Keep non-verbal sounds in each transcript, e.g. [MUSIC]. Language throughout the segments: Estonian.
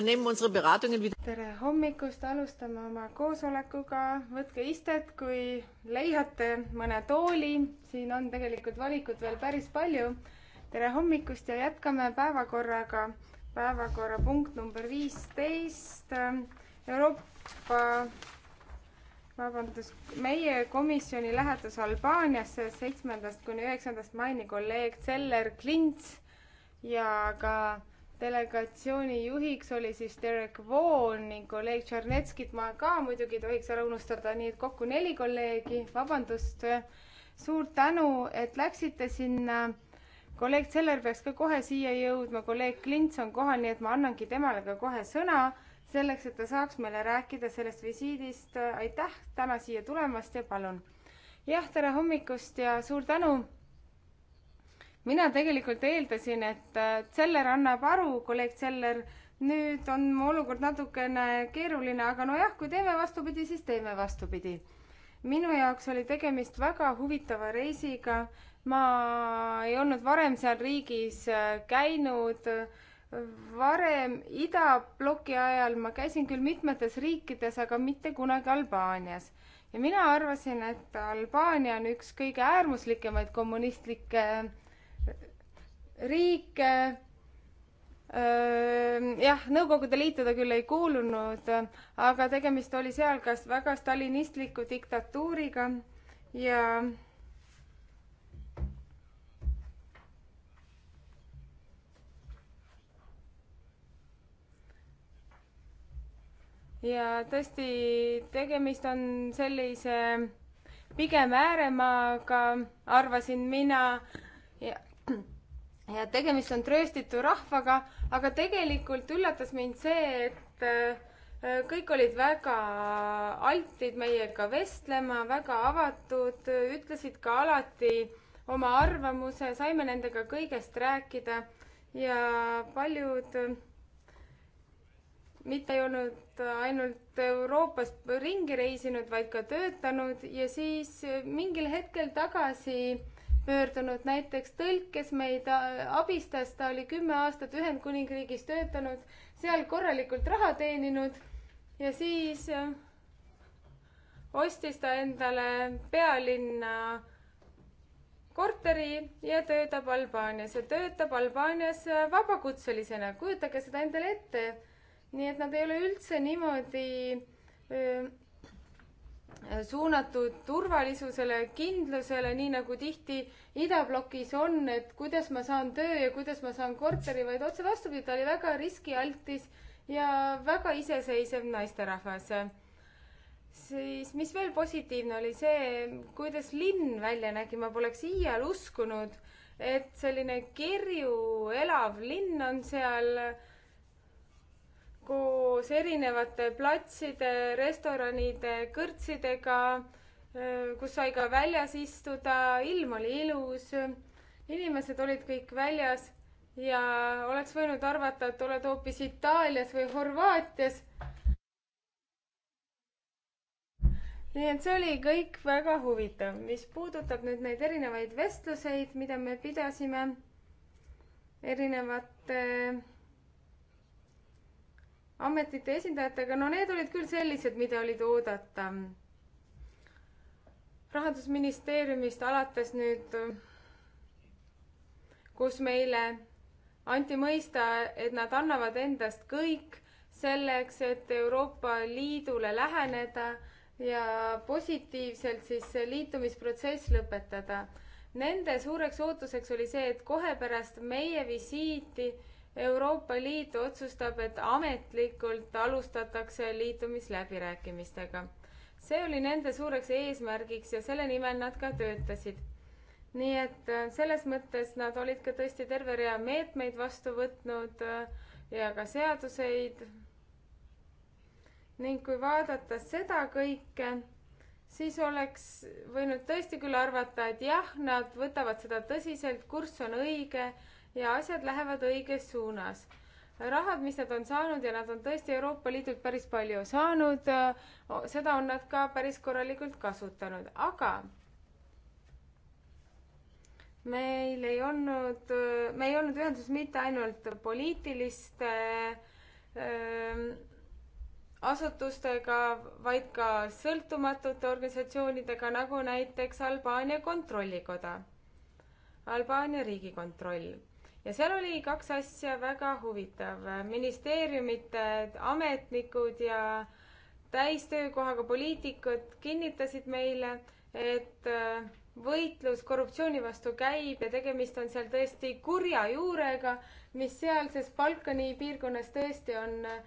tere hommikust, alustame oma koosolekuga, võtke istet, kui leiate mõne tooli, siin on tegelikult valikut veel päris palju. tere hommikust ja jätkame päevakorraga. päevakorrapunkt number viisteist, Euroopa, vabandust, meie komisjoni lähetus Albaaniasse seitsmendast kuni üheksandast maini kolleeg Zeller Klints ja ka delegatsiooni juhiks oli siis Derek Vaughan ning kolleeg Tšernetskit ma ka muidugi ei tohiks ära unustada, nii et kokku neli kolleegi, vabandust. suur tänu, et läksite sinna. kolleeg Seller peaks ka kohe siia jõudma, kolleeg Klints on kohal, nii et ma annangi temale ka kohe sõna selleks, et ta saaks meile rääkida sellest visiidist. aitäh täna siia tulemast ja palun. jah, tere hommikust ja suur tänu mina tegelikult eeldasin, et äh, Zeller annab aru, kolleeg Zeller, nüüd on olukord natukene keeruline, aga nojah, kui teeme vastupidi, siis teeme vastupidi. minu jaoks oli tegemist väga huvitava reisiga. ma ei olnud varem seal riigis äh, käinud. varem idabloki ajal ma käisin küll mitmetes riikides, aga mitte kunagi Albaanias ja mina arvasin, et Albaania on üks kõige äärmuslikemaid kommunistlikke riike jah, Nõukogude Liitu ta küll ei kuulunud, aga tegemist oli seal kas väga stalinistliku diktatuuriga ja ja tõesti, tegemist on sellise pigem ääremaaga, arvasin mina ja tegemist on trööstitu rahvaga, aga tegelikult üllatas mind see, et äh, kõik olid väga altid meiega vestlema, väga avatud, ütlesid ka alati oma arvamuse, saime nendega kõigest rääkida ja paljud mitte ei olnud ainult Euroopas ringi reisinud, vaid ka töötanud ja siis mingil hetkel tagasi pöördunud, näiteks tõlk, kes meid äh, abistas, ta oli kümme aastat Ühendkuningriigis töötanud, seal korralikult raha teeninud ja siis äh, ostis ta endale pealinna korteri ja töötab Albaanias ja töötab Albaanias äh, vabakutselisena, kujutage seda endale ette. nii et nad ei ole üldse niimoodi öö, suunatud turvalisusele, kindlusele, nii nagu tihti idablokis on, et kuidas ma saan töö ja kuidas ma saan korteri, vaid otse vastupidi, ta oli väga riskialtis ja väga iseseisev naisterahvas. siis, mis veel positiivne oli see, kuidas linn välja nägi, ma poleks iial uskunud, et selline kirju elav linn on seal koos erinevate platside, restoranide, kõrtsidega, kus sai ka väljas istuda, ilm oli ilus, inimesed olid kõik väljas ja oleks võinud arvata, et oled hoopis Itaalias või Horvaatias. nii et see oli kõik väga huvitav, mis puudutab nüüd neid erinevaid vestluseid, mida me pidasime erinevate äh, ametite esindajatega, no need olid küll sellised, mida olid oodata. rahandusministeeriumist alates nüüd, kus meile anti mõista, et nad annavad endast kõik selleks, et Euroopa Liidule läheneda ja positiivselt siis see liitumisprotsess lõpetada. Nende suureks ootuseks oli see, et kohe pärast meie visiiti Euroopa Liit otsustab, et ametlikult alustatakse liitumisläbirääkimistega. see oli nende suureks eesmärgiks ja selle nimel nad ka töötasid. nii et äh, selles mõttes nad olid ka tõesti terve rea meetmeid vastu võtnud äh, ja ka seaduseid. ning kui vaadata seda kõike, siis oleks võinud tõesti küll arvata, et jah, nad võtavad seda tõsiselt, kurss on õige ja asjad lähevad õiges suunas. rahad, mis nad on saanud ja nad on tõesti Euroopa Liidult päris palju saanud, seda on nad ka päris korralikult kasutanud, aga meil ei olnud, me ei olnud ühenduses mitte ainult poliitiliste öö, ähm, asutustega, vaid ka sõltumatute organisatsioonidega, nagu näiteks Albaania kontrollikoda, Albaania riigikontroll ja seal oli kaks asja väga huvitav. ministeeriumite ametnikud ja täistöökohaga poliitikud kinnitasid meile, et äh, võitlus korruptsiooni vastu käib ja tegemist on seal tõesti kurja juurega, mis sealses Balkani piirkonnas tõesti on äh,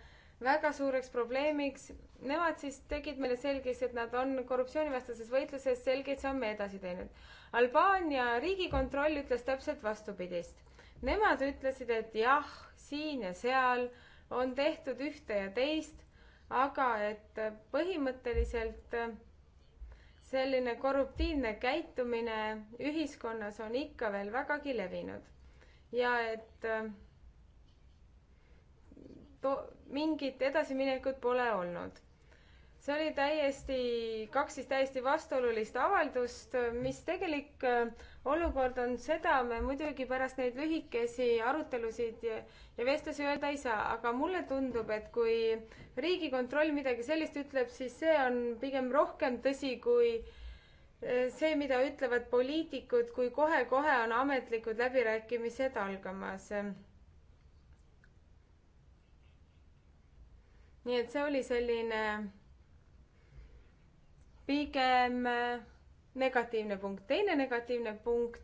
väga suureks probleemiks. Nemad siis tegid meile selgeks, et nad on korruptsioonivastases võitluses selgeid samme edasi teinud. Albaania riigikontroll ütles täpselt vastupidist Nemad ütlesid, et jah, siin ja seal on tehtud ühte ja teist, aga et põhimõtteliselt äh, selline korruptiivne käitumine ühiskonnas on ikka veel vägagi levinud ja et äh, to-, mingit edasiminekut pole olnud. see oli täiesti, kaks siis täiesti vastuolulist avaldust, mis tegelik äh, olukord on, seda me muidugi pärast neid lühikesi arutelusid ja, ja vestlusi öelda ei saa, aga mulle tundub, et kui Riigikontroll midagi sellist ütleb, siis see on pigem rohkem tõsi kui eh, see, mida ütlevad poliitikud, kui kohe-kohe on ametlikud läbirääkimised algamas. nii et see oli selline pigem eh, negatiivne punkt. teine negatiivne punkt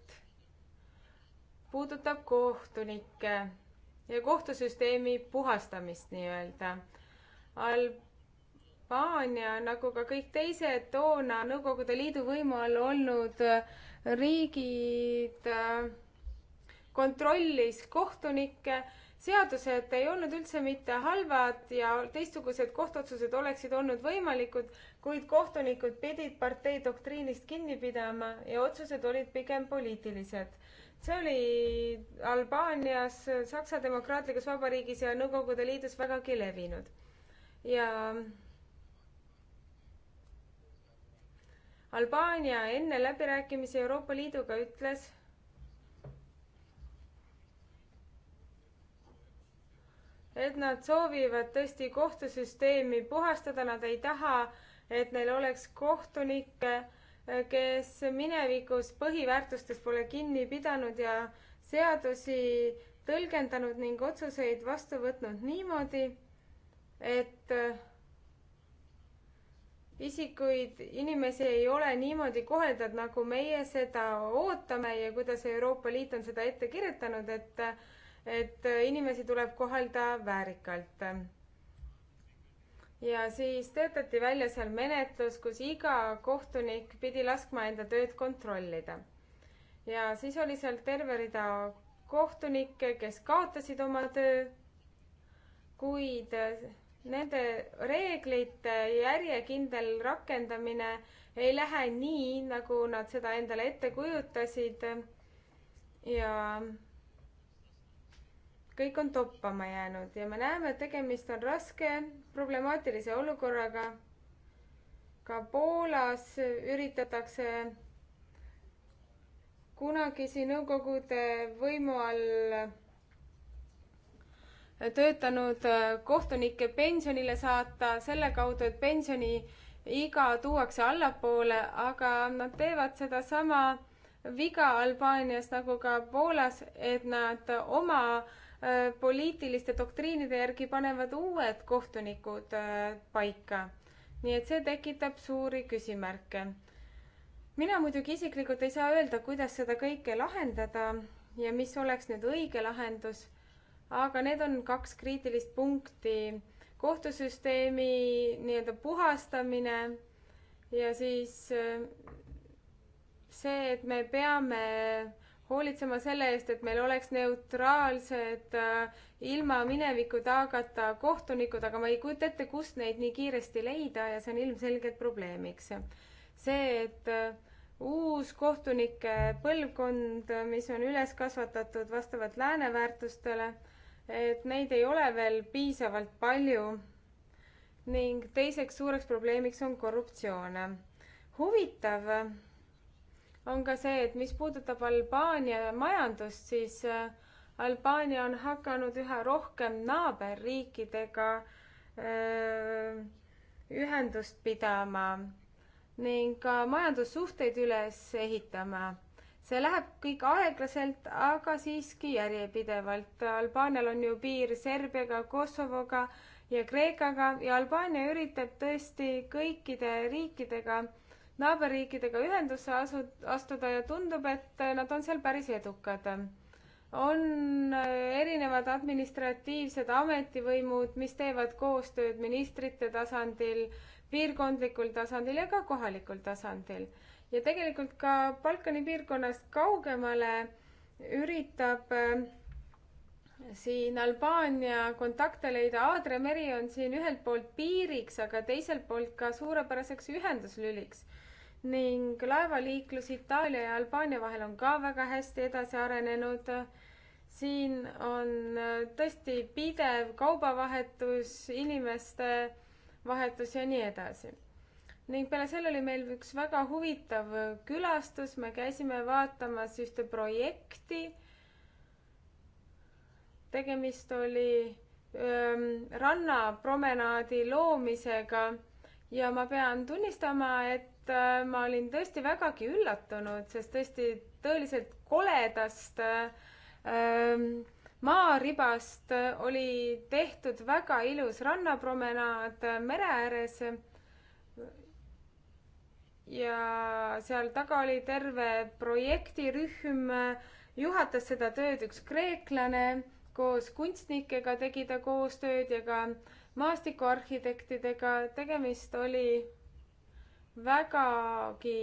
puudutab kohtunikke ja kohtusüsteemi puhastamist nii-öelda. Albaania, nagu ka kõik teised toona Nõukogude Liidu võimu all olnud riigid, äh, kontrollis kohtunikke, seadused ei olnud üldse mitte halvad ja teistsugused kohtuotsused oleksid olnud võimalikud, kuid kohtunikud pidid partei doktriinist kinni pidama ja otsused olid pigem poliitilised. see oli Albaanias, Saksa Demokraatlikus Vabariigis ja Nõukogude Liidus vägagi levinud. ja Albaania enne läbirääkimisi Euroopa Liiduga ütles, et nad soovivad tõesti kohtusüsteemi puhastada, nad ei taha äh, et neil oleks kohtunikke, kes minevikus põhiväärtustest pole kinni pidanud ja seadusi tõlgendanud ning otsuseid vastu võtnud niimoodi, et isikuid, inimesi ei ole niimoodi koheldud, nagu meie seda ootame ja kuidas Euroopa Liit on seda ette kirjutanud, et, et inimesi tuleb kohelda väärikalt ja siis töötati välja seal menetlus, kus iga kohtunik pidi laskma enda tööd kontrollida. ja siis oli seal terve rida kohtunikke, kes kaotasid oma töö, kuid äh, nende reeglite järjekindel rakendamine ei lähe nii, nagu nad seda endale ette kujutasid ja kõik on toppama jäänud ja me näeme, et tegemist on raske problemaatilise olukorraga. ka Poolas üritatakse kunagisi Nõukogude võimu all töötanud kohtunikke pensionile saata selle kaudu, et pensioniiga tuuakse allapoole, aga nad teevad sedasama viga Albaanias nagu ka Poolas, et nad oma äh, Äh, poliitiliste doktriinide järgi panevad uued kohtunikud äh, paika. nii et see tekitab suuri küsimärke. mina muidugi isiklikult ei saa öelda, kuidas seda kõike lahendada ja mis oleks nüüd õige lahendus, aga need on kaks kriitilist punkti. kohtusüsteemi nii-öelda puhastamine ja siis äh, see, et me peame hoolitsema selle eest, et meil oleks neutraalsed äh, ilma mineviku taagata kohtunikud, aga ma ei kujuta ette, kust neid nii kiiresti leida ja see on ilmselgelt probleemiks. see, et äh, uus kohtunike põlvkond, mis on üles kasvatatud vastavalt lääne väärtustele, et neid ei ole veel piisavalt palju. ning teiseks suureks probleemiks on korruptsioon. huvitav on ka see, et mis puudutab Albaania majandust, siis äh, Albaania on hakanud üha rohkem naaberriikidega öö, äh, ühendust pidama ning ka majandussuhteid üles ehitama. see läheb kõik aeglaselt, aga siiski järjepidevalt. Albaanial on ju piir Serbiaga, Kosovoga ja Kreekaga ja Albaania üritab tõesti kõikide riikidega naaberriikidega ühendusse asu-, astuda ja tundub, et nad on seal päris edukad. on äh, erinevad administratiivsed ametivõimud, mis teevad koostööd ministrite tasandil, piirkondlikul tasandil ja ka kohalikul tasandil. ja tegelikult ka Balkani piirkonnast kaugemale üritab äh, siin Albaania kontakte leida, Aadria meri on siin ühelt poolt piiriks, aga teiselt poolt ka suurepäraseks ühenduslüliks ning laevaliiklus Itaalia ja Albaania vahel on ka väga hästi edasi arenenud. siin on äh, tõesti pidev kaubavahetus, inimeste vahetus ja nii edasi. ning peale selle oli meil üks väga huvitav külastus, me käisime vaatamas ühte projekti. tegemist oli öö, ähm, rannapromenaadi loomisega ja ma pean tunnistama, et et äh, ma olin tõesti vägagi üllatunud, sest tõesti tõeliselt koledast ähm, äh, maaribast oli tehtud väga ilus rannapromenaad äh, mere ääres. ja seal taga oli terve projektirühm, juhatas seda tööd üks kreeklane, koos kunstnikega tegi ta koostööd ja ka maastikuarhitektidega, tegemist oli vägagi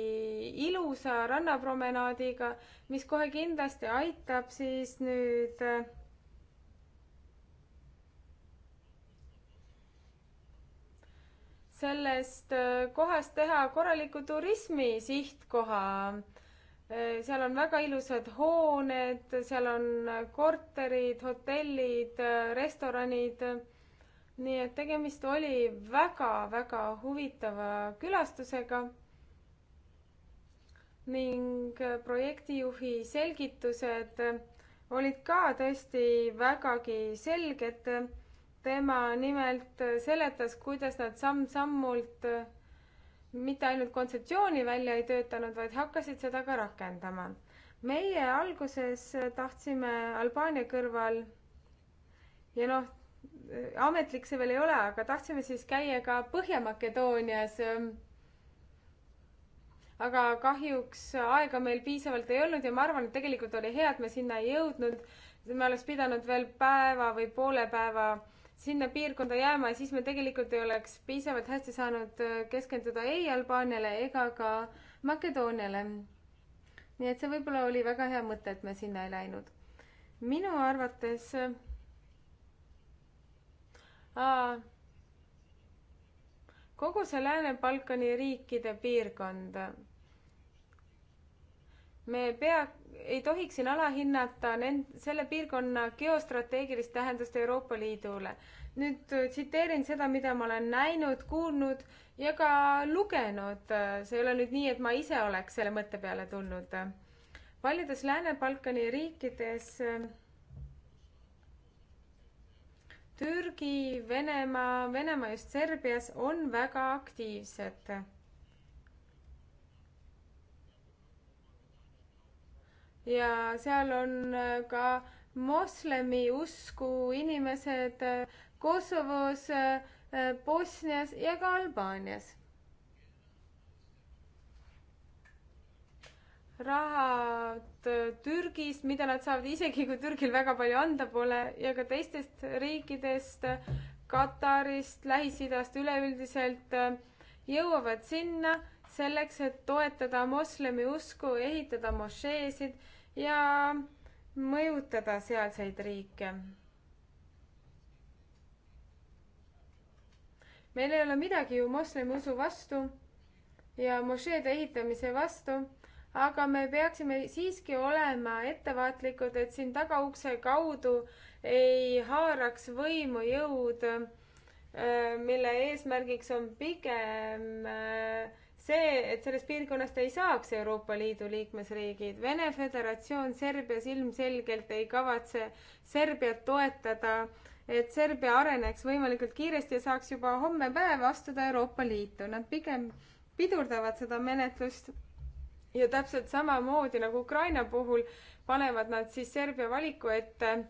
ilusa rannapromenaadiga, mis kohe kindlasti aitab siis nüüd äh, sellest äh, kohast teha korraliku turismi sihtkoha. Äh, seal on väga ilusad hooned, seal on korterid, hotellid, restoranid nii et tegemist oli väga-väga huvitava külastusega ning projektijuhi selgitused olid ka tõesti vägagi selged. tema nimelt seletas, kuidas nad samm-sammult mitte ainult kontseptsiooni välja ei töötanud, vaid hakkasid seda ka rakendama. meie alguses tahtsime Albaania kõrval ja noh, Äh, ametlik see veel ei ole, aga tahtsime siis käia ka Põhja-Makedoonias. Ähm. aga kahjuks aega meil piisavalt ei olnud ja ma arvan, et tegelikult oli hea, et me sinna ei jõudnud. me oleks pidanud veel päeva või poole päeva sinna piirkonda jääma ja siis me tegelikult ei oleks piisavalt hästi saanud äh, keskenduda ei Albaaniale ega ka Makedooniale. nii et see võib-olla oli väga hea mõte, et me sinna ei läinud. minu arvates äh, kogu see Lääne-Balkani riikide piirkond. me pea, ei tohiks siin alahinnata nend-, selle piirkonna geostrateegilist tähendust Euroopa Liidule. nüüd äh, tsiteerin seda, mida ma olen näinud, kuulnud ja ka lugenud. see ei ole nüüd nii, et ma ise oleks selle mõtte peale tulnud. paljudes Lääne-Balkani riikides äh, Türgi, Venemaa, Venemaa just Serbias on väga aktiivsed. ja seal on äh, ka moslemi usku inimesed äh, Kosovos, äh, Bosnias ja ka Albaanias rahad Türgist, mida nad saavad isegi, kui Türgil väga palju anda pole ja ka teistest riikidest, Katarist, Lähis-Idast üleüldiselt äh, jõuavad sinna selleks, et toetada moslemi usku, ehitada mošeesid ja mõjutada sealseid riike. meil ei ole midagi ju moslemi usu vastu ja mošeede ehitamise vastu aga me peaksime siiski olema ettevaatlikud, et siin tagaukse kaudu ei haaraks võimu jõud, äh, mille eesmärgiks on pigem äh, see, et sellest piirkonnast ei saaks Euroopa Liidu liikmesriigid. Vene Föderatsioon Serbias ilmselgelt ei kavatse Serbiat toetada, et Serbia areneks võimalikult kiiresti ja saaks juba homme päev astuda Euroopa Liitu. Nad pigem pidurdavad seda menetlust ja täpselt samamoodi nagu Ukraina puhul panevad nad siis Serbia valiku ette,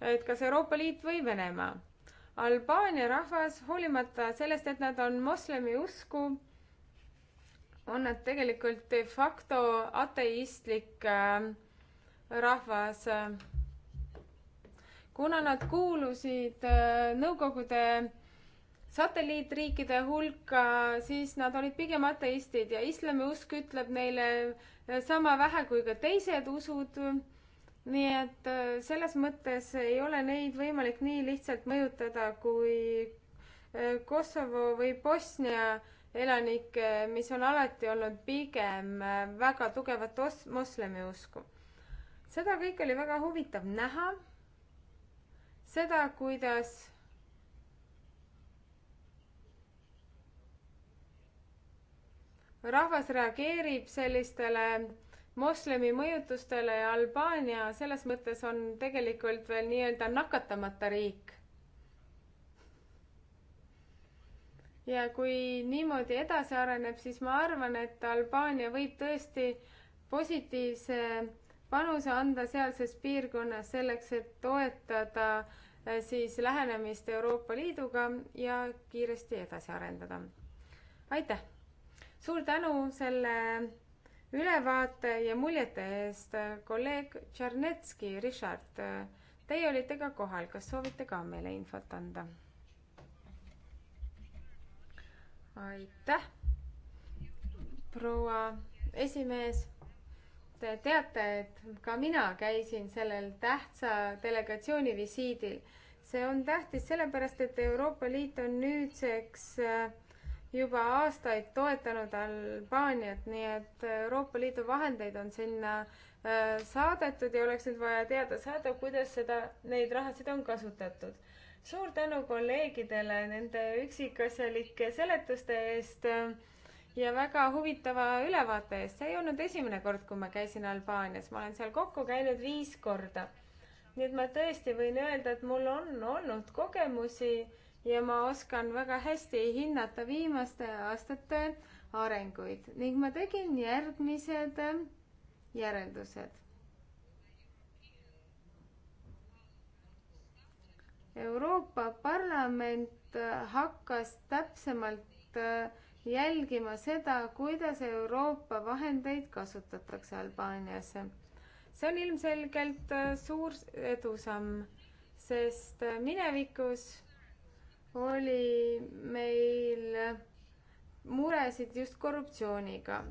et kas Euroopa Liit või Venemaa. Albaania rahvas, hoolimata sellest, et nad on moslemi usku, on nad tegelikult de facto ateistlik äh, rahvas. kuna nad kuulusid äh, Nõukogude satelliitriikide hulka, siis nad olid pigem ateistid ja islamiusk ütleb neile eh, sama vähe kui ka teised usud. nii et eh, selles mõttes ei ole neid võimalik nii lihtsalt mõjutada kui eh, Kosovo või Bosnia elanikke, mis on alati olnud pigem väga tugevat os-, moslemiusku. seda kõike oli väga huvitav näha, seda, kuidas rahvas reageerib sellistele moslemi mõjutustele ja Albaania selles mõttes on tegelikult veel nii-öelda nakatamata riik. ja kui niimoodi edasi areneb, siis ma arvan, et Albaania võib tõesti positiivse panuse anda sealses piirkonnas selleks, et toetada eh, siis lähenemist Euroopa Liiduga ja kiiresti edasi arendada. aitäh! suur tänu selle ülevaate ja muljete eest, kolleeg Tšernetski, Richard, teie olite ka kohal, kas soovite ka meile infot anda? aitäh, proua esimees. Te teate, et ka mina käisin sellel tähtsa delegatsiooni visiidil. see on tähtis sellepärast, et Euroopa Liit on nüüdseks äh, juba aastaid toetanud Albaaniat, nii et Euroopa Liidu vahendeid on sinna äh, saadetud ja oleks nüüd vaja teada saada, kuidas seda, neid rahasid on kasutatud. suur tänu kolleegidele nende üksikasjalike seletuste eest äh, ja väga huvitava ülevaate eest. see ei olnud esimene kord, kui ma käisin Albaanias, ma olen seal kokku käinud viis korda. nii et ma tõesti võin öelda, et mul on olnud kogemusi ja ma oskan väga hästi hinnata viimaste aastate arenguid ning ma tegin järgmised äh, järeldused. Euroopa Parlament äh, hakkas täpsemalt äh, jälgima seda, kuidas Euroopa vahendeid kasutatakse Albaanias. see on ilmselgelt suur edusamm, sest minevikus oli meil muresid just korruptsiooniga,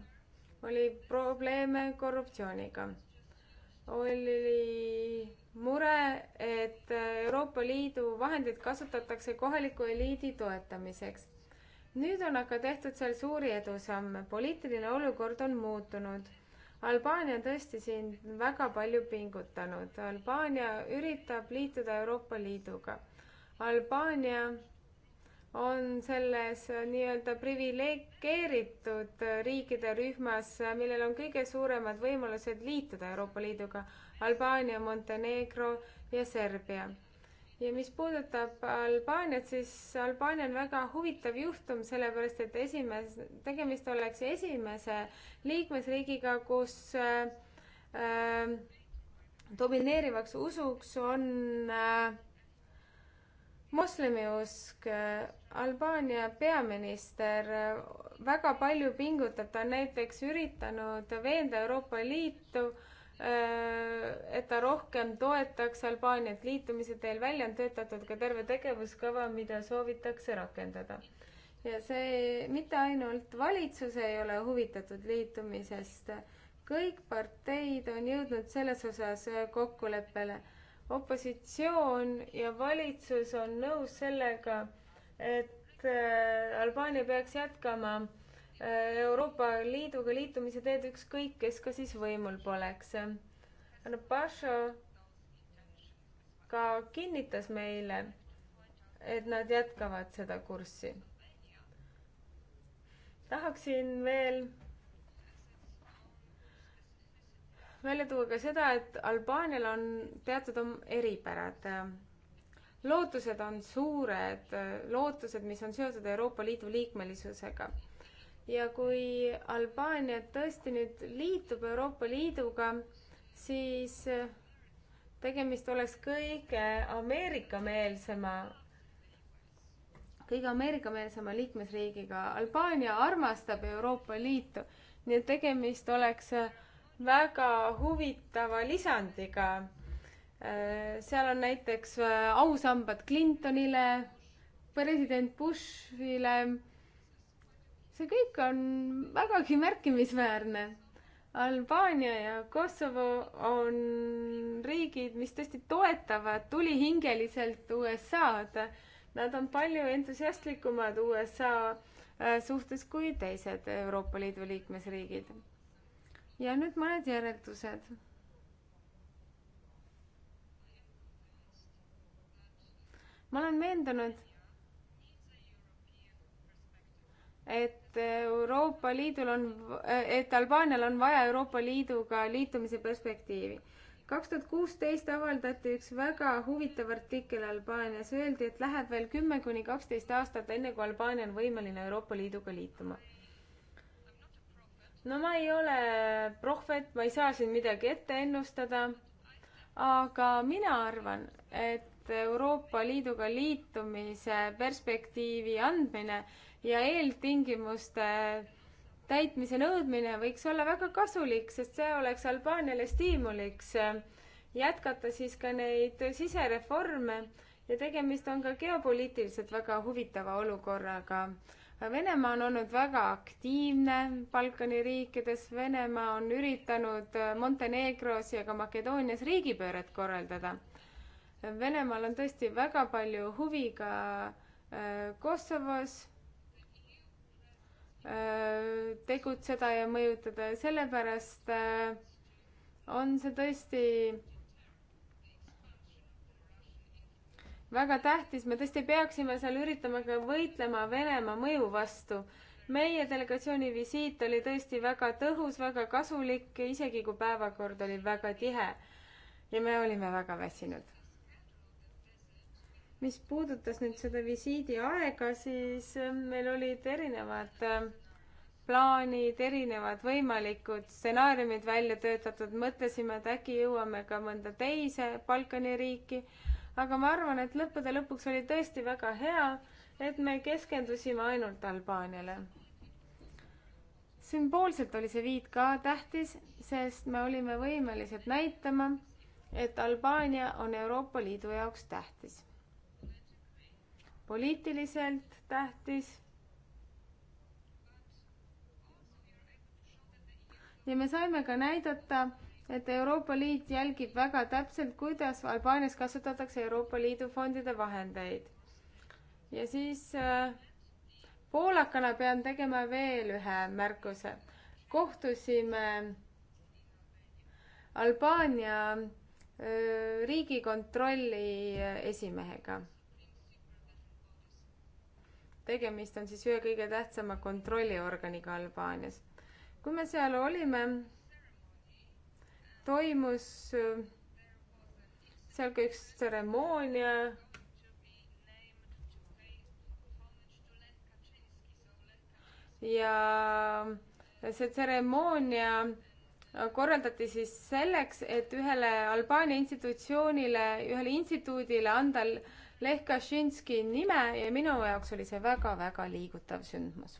oli probleeme korruptsiooniga, oli mure, et Euroopa Liidu vahendeid kasutatakse kohaliku eliidi toetamiseks. nüüd on aga tehtud seal suuri edusamme, poliitiline olukord on muutunud. Albaania on tõesti siin väga palju pingutanud, Albaania üritab liituda Euroopa Liiduga. Albaania on selles nii-öelda priviligeeritud riikide rühmas, millel on kõige suuremad võimalused liituda Euroopa Liiduga, Albaania, Montenegro ja Serbia. ja mis puudutab Albaaniat, siis Albaania on väga huvitav juhtum, sellepärast et esimes-, tegemist oleks esimese liikmesriigiga, kus äh, äh, domineerivaks usuks on äh, moslemiusk, Albaania peaminister väga palju pingutab, ta on näiteks üritanud veenda Euroopa Liitu, äh, et ta rohkem toetaks Albaaniat liitumise teel, välja on töötatud ka terve tegevuskava, mida soovitakse rakendada. ja see, mitte ainult valitsus ei ole huvitatud liitumisest, kõik parteid on jõudnud selles osas kokkuleppele opositsioon ja valitsus on nõus sellega, et äh, Albaania peaks jätkama äh, Euroopa Liiduga liitumise teed, ükskõik kes ka siis võimul poleks. Rabašo ka kinnitas meile, et nad jätkavad seda kurssi. tahaksin veel välja tuua ka seda, et Albaanial on teatud eripärad. lootused on suured, lootused, mis on seotud Euroopa Liidu liikmelisusega. ja kui Albaania tõesti nüüd liitub Euroopa Liiduga, siis tegemist oleks kõige ameerikameelsema, kõige ameerikameelsema liikmesriigiga. Albaania armastab Euroopa Liitu, nii et tegemist oleks äh, väga huvitava lisandiga. Äh, seal on näiteks äh, ausambad Clintonile, president Bushile. see kõik on vägagi märkimisväärne. Albaania ja Kosovo on riigid, mis tõesti toetavad tulihingeliselt USA-d. Nad on palju entusiastlikumad USA äh, suhtes kui teised Euroopa Liidu liikmesriigid ja nüüd mõned järeldused. ma olen veendunud, et Euroopa Liidul on, et Albaanial on vaja Euroopa Liiduga liitumise perspektiivi. kaks tuhat kuusteist avaldati üks väga huvitav artikkel Albaanias, öeldi, et läheb veel kümme kuni kaksteist aastat, enne kui Albaania on võimeline Euroopa Liiduga liituma no ma ei ole prohvet, ma ei saa siin midagi ette ennustada, aga mina arvan, et Euroopa Liiduga liitumise perspektiivi andmine ja eeltingimuste täitmise nõudmine võiks olla väga kasulik, sest see oleks Albaaniale stiimuliks jätkata siis ka neid sisereforme ja tegemist on ka geopoliitiliselt väga huvitava olukorraga Venemaa on olnud väga aktiivne Balkani riikides, Venemaa on üritanud äh, Montenegros ja ka Makedoonias riigipööret korraldada. Venemaal on tõesti väga palju huvi ka äh, Kosovos äh, tegutseda ja mõjutada ja sellepärast on see tõesti väga tähtis, me tõesti peaksime seal üritama ka võitlema Venemaa mõju vastu. meie delegatsiooni visiit oli tõesti väga tõhus, väga kasulik, isegi kui päevakord oli väga tihe. ja me olime väga väsinud. mis puudutas nüüd seda visiidi aega, siis ähm, meil olid erinevad ähm, plaanid, erinevad võimalikud stsenaariumid välja töötatud, mõtlesime, et äkki jõuame ka mõnda teise Balkani riiki aga ma arvan, et lõppude lõpuks oli tõesti väga hea, et me keskendusime ainult Albaaniale. sümboolselt oli see viit ka tähtis, sest me olime võimelised näitama, et Albaania on Euroopa Liidu jaoks tähtis. poliitiliselt tähtis. ja me saime ka näidata, et Euroopa Liit jälgib väga täpselt, kuidas Albaanias kasutatakse Euroopa Liidu fondide vahendeid. ja siis äh, poolakana pean tegema veel ühe märkuse. kohtusime Albaania äh, riigikontrolli esimehega. tegemist on siis ühe kõige tähtsama kontrolliorganiga Albaanias. kui me seal olime, toimus äh, seal ka üks tseremoonia ja see tseremoonia korraldati siis selleks, et ühele Albaania institutsioonile, ühele instituudile anda Lech Kaczynski nime ja minu jaoks oli see väga-väga liigutav sündmus.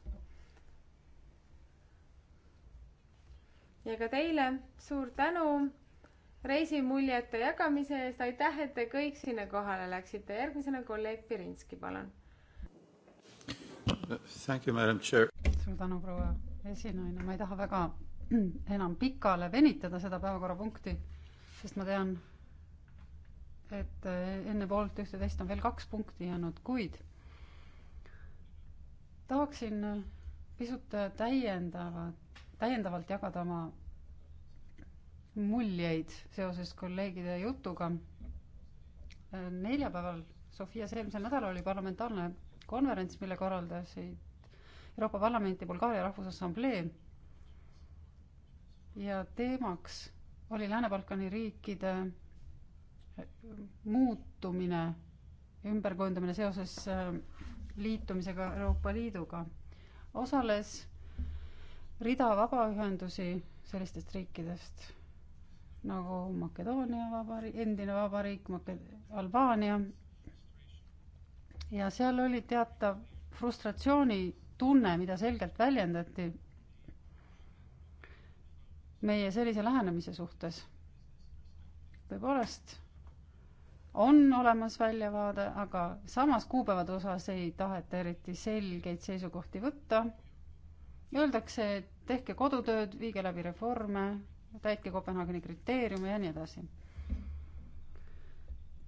ja ka teile suur tänu reisimuljete jagamise eest, aitäh, et te kõik sinna kohale läksite. järgmisena kolleeg Pirinski, palun. suur tänu, proua esinaine, ma ei taha väga [CLEARS THROAT] enam pikale venitada seda päevakorrapunkti, sest ma tean, et enne poolt ühteteist on veel kaks punkti jäänud, kuid tahaksin pisut täiendavat täiendavalt jagada oma muljeid seoses kolleegide jutuga. neljapäeval Sofias eelmisel nädalal oli parlamentaarne konverents, mille korraldasid Euroopa Parlamenti Bulgaaria Rahvusassamblee. ja teemaks oli Lääne-Balkani riikide muutumine, ümberkujundamine seoses äh, liitumisega Euroopa Liiduga. osales rida vabaühendusi sellistest riikidest nagu Makedoonia vabariik, endine vabariik, Albaania. ja seal oli teatav frustratsioonitunne, mida selgelt väljendati meie sellise lähenemise suhtes. tõepoolest on olemas väljavaade, aga samas kuupäevade osas ei taheta eriti selgeid seisukohti võtta Öeldakse, et tehke kodutööd, viige läbi reforme, täitke Kopenhaageni kriteeriume ja nii edasi.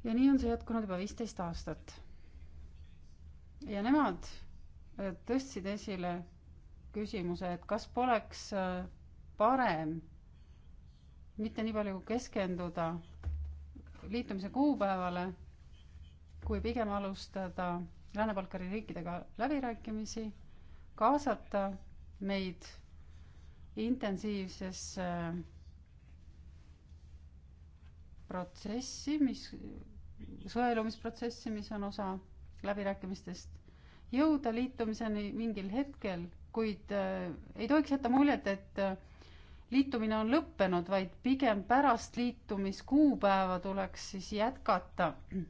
ja nii on see jätkunud juba viisteist aastat. ja nemad äh, tõstsid esile küsimuse, et kas poleks äh, parem mitte nii palju keskenduda liitumise kuupäevale, kui pigem alustada Lääne-Balkani riikidega läbirääkimisi, kaasata meid intensiivsesse äh, protsessi, mis, sõelumisprotsessi, mis on osa läbirääkimistest, jõuda liitumiseni mingil hetkel, kuid äh, ei tohiks jätta muljet, et äh, liitumine on lõppenud, vaid pigem pärast liitumiskuupäeva tuleks siis jätkata äh,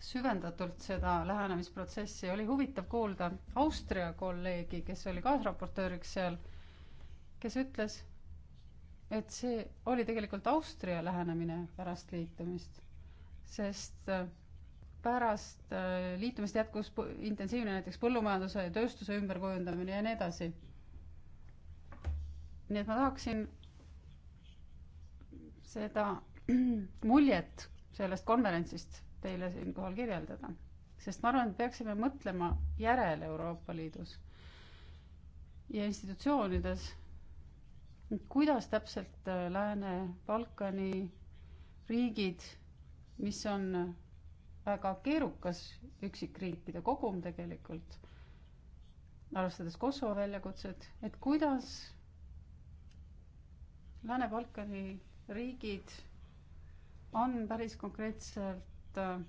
süvendatult seda lähenemisprotsessi, oli huvitav kuulda Austria kolleegi, kes oli kaasraportööriks seal, kes ütles, et see oli tegelikult Austria lähenemine pärast liitumist, sest äh, pärast äh, liitumist jätkus intensiivne näiteks põllumajanduse ja tööstuse ümberkujundamine ja nii edasi. nii et ma tahaksin seda [CLEARS THROAT] muljet sellest konverentsist teile siinkohal kirjeldada. sest ma arvan, et peaksime mõtlema järele Euroopa Liidus ja institutsioonides, kuidas täpselt äh, Lääne-Balkani riigid, mis on äh, väga keerukas üksikriikide kogum tegelikult, arvestades Kosovo väljakutset, et kuidas Lääne-Balkani riigid on päris konkreetselt Äh,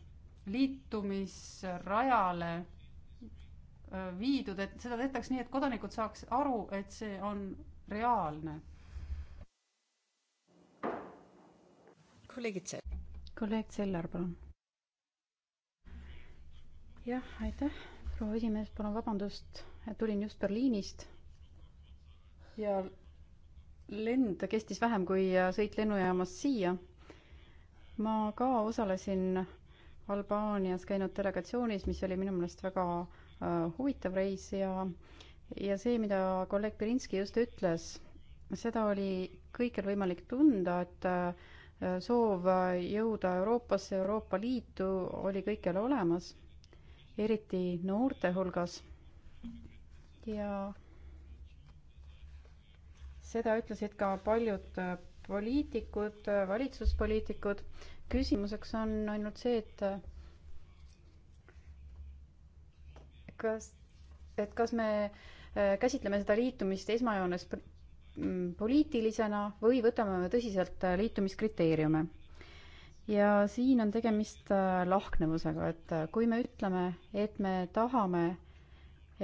liitumisrajale äh, viidud, et seda tehtaks nii, et kodanikud saaks aru, et see on reaalne. kolleegid, kolleeg Seller, palun. jah, aitäh, proua esimees, palun vabandust, et tulin just Berliinist ja lend kestis vähem kui äh, sõit lennujaamast siia ma ka osalesin Albaanias käinud delegatsioonis, mis oli minu meelest väga äh, huvitav reis ja, ja see, mida kolleeg Berinski just ütles, seda oli kõikjal võimalik tunda, et äh, soov jõuda Euroopasse, Euroopa Liitu oli kõikjal olemas, eriti noorte hulgas. ja seda ütlesid ka paljud poliitikud, valitsuspoliitikud. küsimuseks on ainult see, et kas, et kas me äh, käsitleme seda liitumist esmajoones mm, poliitilisena või võtame me tõsiselt äh, liitumiskriteeriume. ja siin on tegemist äh, lahknevusega, et kui me ütleme, et me tahame,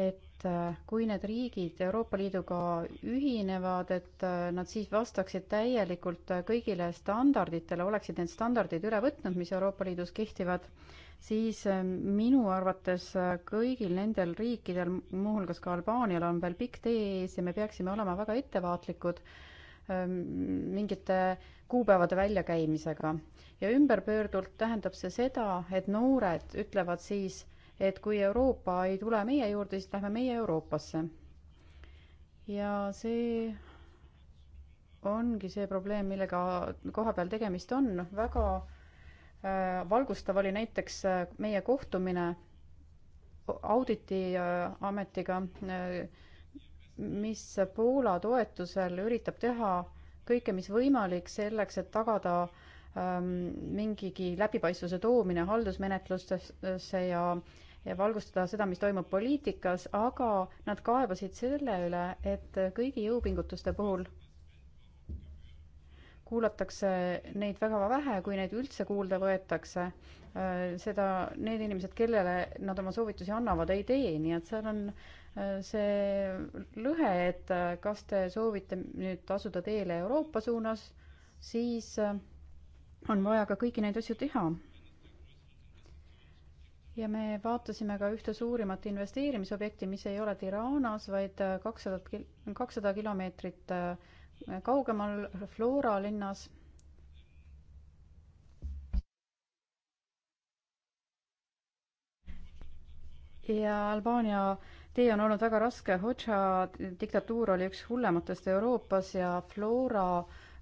et et äh, kui need riigid Euroopa Liiduga ühinevad, et äh, nad siis vastaksid täielikult äh, kõigile standarditele, oleksid need standardid üle võtnud, mis Euroopa Liidus kehtivad, siis minu arvates kõigil nendel riikidel, muuhulgas ka Albaanial, on veel pikk tee ees ja me peaksime olema väga ettevaatlikud ähm, mingite kuupäevade väljakäimisega. ja ümberpöördult tähendab see seda, et noored ütlevad siis, et kui Euroopa ei tule meie juurde, siis lähme meie Euroopasse. ja see ongi see probleem, millega koha peal tegemist on, väga äh, valgustav oli näiteks äh, meie kohtumine auditiametiga äh, äh,, mis Poola toetusel üritab teha kõike, mis võimalik selleks, et tagada ähm, mingigi läbipaistvuse toomine haldusmenetlustesse ja äh, valgustada seda, mis toimub poliitikas, aga nad kaebasid selle üle, et kõigi jõupingutuste puhul kuulatakse neid väga vähe, kui neid üldse kuulda võetakse. seda need inimesed, kellele nad oma soovitusi annavad, ei tee, nii et seal on äh, see lõhe, et äh, kas te soovite nüüd asuda teele Euroopa suunas, siis äh, on vaja ka kõiki neid asju teha ja me vaatasime ka ühte suurimat investeerimisobjekti, mis ei ole Tiranas, vaid äh, kakssada, kakssada kilomeetrit äh, kaugemal Flora linnas. ja Albaania tee on olnud väga raske, Hoxha diktatuur oli üks hullematest Euroopas ja Flora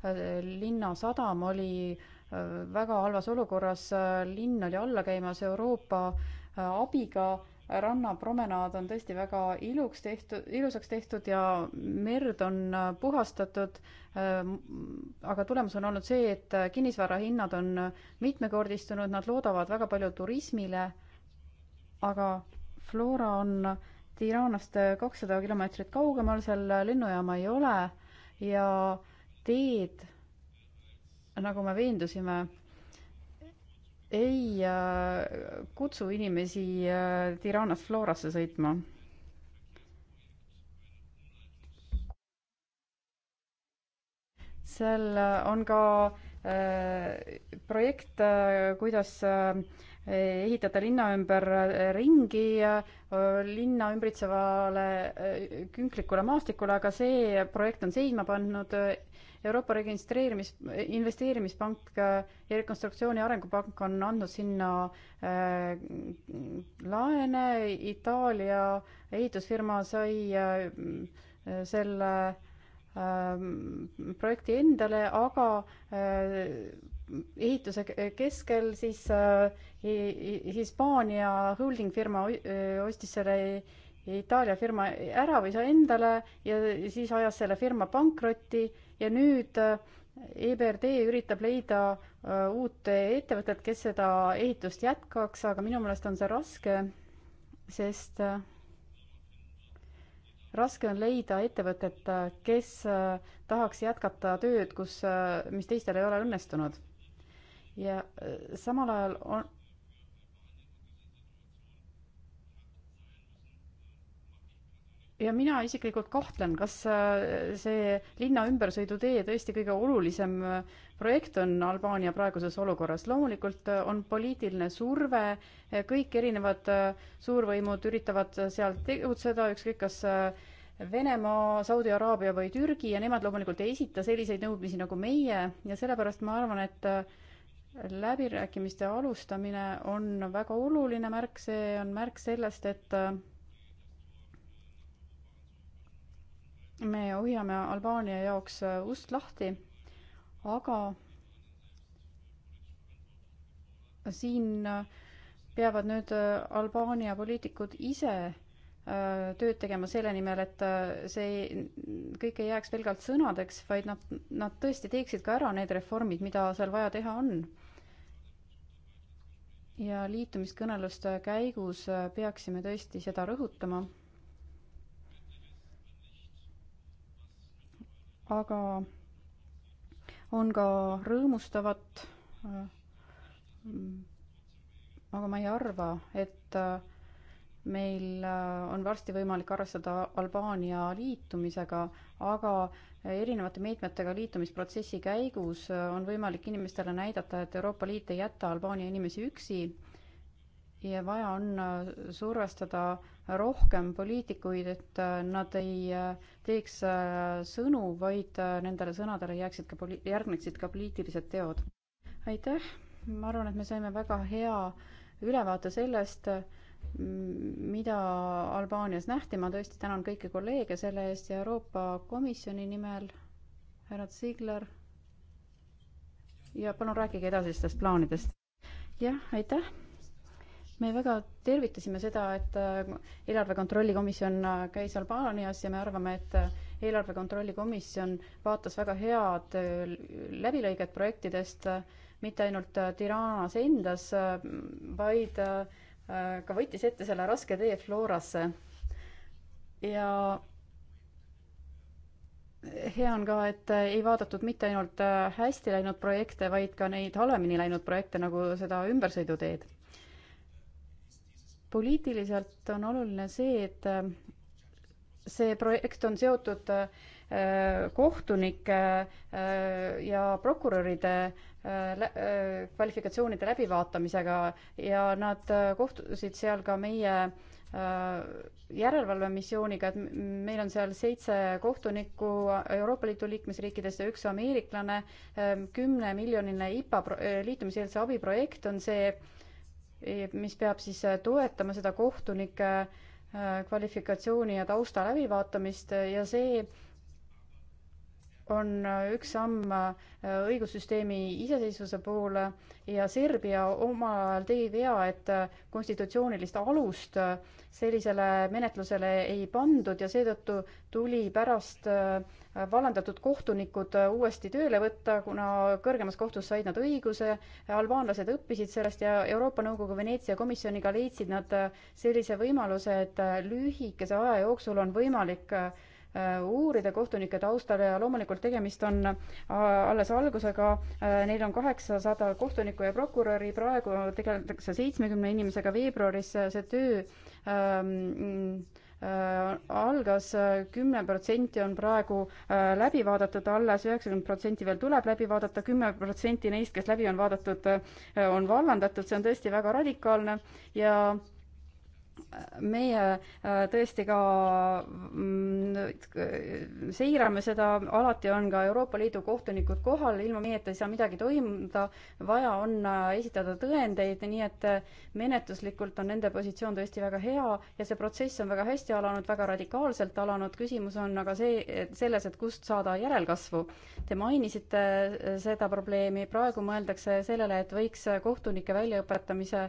äh, linna sadam oli äh, väga halvas olukorras, linn oli alla käimas Euroopa äh, abiga, rannapromenaad on tõesti väga iluks tehtud, ilusaks tehtud ja merd on äh, puhastatud, äh, aga tulemus on olnud see, et kinnisvara hinnad on mitmekordistunud, nad loodavad väga palju turismile, aga Flora on Tiranast kakssada kilomeetrit kaugemal, seal lennujaama ei ole ja teed nagu me veendusime, ei äh, kutsu inimesi äh, Tiranast Florasse sõitma. seal äh, on ka projekt, kuidas ehitada linna ümber ringi linna ümbritsevale künklikule maastikule, aga see projekt on seisma pannud Euroopa registreerimis, investeerimispank ja Rekonstruktsiooni Arengupank on andnud sinna äh, laene, Itaalia ehitusfirma sai äh, selle äh, projekti endale, aga äh, ehituse keskel, siis äh, Hispaania holding firma äh, ostis selle Itaalia firma ära või sai endale ja siis ajas selle firma pankrotti ja nüüd äh, EBRD üritab leida äh, uut äh, ettevõtet, kes seda ehitust jätkaks, aga minu meelest on see raske, sest raske on leida ettevõtet, kes tahaks jätkata tööd, kus, mis teistel ei ole õnnestunud. ja samal ajal on, ja mina isiklikult kahtlen, kas äh, see linna ümbersõidutee tõesti kõige olulisem äh, projekt on Albaania praeguses olukorras. loomulikult äh, on poliitiline surve, kõik erinevad suurvõimud üritavad seal tegutseda, ükskõik kas Venemaa, Saudi Araabia või Türgi ja nemad loomulikult ei esita selliseid nõudmisi nagu meie ja sellepärast ma arvan, et läbirääkimiste alustamine on väga oluline märk, see on märk sellest, et me hoiame Albaania jaoks äh, ust lahti, aga siin äh, peavad nüüd äh, Albaania poliitikud ise tööd tegema selle nimel, et see kõik ei jääks pelgalt sõnadeks, vaid nad, nad tõesti teeksid ka ära need reformid, mida seal vaja teha on. ja liitumiskõneluste käigus peaksime tõesti seda rõhutama aga on ka rõõmustavat, äh, aga ma ei arva, et äh, meil äh, on varsti võimalik arvestada Albaania liitumisega, aga erinevate meetmetega liitumisprotsessi käigus on võimalik inimestele näidata, et Euroopa Liit ei jäta Albaania inimesi üksi ja vaja on äh, survestada rohkem poliitikuid, et äh, nad ei äh, teeks sõnu, vaid nendele sõnadele jääksid ka poli-, järgneksid ka poliitilised teod. aitäh, ma arvan, et me saime väga hea ülevaate sellest, mida Albaanias nähti, ma tõesti tänan kõiki kolleege selle eest ja Euroopa Komisjoni nimel härra Ziegler. ja palun rääkige edasistest plaanidest. jah, aitäh me väga tervitasime seda, et äh, eelarve kontrolli komisjon äh, käis Albaanias ja me arvame, et äh, eelarve kontrolli komisjon vaatas väga head läbilõiget projektidest, mitte ainult Tiranas endas, vaid ka võttis ette selle raske tee Florasse. ja hea on ka, et ei vaadatud mitte ainult hästi läinud projekte, vaid ka neid halvemini läinud projekte, nagu seda ümbersõiduteed poliitiliselt on oluline see, et äh, see projekt on seotud äh, kohtunike äh, ja prokuröride kvalifikatsioonide läbivaatamisega ja nad kohtusid seal ka meie järelevalvemissiooniga, et meil on seal seitse kohtunikku Euroopa Liidu liikmesriikidest ja üks ameeriklane. kümnemiljoniline IPA liitumiseelse abi projekt on see Eh, mis peab siis eh, toetama seda kohtunike eh, kvalifikatsiooni ja tausta läbivaatamist ja see on äh, üks samm äh, õigussüsteemi iseseisvuse poole ja Serbia omal ajal tegi vea, et äh, konstitutsioonilist alust sellisele menetlusele ei pandud ja seetõttu tuli pärast vallandatud kohtunikud uuesti tööle võtta, kuna kõrgemas kohtus said nad õiguse, albaanlased õppisid sellest ja Euroopa Nõukogu Veneetsia komisjoniga leidsid nad sellise võimaluse, et lühikese aja jooksul on võimalik Äh, uurida kohtunike taustal ja loomulikult tegemist on äh, alles algusega. Äh, neil on kaheksasada kohtunikku ja prokuröri, praegu tegeletakse seitsmekümne inimesega, veebruaris see töö ähm, äh, algas, kümme protsenti on praegu äh, läbi vaadatud alles, üheksakümmend protsenti veel tuleb läbi vaadata, kümme protsenti neist, kes läbi on vaadatud äh,, on vallandatud, see on tõesti väga radikaalne ja äh, meie äh, tõesti ka mm, seirame seda, alati on ka Euroopa Liidu kohtunikud kohal, ilma meieta ei saa midagi toimuda, vaja on äh, esitada tõendeid, nii et äh, menetluslikult on nende positsioon tõesti väga hea ja see protsess on väga hästi alanud, väga radikaalselt alanud, küsimus on aga see, selles, et kust saada järelkasvu. Te mainisite seda probleemi, praegu mõeldakse sellele, et võiks kohtunike väljaõpetamise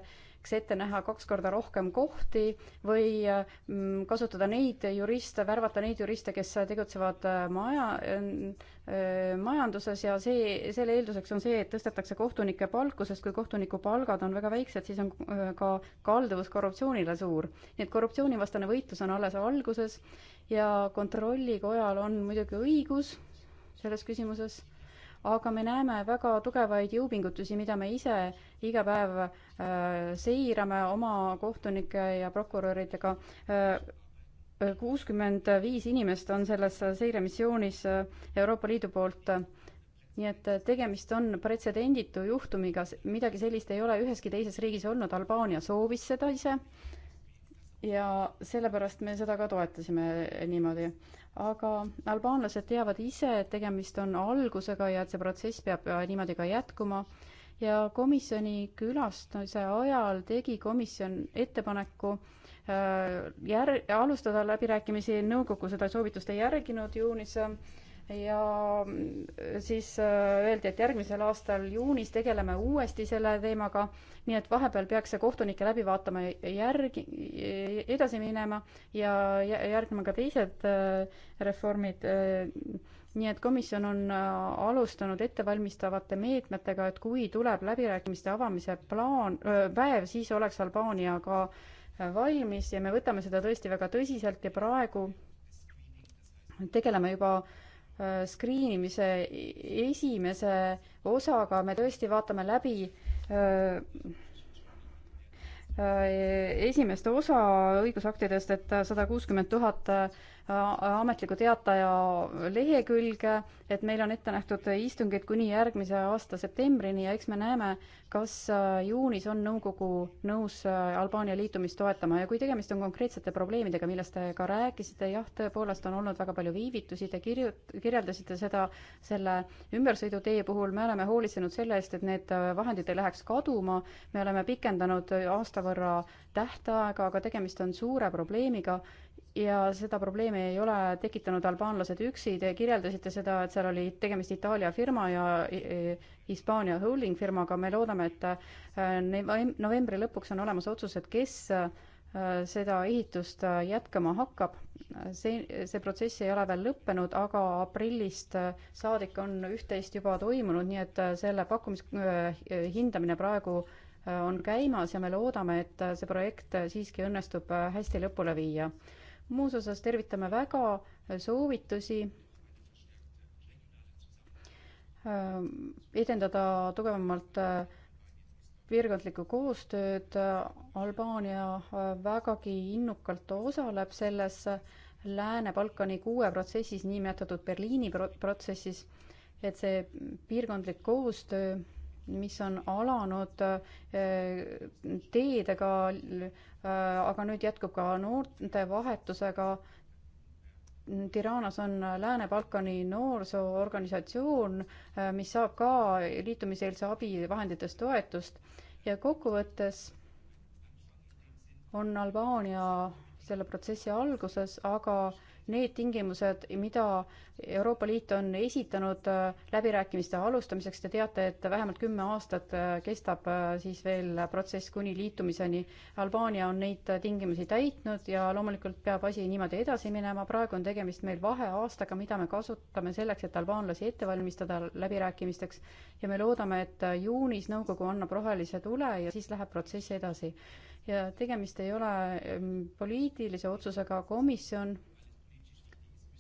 tuleks ette näha kaks korda rohkem kohti või mm, kasutada neid juriste, värvata neid juriste, kes tegutsevad äh, maja, äh, äh, majanduses ja see, selle eelduseks on see, et tõstetakse kohtunike palku, sest kui kohtuniku palgad on väga väiksed, siis on ka kalduvus korruptsioonile suur. nii et korruptsioonivastane võitlus on alles alguses ja kontrollikojal on muidugi õigus selles küsimuses aga me näeme väga tugevaid jõupingutusi, mida me ise iga päev äh, seirame oma kohtunike ja prokuröridega äh, kuuskümmend viis inimest on selles seiremissioonis äh, Euroopa Liidu poolt. nii et äh, tegemist on pretsedenditu juhtumiga, midagi sellist ei ole üheski teises riigis olnud, Albaania soovis seda ise ja sellepärast me seda ka toetasime niimoodi aga albaanlased teavad ise, et tegemist on algusega ja et see protsess peab äh, niimoodi ka jätkuma. ja komisjoni külastamise ajal tegi komisjon ettepaneku äh, jär-, alustada läbirääkimisi, nõukogu seda soovitust ei järginud juunis ja mm, siis äh, öeldi, et järgmisel aastal juunis tegeleme uuesti selle teemaga, nii et vahepeal peaks see kohtunike läbi vaatama järgi, edasi minema ja järgnema ka teised äh, reformid. Äh, nii et komisjon on alustanud ettevalmistavate meetmetega, et kui tuleb läbirääkimiste avamise plaan, päev, siis oleks Albaania ka valmis ja me võtame seda tõesti väga tõsiselt ja praegu tegeleme juba äh, Äh, skriinimise esimese osaga me tõesti vaatame läbi äh, äh, esimest osa õigusaktidest, et sada kuuskümmend tuhat ametliku teataja lehekülge, et meil on ette nähtud istungid kuni järgmise aasta septembrini ja eks me näeme, kas äh, juunis on nõukogu nõus äh, Albaania liitumist toetama ja kui tegemist on konkreetsete probleemidega, millest te ka rääkisite, jah, tõepoolest on olnud väga palju viivitusi, te kirju-, kirjeldasite seda selle ümbersõidutee puhul, me oleme hoolitsenud selle eest, et need äh, vahendid ei läheks kaduma, me oleme pikendanud aasta võrra tähtaega, aga tegemist on suure probleemiga ja seda probleemi ei ole tekitanud albaanlased üksi, te kirjeldasite seda, et seal oli tegemist Itaalia firma ja e, e, Hispaania holding firmaga, me loodame, et e, novembri lõpuks on olemas otsused, kes seda ehitust jätkama hakkab. see, see protsess ei ole veel lõppenud, aga aprillist saadik on üht-teist juba toimunud, nii et selle pakkumise hindamine praegu on käimas ja me loodame, et see projekt siiski õnnestub hästi lõpule viia muus osas tervitame väga äh, soovitusi äh, edendada tugevamalt äh, piirkondlikku koostööd. Albaania vägagi innukalt osaleb selles Lääne-Balkani kuue protsessis, niinimetatud Berliini protsessis, et see piirkondlik koostöö mis on alanud äh, teedega, äh, aga nüüd jätkub ka noortevahetusega. Tiranas on Lääne-Balkani noorsooorganisatsioon, äh, mis saab ka liitumiseelse abi vahenditest toetust ja kokkuvõttes on Albaania selle protsessi alguses, aga need tingimused, mida Euroopa Liit on esitanud äh, läbirääkimiste alustamiseks, te teate, et vähemalt kümme aastat äh, kestab äh, siis veel protsess kuni liitumiseni. Albaania on neid tingimusi täitnud ja loomulikult peab asi niimoodi edasi minema, praegu on tegemist meil vaheaastaga, mida me kasutame selleks, et albaanlasi ette valmistada läbirääkimisteks ja me loodame, et juunis nõukogu annab rohelise tule ja siis läheb protsess edasi ja tegemist ei ole mm, poliitilise otsusega, komisjon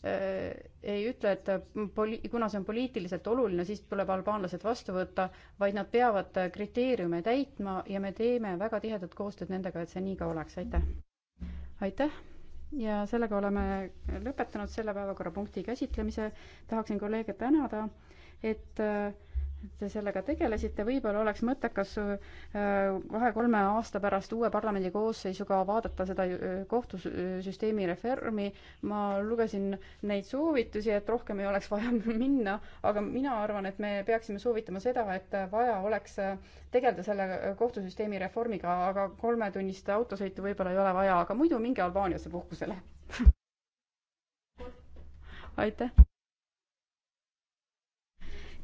Äh, ei ütle, et mm, poli-, kuna see on poliitiliselt oluline, siis tuleb albaanlased vastu võtta, vaid nad peavad äh, kriteeriume täitma ja me teeme väga tihedat koostööd nendega, et see nii ka oleks, aitäh! aitäh ja sellega oleme lõpetanud selle päevakorrapunkti käsitlemise. tahaksin kolleege tänada, et äh, te sellega tegelesite, võib-olla oleks mõttekas äh, kahe-kolme aasta pärast uue parlamendi koosseisuga vaadata seda äh, kohtusüsteemi reformi. ma lugesin neid soovitusi, et rohkem ei oleks vaja [LAUGHS] minna, aga mina arvan, et me peaksime soovitama seda, et vaja oleks äh, tegeleda selle kohtusüsteemi reformiga, aga kolmetunnist autosõitu võib-olla ei ole vaja, aga muidu minge Albaaniasse puhkusele [LAUGHS] aitäh!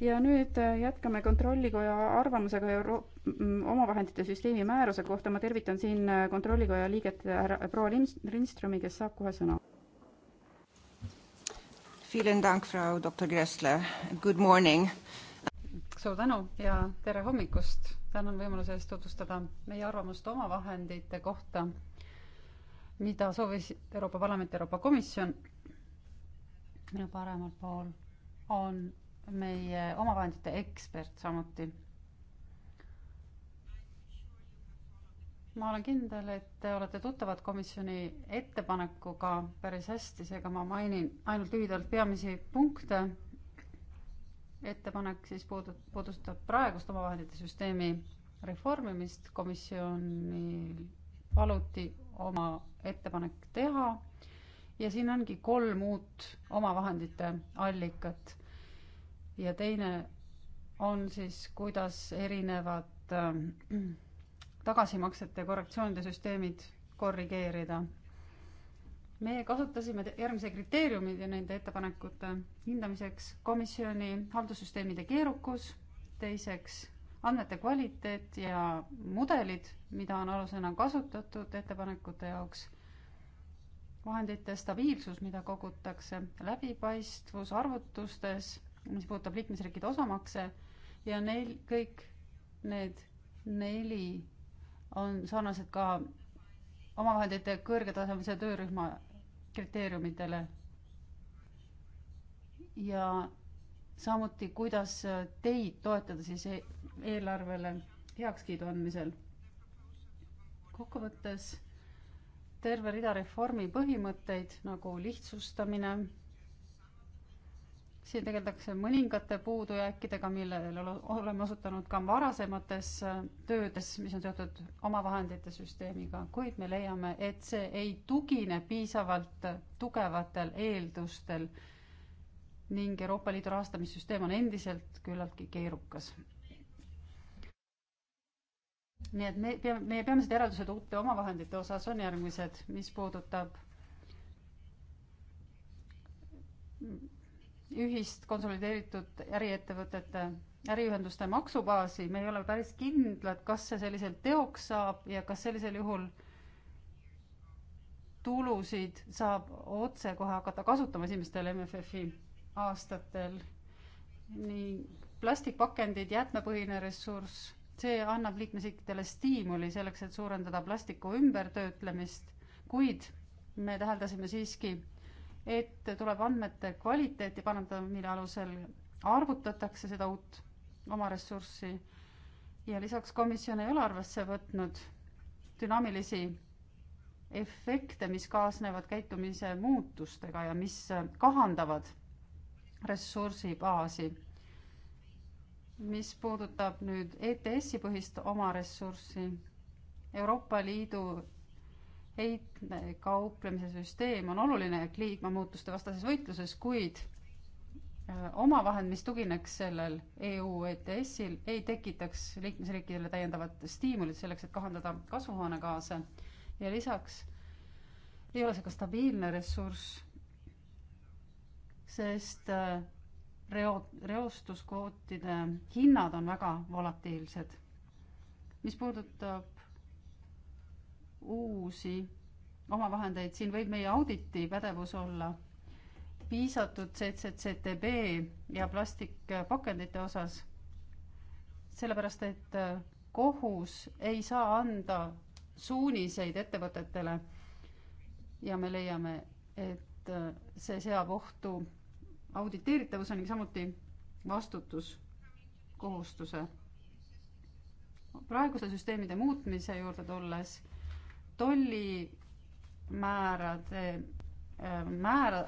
ja nüüd äh, jätkame Kontrollikoja arvamusega Euro-, mm, omavahendite süsteemi määruse kohta, ma tervitan siin äh, Kontrollikoja liiget härra äh, proua Lind-, Lindströmi, kes saab kohe sõna. suur tänu ja tere hommikust, tänan võimaluse eest tutvustada meie arvamust omavahendite kohta, mida soovis Euroopa Parlament, Euroopa Komisjon, minu paremal pool on meie omavahendite ekspert samuti. ma olen kindel, et te olete tuttavad komisjoni ettepanekuga päris hästi, seega ma mainin ainult lühidalt peamisi punkte. ettepanek siis puudu-, puudustab praegust omavahendite süsteemi reformimist, komisjoni paluti oma ettepanek teha ja siin ongi kolm uut omavahendite allikat ja teine on siis, kuidas erinevad äh, tagasimaksete korrektsioonide süsteemid korrigeerida. meie kasutasime järgmise kriteeriumid ja nende ettepanekute hindamiseks komisjoni haldussüsteemide keerukus, teiseks andmete kvaliteet ja mudelid, mida on alusena kasutatud ettepanekute jaoks, vahendite stabiilsus, mida kogutakse, läbipaistvus arvutustes mis puudutab liikmesriikide osamakse ja neil kõik need neli on sarnased ka omavahendite kõrgetasemelise töörühma kriteeriumitele. ja samuti, kuidas teid toetada siis e-, eelarvele heakskiidu andmisel. kokkuvõttes terve rida reformi põhimõtteid nagu lihtsustamine siin tegeldakse mõningate puudujääkidega, millele oleme osutanud ka varasemates äh, töödes, mis on seotud omavahendite süsteemiga, kuid me leiame, et see ei tugine piisavalt tugevatel eeldustel ning Euroopa Liidu rahastamissüsteem on endiselt küllaltki keerukas. nii et me peame, meie peamised järeldused uute omavahendite osas on järgmised, mis puudutab ühist konsolideeritud äriettevõtete, äriühenduste maksubaasi, me ei ole päris kindlad, kas see selliselt teoks saab ja kas sellisel juhul tulusid saab otsekohe hakata kasutama esimestel MFF-i aastatel. nii plastikpakendid, jäätmepõhine ressurss, see annab liikmesriikidele stiimuli selleks, et suurendada plastiku ümbertöötlemist, kuid me täheldasime siiski et tuleb andmete kvaliteeti parandada, mille alusel arvutatakse seda uut oma ressurssi ja lisaks komisjon ei ole arvesse võtnud dünaamilisi efekte, mis kaasnevad käitumise muutustega ja mis kahandavad ressursibaasi. mis puudutab nüüd ETS-i põhist oma ressurssi, Euroopa Liidu heitmekauplemise süsteem on oluline kliimamuutuste vastases võitluses, kuid äh, omavahend, mis tugineks sellel EU ETS-il, ei tekitaks liikmesriikidele täiendavat stiimulit selleks, et kahandada kasvuhoonegaase ja lisaks ei ole see ka stabiilne ressurss, sest äh, reo-, reostuskvootide hinnad on väga volatiilsed. mis puudutab uusi omavahendeid, siin võib meie auditi pädevus olla piisatud CCCTB ja plastikpakendite osas, sellepärast et äh, kohus ei saa anda suuniseid ettevõtetele ja me leiame, et äh, see seab ohtu auditeeritavuse ning samuti vastutuskohustuse. praeguste süsteemide muutmise juurde tulles tollimäärade äh, määra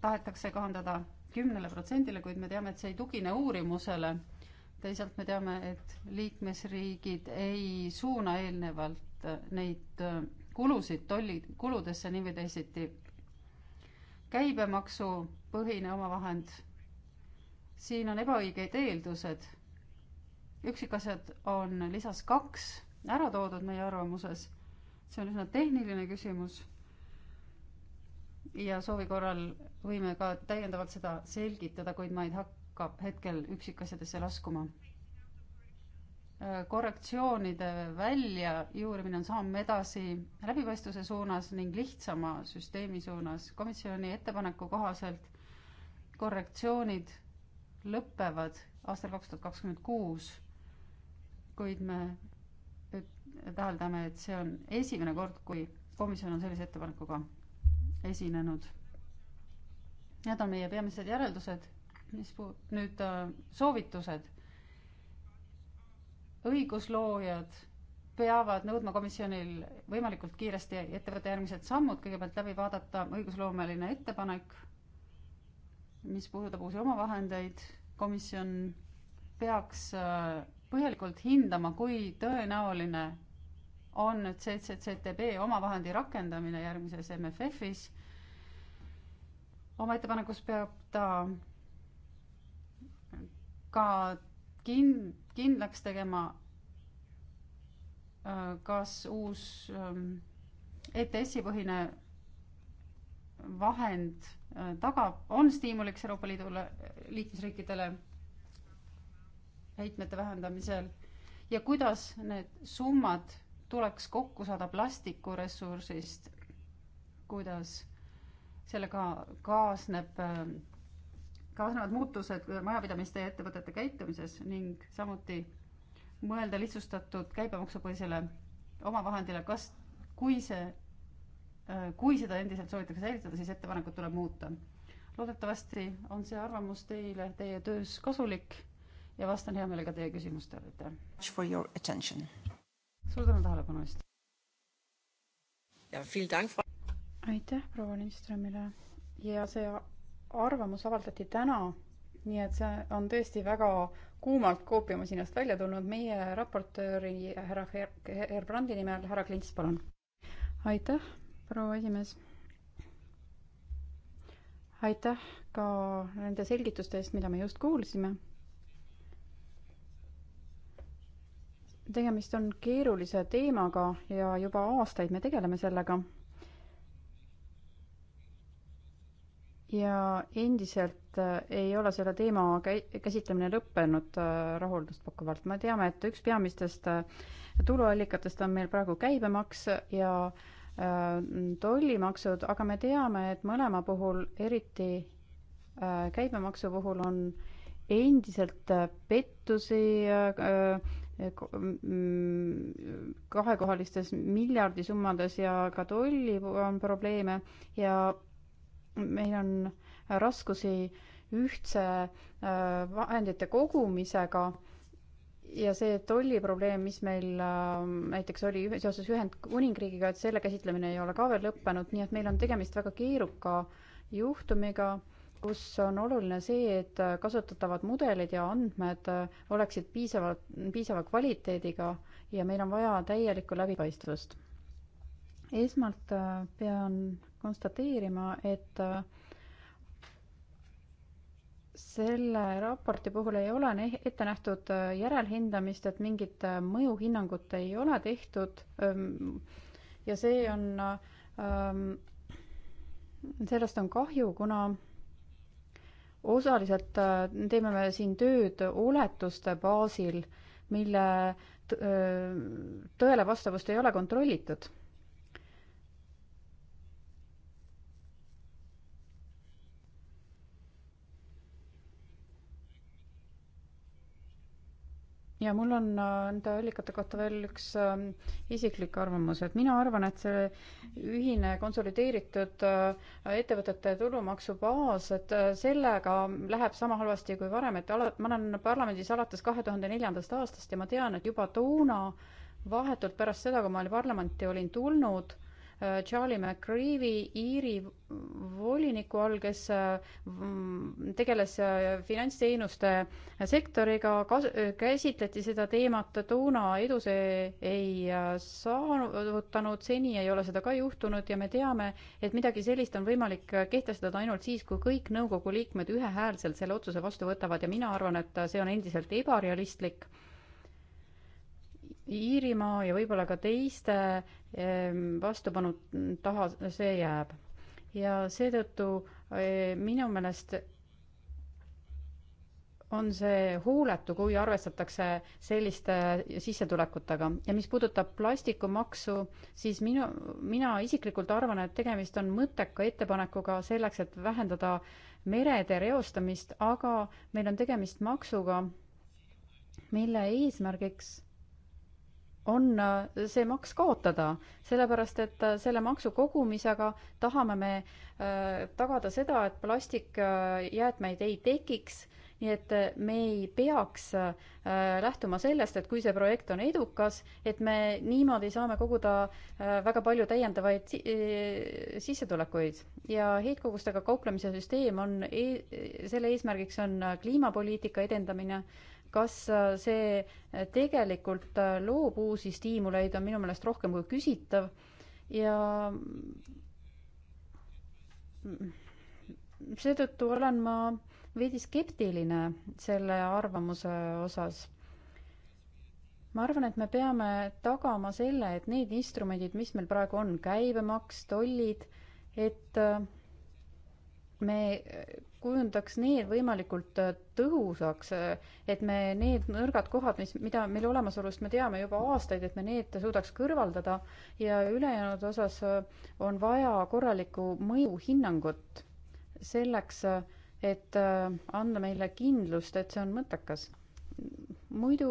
tahetakse kahandada kümnele protsendile, kuid me teame, et see ei tugine uurimusele. teisalt me teame, et liikmesriigid ei suuna eelnevalt äh, neid äh, kulusid tolli, kuludesse nii või teisiti. käibemaksupõhine omavahend, siin on ebaõigeid eeldused. üksikasjad on lisas kaks ära toodud meie arvamuses see on üsna tehniline küsimus. ja soovi korral võime ka täiendavalt seda selgitada, kuid ma ei hakka hetkel üksikasjadesse laskuma. Äh, korrektsioonide väljajuurimine on samm edasi läbipaistvuse suunas ning lihtsama süsteemi suunas. komisjoni ettepaneku kohaselt korrektsioonid lõpevad aastal kaks tuhat kakskümmend kuus, kuid me täheldame, et see on esimene kord, kui komisjon on sellise ettepanekuga esinenud. Need on meie peamised järeldused, mis puu-, nüüd äh, soovitused. õigusloojad peavad nõudma komisjonil võimalikult kiiresti ette võtta järgmised sammud, kõigepealt läbi vaadata õigusloomeline ettepanek, mis puudutab uusi omavahendeid, komisjon peaks äh, põhjalikult hindama, kui tõenäoline on nüüd CCCTB omavahendi rakendamine järgmises MFF-is. oma ettepanekus peab ta ka kin-, kindlaks tegema, äh, kas uus ähm, ETS-i põhine vahend äh, tagab, on stiimuliks Euroopa Liidule, liikmesriikidele heitmete vähendamisel ja kuidas need summad tuleks kokku saada plastikuressursist, kuidas sellega kaasneb, kaasnevad muutused majapidamiste ja ettevõtete käitumises ning samuti mõelda lihtsustatud käibemaksupõhisele omavahendile, kas, kui see, kui seda endiselt soovitakse säilitada, siis ettepanekut tuleb muuta. loodetavasti on see arvamus teile, teie töös kasulik ja vastan hea meelega teie küsimustele, aitäh! suur tänu tähelepanu eest! aitäh proua Lindströmile ja see arvamus avaldati täna, nii et see on tõesti väga kuumalt koopiamasinast välja tulnud. meie raportööri härra Herbrandi nimel, härra Klints, palun. aitäh, proua esimees. aitäh ka nende selgituste eest, mida me just kuulsime tegemist on keerulise teemaga ja juba aastaid me tegeleme sellega. ja endiselt äh, ei ole selle teema käsitlemine lõppenud äh, rahuldust pakkuvalt. me teame, et üks peamistest äh, tuluallikatest on meil praegu käibemaks ja tollimaksud, aga me teame, et mõlema puhul, eriti käibemaksu puhul on endiselt pettusi, kahekohalistes miljardisummades ja ka tolliga on probleeme ja meil on raskusi ühtse äh, vahendite kogumisega ja see tolliprobleem, mis meil äh, näiteks oli seoses Ühendkuningriigiga, et selle käsitlemine ei ole ka veel lõppenud, nii et meil on tegemist väga keeruka juhtumiga kus on oluline see, et kasutatavad mudelid ja andmed oleksid piisavalt, piisava kvaliteediga ja meil on vaja täielikku läbipaistvust. esmalt äh, pean konstateerima, et äh, selle raporti puhul ei ole ette nähtud äh, järelhindamist, et mingit mõjuhinnangut ei ole tehtud. Ähm, ja see on, ähm, sellest on kahju, kuna osaliselt äh, teeme me siin tööd oletuste baasil, mille äh, tõele vastavust ei ole kontrollitud ja mul on äh, nende allikate kohta veel üks ähm, isiklik arvamus, et mina arvan, et see ühine konsolideeritud äh, ettevõtete tulumaksubaas, et äh, sellega läheb sama halvasti kui varem, et ala, ma olen parlamendis alates kahe tuhande neljandast aastast ja ma tean, et juba toona vahetult pärast seda, kui ma parlamenti olin tulnud, Äh, Charlie McRaevi Iiri voliniku all, kes äh, tegeles äh, finantsteenuste sektoriga, kas-, käsitleti seda teemat, toona edu see ei saavutanud, seni ei ole seda ka juhtunud ja me teame, et midagi sellist on võimalik kehtestada ainult siis, kui kõik nõukogu liikmed ühehäälselt selle otsuse vastu võtavad ja mina arvan, et see on endiselt ebarealistlik Iirimaa ja võib-olla ka teiste ehm, vastupanu taha see jääb. ja seetõttu ehm, minu meelest on see huuletu, kui arvestatakse selliste sissetulekutega ja mis puudutab plastikumaksu, siis minu, mina isiklikult arvan, et tegemist on mõtteka ettepanekuga selleks, et vähendada merede reostamist, aga meil on tegemist maksuga, mille eesmärgiks on äh, see maks kaotada, sellepärast et äh, selle maksu kogumisega tahame me äh, tagada seda, et plastikjäätmeid ei tekiks, nii et me ei peaks lähtuma sellest, et kui see projekt on edukas, et me niimoodi saame koguda väga palju täiendavaid sissetulekuid ja heitkogustega kauplemise süsteem on e, selle eesmärgiks on kliimapoliitika edendamine kas äh, see äh, tegelikult äh, loob uusi stiimuleid, on minu meelest rohkem kui küsitav ja seetõttu olen ma veidi skeptiline selle arvamuse osas. ma arvan, et me peame tagama selle, et need instrumendid, mis meil praegu on, käibemaks, tollid, et me kujundaks need võimalikult äh, tõhusaks, äh, et me need nõrgad kohad, mis, mida meil olemasolust me teame juba aastaid, et me need suudaks kõrvaldada ja ülejäänud osas äh, on vaja korralikku mõjuhinnangut selleks, et anda meile kindlust, et see on mõttekas. muidu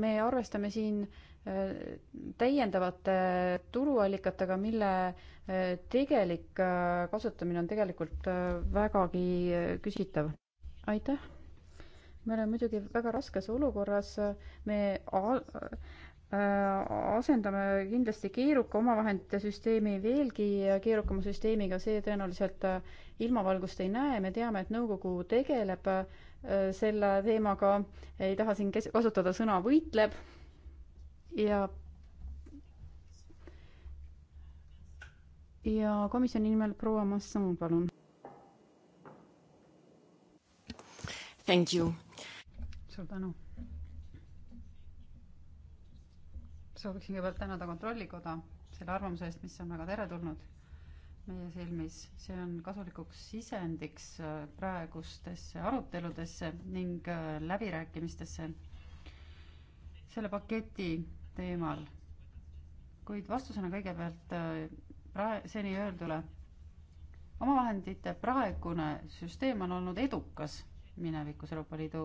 me arvestame siin äh, täiendavate turuallikatega, mille eh, tegelik eh, kasutamine on tegelikult eh, vägagi küsitav. aitäh! me oleme muidugi väga raskes olukorras, me asendame kindlasti keeruka omavahendite süsteemi veelgi keerukama süsteemiga, see tõenäoliselt ilmavalgust ei näe, me teame, et nõukogu tegeleb selle teemaga, ei taha siin kes-, kasutada sõna võitleb ja ja komisjoni nimel proua Masson, palun. Thank you. suur tänu. sooviksin kõigepealt tänada Kontrollikoda selle arvamuse eest, mis on väga teretulnud meie silmis. see on kasulikuks sisendiks praegustesse aruteludesse ning läbirääkimistesse selle paketi teemal. kuid vastusena kõigepealt äh, prae-, seni öeldule, omavahendite praegune süsteem on olnud edukas minevikus Euroopa Liidu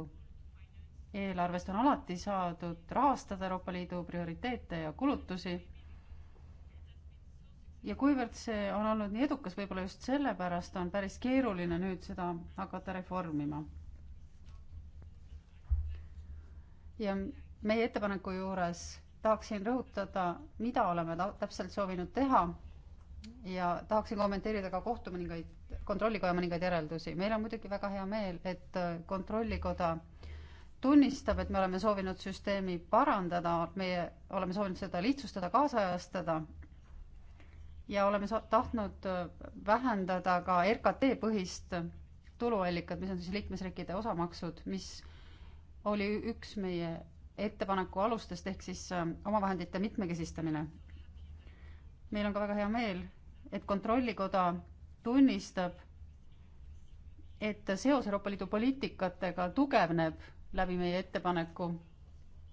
eelarvest on alati saadud rahastada Euroopa Liidu prioriteete ja kulutusi. ja kuivõrd see on olnud nii edukas, võib-olla just sellepärast on päris keeruline nüüd seda hakata reformima. ja meie ettepaneku juures tahaksin rõhutada, mida oleme täpselt soovinud teha ja tahaksin kommenteerida ka kohtu mõningaid, kontrollikoja mõningaid järeldusi. meil on muidugi väga hea meel, et kontrollikoda tunnistab, et me oleme soovinud süsteemi parandada, meie oleme soovinud seda lihtsustada, kaasajastada ja oleme tahtnud vähendada ka RKT põhist tuluallikat, mis on siis liikmesriikide osamaksud, mis oli üks meie ettepaneku alustest ehk siis äh, omavahendite mitmekesistamine. meil on ka väga hea meel, et Kontrollikoda tunnistab, et seos Euroopa Liidu poliitikatega tugevneb läbi meie ettepaneku,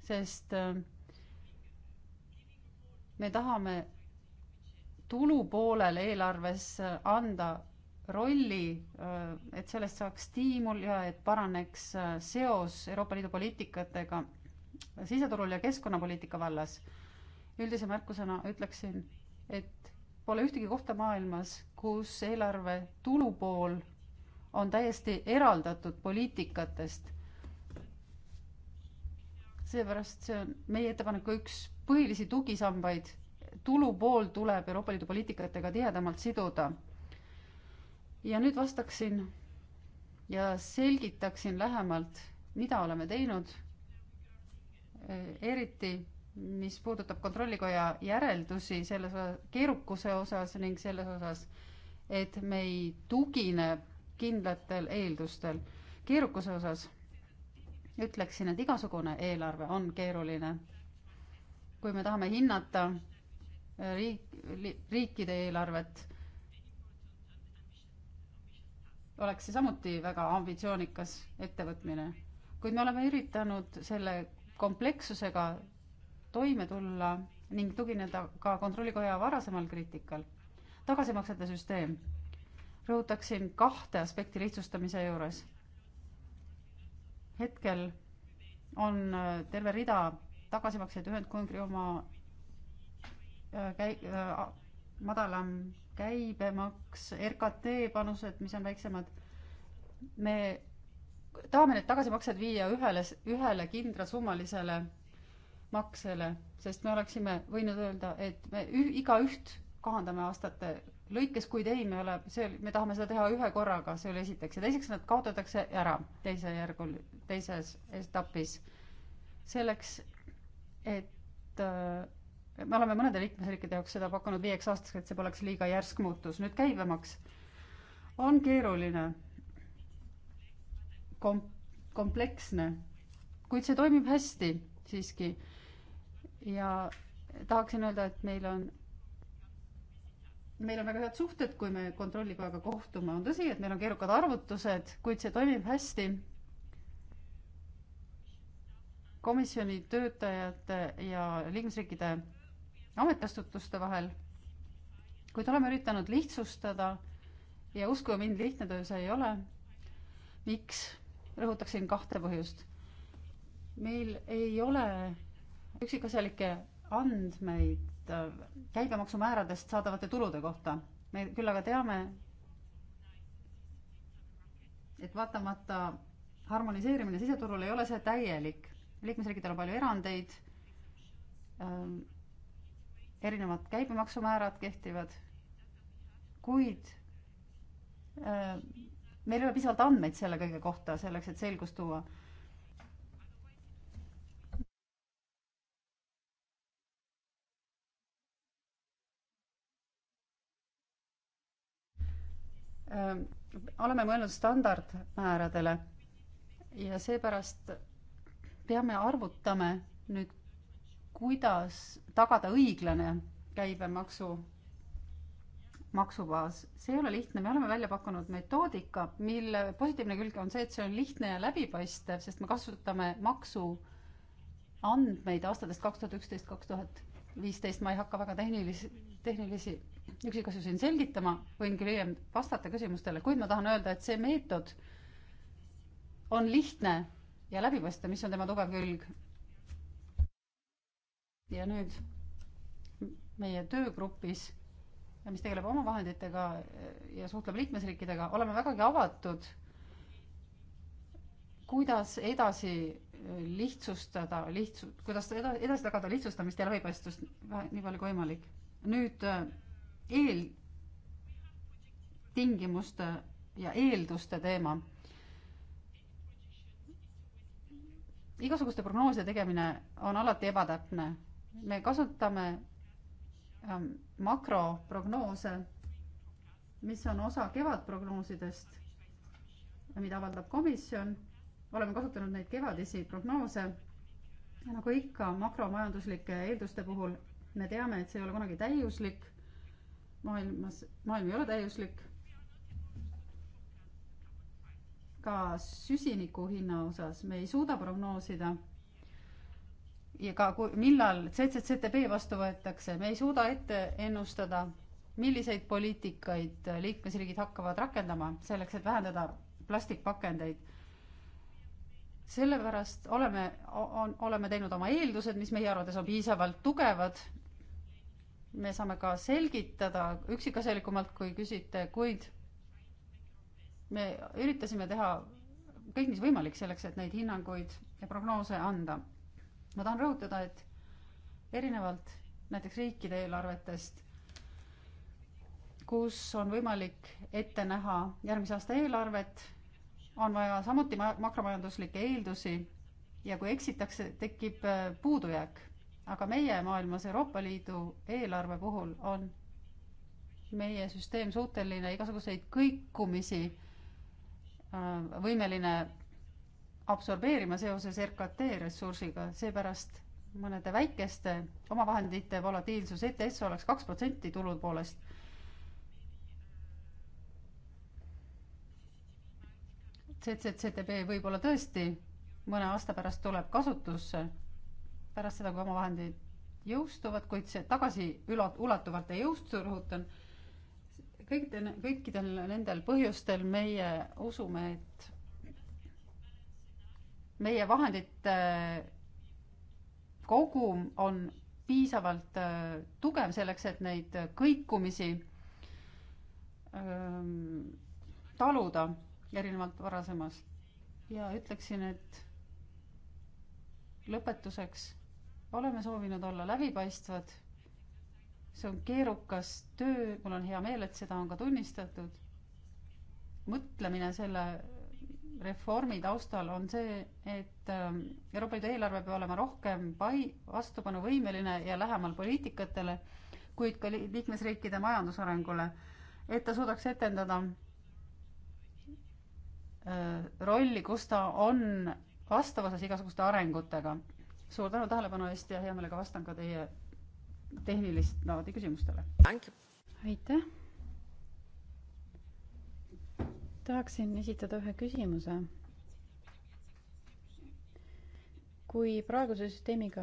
sest äh, me tahame tulupoolel eelarves äh, anda rolli, et sellest saaks stiimul ja et paraneks seos Euroopa Liidu poliitikatega siseturul ja keskkonnapoliitika vallas üldise märkusena ütleksin, et pole ühtegi kohta maailmas, kus eelarve tulupool on täiesti eraldatud poliitikatest. seepärast see on meie ettepaneku üks põhilisi tugisambaid. tulupool tuleb Euroopa Liidu poliitikatega tihedamalt siduda. ja nüüd vastaksin ja selgitaksin lähemalt, mida oleme teinud eriti mis puudutab Kontrollikoja järeldusi selles keerukuse osas ning selles osas, et me ei tugine kindlatel eeldustel. keerukuse osas ütleksin, et igasugune eelarve on keeruline. kui me tahame hinnata riik, riikide eelarvet, oleks see samuti väga ambitsioonikas ettevõtmine, kuid me oleme üritanud selle komplekssusega toime tulla ning tugineda ka Kontrollikoja varasemal kriitikal. tagasimaksete süsteem. rõhutaksin kahte aspekti lihtsustamise juures. hetkel on äh, terve rida tagasimakseid Ühendkuningriigi oma äh, käi-, äh, madalam käibemaks, RKT panused, mis on väiksemad, me tahame need tagasimaksed viia ühele, ühele kindrasummalisele maksele, sest me oleksime võinud öelda, et me üh, igaüht kahandame aastate lõikes, kuid ei, me ole, see, me tahame seda teha ühe korraga, see oli esiteks, ja teiseks nad kaotatakse ära teise järgul, teises etapis. selleks, et äh, me oleme mõnede liikmesriikide jaoks seda pakkunud viieks aastaks, et see poleks liiga järsk muutus. nüüd käibemaks on keeruline kom-, kompleksne, kuid see toimib hästi siiski. ja tahaksin öelda, et meil on, meil on väga head suhted, kui me kontrollikojaga kohtume, on tõsi, et meil on keerukad arvutused, kuid see toimib hästi. komisjoni töötajate ja liikmesriikide ametiasutuste vahel, kuid oleme üritanud lihtsustada ja uskuge mind, lihtne töö see ei ole. miks? rõhutaksin kahte põhjust. meil ei ole üksikasjalikke andmeid äh, käibemaksumääradest saadavate tulude kohta. me küll aga teame, et vaatamata harmoniseerimine siseturul ei ole see täielik. liikmesriikidel on palju erandeid ähm,, erinevad käibemaksumäärad kehtivad, kuid äh, meil ei ole piisavalt andmeid selle kõige kohta, selleks et selgust tuua. oleme mõelnud standardmääradele ja seepärast peame arvutama nüüd, kuidas tagada õiglane käibemaksu maksubaas. see ei ole lihtne, me oleme välja pakkunud metoodika, mille positiivne külg on see, et see on lihtne ja läbipaistev, sest me kasutame maksuandmeid aastatest kaks tuhat üksteist, kaks tuhat viisteist, ma ei hakka väga tehnilisi, tehnilisi üksikasju siin selgitama, võin küll hiljem vastata küsimustele, kuid ma tahan öelda, et see meetod on lihtne ja läbipaistev, mis on tema tugev külg. ja nüüd meie töögrupis mis tegeleb oma vahenditega eh, ja suhtleb liikmesriikidega, oleme vägagi avatud, kuidas edasi eh, lihtsustada, lihtsu-, kuidas eda-, edasi tagada lihtsustamist ja läbipaistvust nii palju kui võimalik. nüüd eh, eeltingimuste ja eelduste teema. igasuguste prognooside tegemine on alati ebatäpne. me kasutame Ähm, makroprognoose, mis on osa kevadprognoosidest, mida avaldab komisjon. oleme kasutanud neid kevadisi prognoose. nagu ikka makromajanduslike eelduste puhul, me teame, et see ei ole kunagi täiuslik. maailmas, maailm ei ole täiuslik. ka süsiniku hinna osas me ei suuda prognoosida ja ka, millal CCCTB vastu võetakse, me ei suuda ette ennustada, milliseid poliitikaid liikmesriigid hakkavad rakendama selleks, et vähendada plastikpakendeid. sellepärast oleme, on, oleme teinud oma eeldused, mis meie arvates on piisavalt tugevad. me saame ka selgitada üksikasjalikumalt, kui küsite, kuid me üritasime teha kõik, mis võimalik selleks, et neid hinnanguid ja prognoose anda ma tahan rõhutada, et erinevalt näiteks riikide eelarvetest, kus on võimalik ette näha järgmise aasta eelarvet, on vaja samuti makromajanduslikke eeldusi ja kui eksitakse, tekib äh, puudujääk. aga meie maailmas Euroopa Liidu eelarve puhul on meie süsteem suuteline igasuguseid kõikumisi äh, võimeline absorbeerima seoses RKT ressursiga, seepärast mõnede väikeste omavahendite volatiilsus ETS oleks kaks protsenti tulude poolest. CCCTB võib-olla tõesti mõne aasta pärast tuleb kasutusse, pärast seda, kui omavahendid jõustuvad, kuid see tagasiulatuvalt ei jõustu, rõhutan, kõikidel, kõikidel nendel põhjustel meie usume, et meie vahendite äh, kogum on piisavalt äh, tugev selleks, et neid kõikumisi ähm, taluda, erinevalt varasemast. ja ütleksin, et lõpetuseks oleme soovinud olla läbipaistvad. see on keerukas töö, mul on hea meel, et seda on ka tunnistatud. mõtlemine selle reformi taustal on see, et ähm, Euroopa Liidu eelarve peab olema rohkem pai-, vastupanuvõimeline ja lähemal poliitikatele, kuid ka liikmesriikide majandusarengule, et ta suudaks etendada äh, rolli, kus ta on vastavuses igasuguste arengutega. suur tänu tähelepanu eest ja hea meelega vastan ka teie tehnilist laadi no, küsimustele. aitäh! tahaksin esitada ühe küsimuse. kui praeguse süsteemiga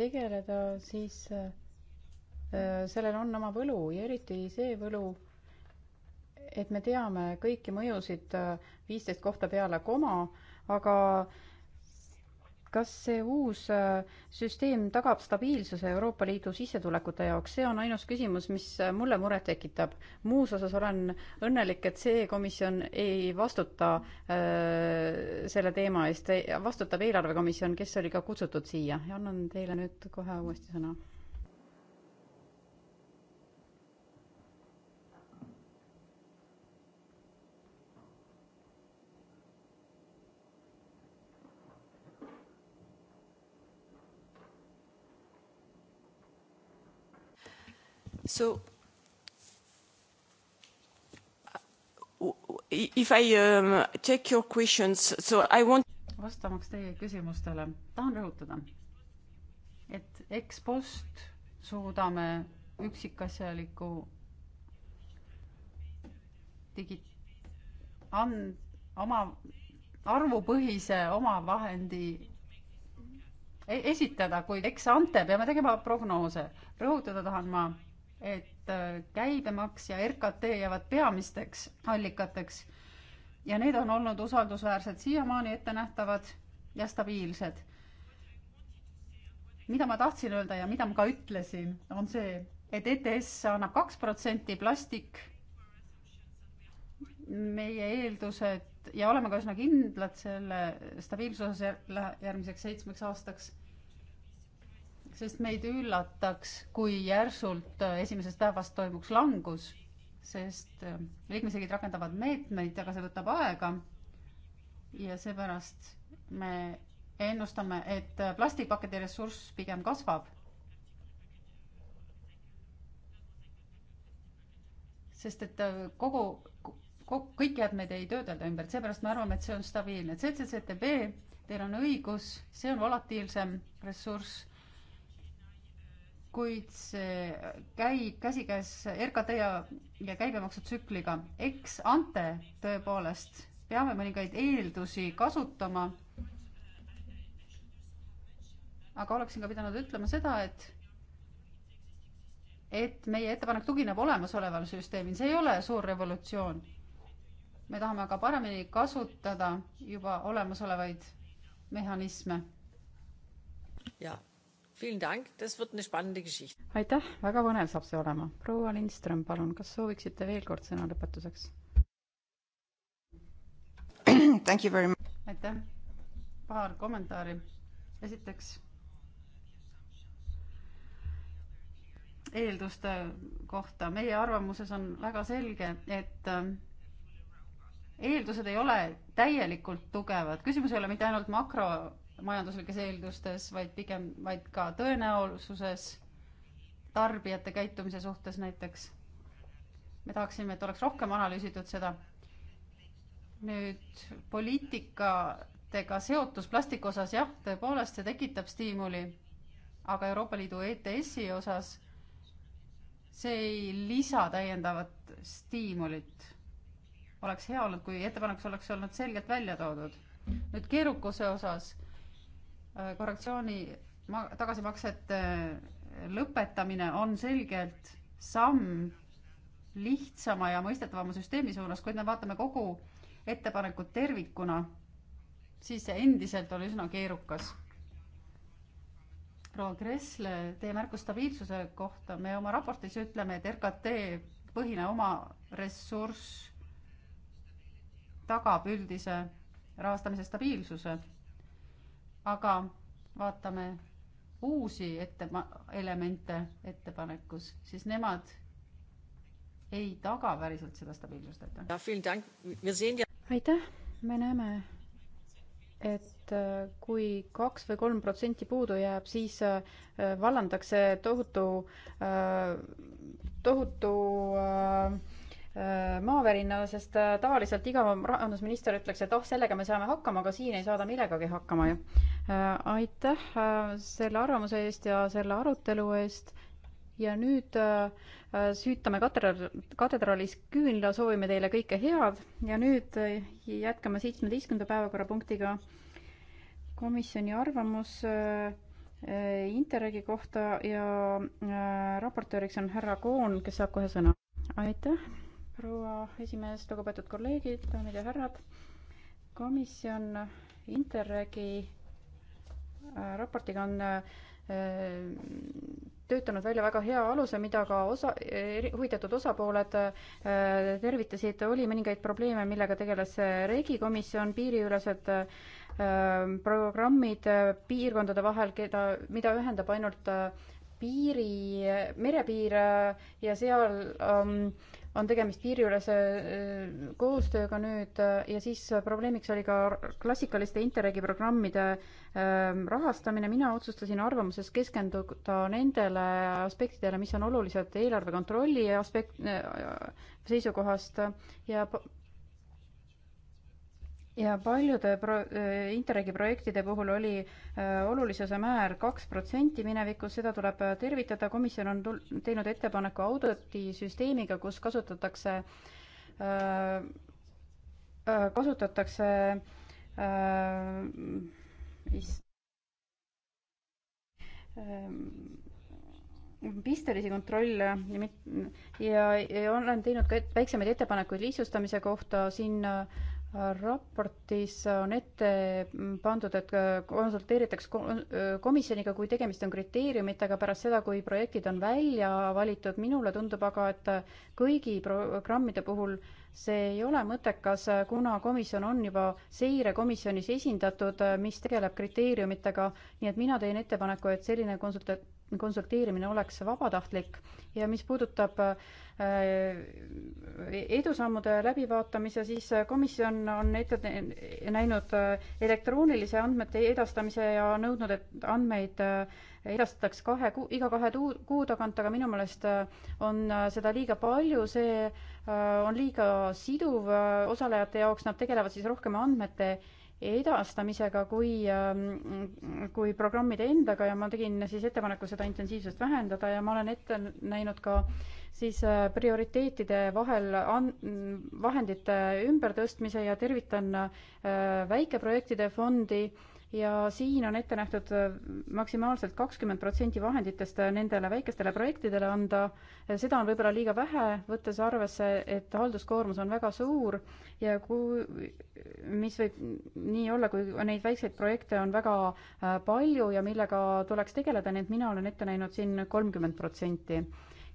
tegeleda, siis äh, sellel on oma võlu ja eriti see võlu, et me teame kõiki mõjusid äh, viisteist kohta peale koma, aga kas see uus äh, süsteem tagab stabiilsuse Euroopa Liidu sissetulekute jaoks, see on ainus küsimus, mis äh, mulle muret tekitab. muus osas olen õnnelik, et see komisjon ei vastuta äh, selle teema eest, vastutab eelarvekomisjon, kes oli ka kutsutud siia ja annan teile nüüd kohe uuesti sõna So uh, if I um, take your questions, so I want vastamaks teie küsimustele, tahan rõhutada, et eks post suudame üksikasjaliku digi-, and-, oma arvupõhise omavahendi e-, esitada, kuid eks ante peame tegema prognoose. rõhutada tahan ma et äh, käibemaks ja RKT jäävad peamisteks allikateks ja need on olnud usaldusväärsed siiamaani ettenähtavad ja stabiilsed. mida ma tahtsin öelda ja mida ma ka ütlesin, on see, et ETS annab kaks protsenti plastik. meie eeldused ja oleme ka üsna kindlad selle stabiilsuse järgmiseks seitsmeks aastaks sest meid üllataks, kui järsult äh, esimesest päevast toimuks langus, sest äh, liikmesriigid rakendavad meetmeid, aga see võtab aega. ja seepärast me ennustame, et äh, plastikpakkide ressurss pigem kasvab. sest et kogu, kogu, kõiki jäätmeid ei töödelda ümber, seepärast me arvame, et see on stabiilne. CCCTB, teil on õigus, see on volatiilsem ressurss kuid see käib käsikäes RKT ja, ja käibemaksutsükliga. eks ante tõepoolest peame mõningaid eeldusi kasutama. aga oleksin ka pidanud ütlema seda, et et meie ettepanek tugineb olemasoleval süsteemil, see ei ole suur revolutsioon. me tahame aga paremini kasutada juba olemasolevaid mehhanisme. jaa aitäh, väga põnev saab see olema. proua Lindström, palun, kas sooviksite veel kord sõna lõpetuseks? [CLEARS THROAT] aitäh, paar kommentaari. esiteks eelduste kohta. meie arvamuses on väga selge, et äh, eeldused ei ole täielikult tugevad. küsimus ei ole mitte ainult makro majanduslikes eeldustes, vaid pigem, vaid ka tõenäosuses, tarbijate käitumise suhtes näiteks. me tahaksime, et oleks rohkem analüüsitud seda. nüüd poliitikatega seotus plastiku osas, jah, tõepoolest see tekitab stiimuli, aga Euroopa Liidu ETS-i osas see ei lisa täiendavat stiimulit. oleks hea olnud, kui ettepanekus oleks olnud selgelt välja toodud. nüüd keerukuse osas Äh, korrektsiooni ma-, tagasimaksete äh, lõpetamine on selgelt samm lihtsama ja mõistetavama süsteemi suunas, kuid me vaatame kogu ettepanekut tervikuna, siis see endiselt oli üsna keerukas. proua Kressle, teie märkus stabiilsuse kohta, me oma raportis ütleme, et RKT põhine oma ressurss tagab üldise rahastamise stabiilsuse aga vaatame uusi ette, elemente ettepanekus, siis nemad ei taga päriselt seda stabiilsust, aitäh. aitäh, me näeme, et äh, kui kaks või kolm protsenti puudu jääb, siis äh, vallandakse tohutu, äh, tohutu Äh, maavärina, sest äh, tavaliselt iga rahandusminister ütleks, et oh, sellega me saame hakkama, aga siin ei saada millegagi hakkama ju. Äh, aitäh selle arvamuse eest ja selle arutelu eest ja nüüd süütame katedral, katedraalis küünla, soovime teile kõike head ja nüüd jätkame seitsmeteistkümnenda päevakorrapunktiga komisjoni arvamus Interregi kohta ja raportööriks on härra Koon, kes saab kohe sõna. aitäh proua esimees, lugupeetud kolleegid, daamid ja härrad. komisjon Interregi äh, raportiga on äh, töötanud välja väga hea aluse, mida ka osa, huvitatud osapooled äh, tervitasid, oli mõningaid probleeme, millega tegeles Regi komisjon, piiriülesed programmid piirkondade vahel, keda, mida ühendab ainult piiri, merepiir ja seal um, on tegemist piiriülese koostööga nüüd ja siis probleemiks oli ka klassikaliste Interregi programmide rahastamine. mina otsustasin arvamuses keskenduda nendele aspektidele, mis on olulised eelarve kontrolli aspekt, seisukohast ja ja paljude pro-, äh, Interregi projektide puhul oli äh, olulisuse määr kaks protsenti minevikus, seda tuleb tervitada, komisjon on tul-, teinud ettepaneku auditisüsteemiga, kus kasutatakse, äh, kasutatakse ähm, pistelisi kontrolle ja mit-, ja, ja olen teinud ka et-, väiksemaid ettepanekuid lihtsustamise kohta, siin äh, raportis on ette pandud, et konsulteeritakse komisjoniga, kui tegemist on kriteeriumitega pärast seda, kui projektid on välja valitud. minule tundub aga, et kõigi programmide puhul see ei ole mõttekas, kuna komisjon on juba seirekomisjonis esindatud, mis tegeleb kriteeriumitega, nii et mina teen ettepaneku, et selline konsulta-, konsulteerimine oleks vabatahtlik ja mis puudutab äh, Äh, edusammude läbivaatamist ja siis äh, komisjon on ette näinud äh, elektroonilise andmete edastamise ja nõudnud, et andmeid edastataks kahe kuu, iga kahe tuu, kuu tagant, aga minu meelest on seda liiga palju, see on liiga siduv osalejate jaoks, nad tegelevad siis rohkem andmete edastamisega kui, ähm, kui programmide endaga ja ma tegin siis ettepaneku seda intensiivsust vähendada ja ma olen ette näinud ka äh, siis äh, prioriteetide vahel an-, vahendite ümbertõstmise ja tervitan äh, väikeprojektide fondi ja siin on ette nähtud äh, maksimaalselt kakskümmend protsenti vahenditest nendele väikestele projektidele anda. seda on võib-olla liiga vähe, võttes arvesse, et halduskoormus on väga suur ja kui, mis võib nii olla, kui neid väikseid projekte on väga palju ja millega tuleks tegeleda, nii et mina olen ette näinud siin kolmkümmend protsenti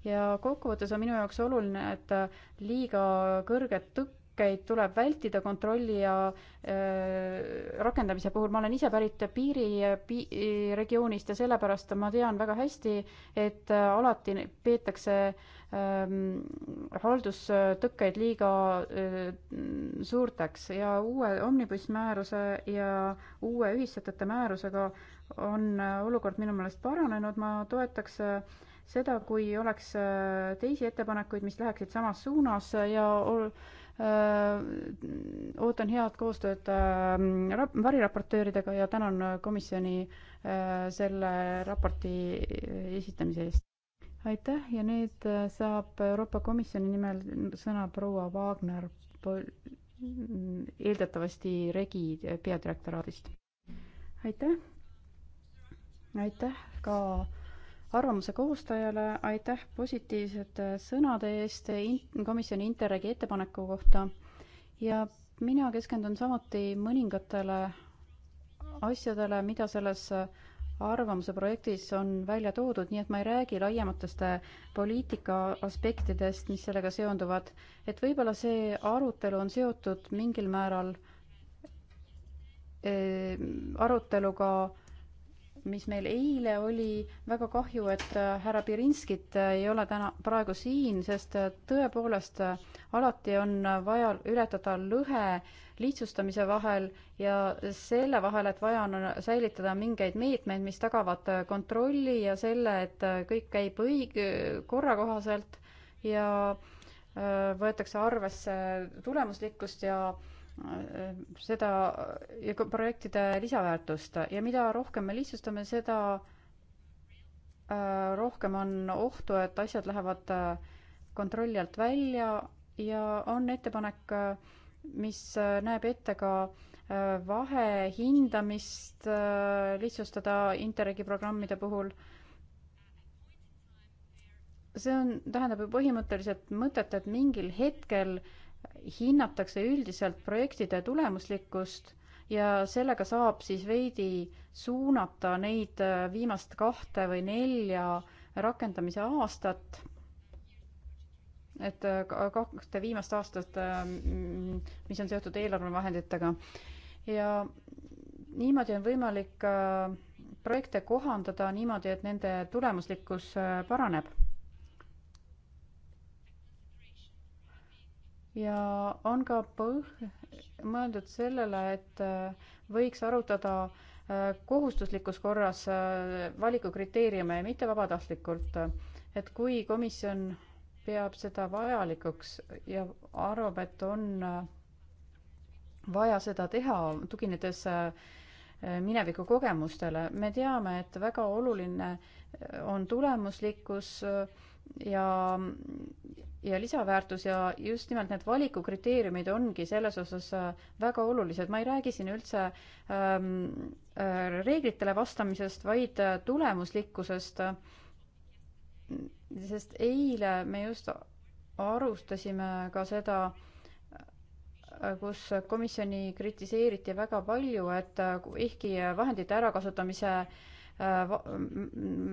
ja kokkuvõttes on minu jaoks oluline, et äh, liiga kõrget tõkkeid tuleb vältida kontrolli ja äh, rakendamise puhul. ma olen ise pärit piiriregioonist ja sellepärast ma tean väga hästi, et äh, alati peetakse äh, haldustõkkeid liiga äh, suurteks ja uue omnibus määruse ja uue ühissätete määrusega on äh, olukord minu meelest paranenud, ma toetaks äh, seda, kui oleks äh, teisi ettepanekuid, mis läheksid samas suunas ja äh, ootan head koostööd äh, variraportööridega ja tänan komisjoni selle raporti esitamise eest. aitäh ja nüüd saab Euroopa Komisjoni nimel sõna proua Wagner eeldatavasti Regi peadirektoraadist. aitäh, aitäh ka arvamuse koostajale, aitäh positiivsete sõnade eest in-, komisjoni Interregi ettepaneku kohta ja mina keskendun samuti mõningatele asjadele, mida selles arvamuse projektis on välja toodud, nii et ma ei räägi laiematest poliitika aspektidest, mis sellega seonduvad. et võib-olla see arutelu on seotud mingil määral eh, aruteluga mis meil eile oli. väga kahju, et äh, härra Pirinskit äh, ei ole täna, praegu siin, sest äh, tõepoolest alati on vaja ületada lõhe lihtsustamise vahel ja selle vahel, et vaja on säilitada mingeid meetmeid, mis tagavad kontrolli ja selle, et kõik käib õig-, korrakohaselt ja võetakse arvesse tulemuslikkust ja äh, seda ja ka projektide lisaväärtust ja mida rohkem me lihtsustame, seda äh, rohkem on ohtu, et asjad lähevad äh, kontrolli alt välja ja on ettepanek, äh, mis näeb ette ka vahe hindamist lihtsustada Interregi programmide puhul. see on, tähendab ju põhimõtteliselt mõtet, et mingil hetkel äh, hinnatakse üldiselt projektide tulemuslikkust ja sellega saab siis veidi suunata neid äh, viimast kahte või nelja rakendamise aastat, et äh, kahte viimast aastat, ähm, mis on seotud eelarvevahenditega. ja niimoodi on võimalik äh, projekte kohandada niimoodi, et nende tulemuslikkus paraneb ja on ka põh-, mõeldud sellele, et äh, võiks arutada äh, kohustuslikus korras äh, valikukriteeriume ja mitte vabatahtlikult. et kui komisjon peab seda vajalikuks ja arvab, et on vaja seda teha, tuginedes mineviku kogemustele, me teame, et väga oluline on tulemuslikkus äh, ja, ja lisaväärtus ja just nimelt need valikukriteeriumid ongi selles osas äh, väga olulised. ma ei räägi siin üldse ähm, äh, reeglitele vastamisest, vaid äh, tulemuslikkusest. sest eile me just arutasime ka seda, kus komisjoni kritiseeriti väga palju, et ehkki vahendite ärakasutamise äh, Äh,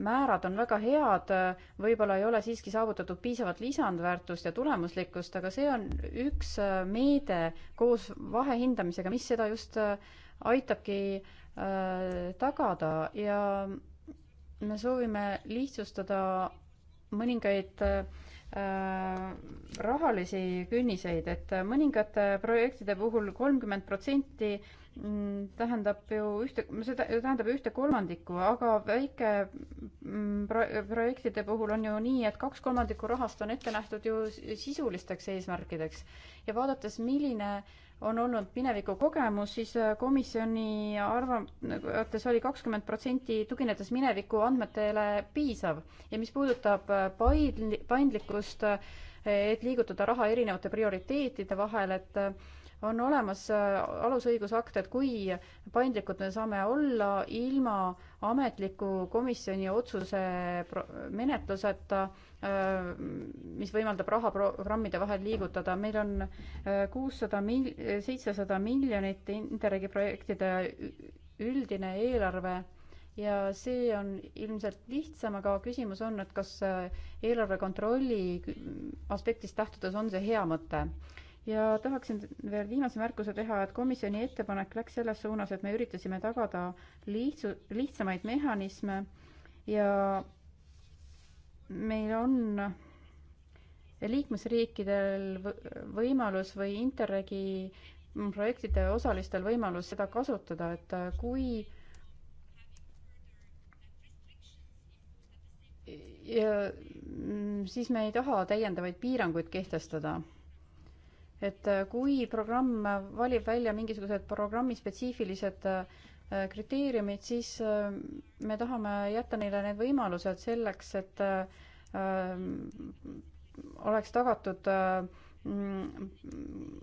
määrad on väga head, äh, võib-olla ei ole siiski saavutatud piisavat lisandväärtust ja tulemuslikkust, aga see on üks äh, meede koos vahehindamisega, mis seda just aitabki tagada ja me soovime lihtsustada mõningaid rahalisi künniseid, et mõningate projektide puhul kolmkümmend protsenti Mm, tähendab ju ühte, see tähendab ühte kolmandikku, aga väike mm, pro-, projektide puhul on ju nii, et kaks kolmandikku rahast on ette nähtud ju sisulisteks eesmärkideks. ja vaadates, milline on olnud mineviku kogemus, siis äh, komisjoni arvates oli kakskümmend protsenti, tuginedes mineviku andmetele, piisav. ja mis puudutab äh, paindli-, paindlikkust, äh, et liigutada raha erinevate prioriteetide vahel, et on olemas äh, alusõigusakt, et kui paindlikud me saame olla ilma ametliku komisjoni otsuse menetluseta, äh, mis võimaldab rahaprogrammide vahel liigutada. meil on äh, kuussada mil-, seitsesada miljonit Interregi projektide üldine eelarve ja see on ilmselt lihtsam, aga küsimus on, et kas eelarve kontrolli aspektist lähtudes on see hea mõte ja tahaksin veel viimase märkuse teha, et komisjoni ettepanek läks selles suunas, et me üritasime tagada lihtsu, lihtsamaid mehhanisme ja meil on liikmesriikidel võimalus või Interregi projektide osalistel võimalus seda kasutada, et kui ja mm, siis me ei taha täiendavaid piiranguid kehtestada et äh, kui programm valib välja mingisugused programmi spetsiifilised äh, kriteeriumid, siis äh, me tahame jätta neile need võimalused selleks, et oleks tagatud, mm,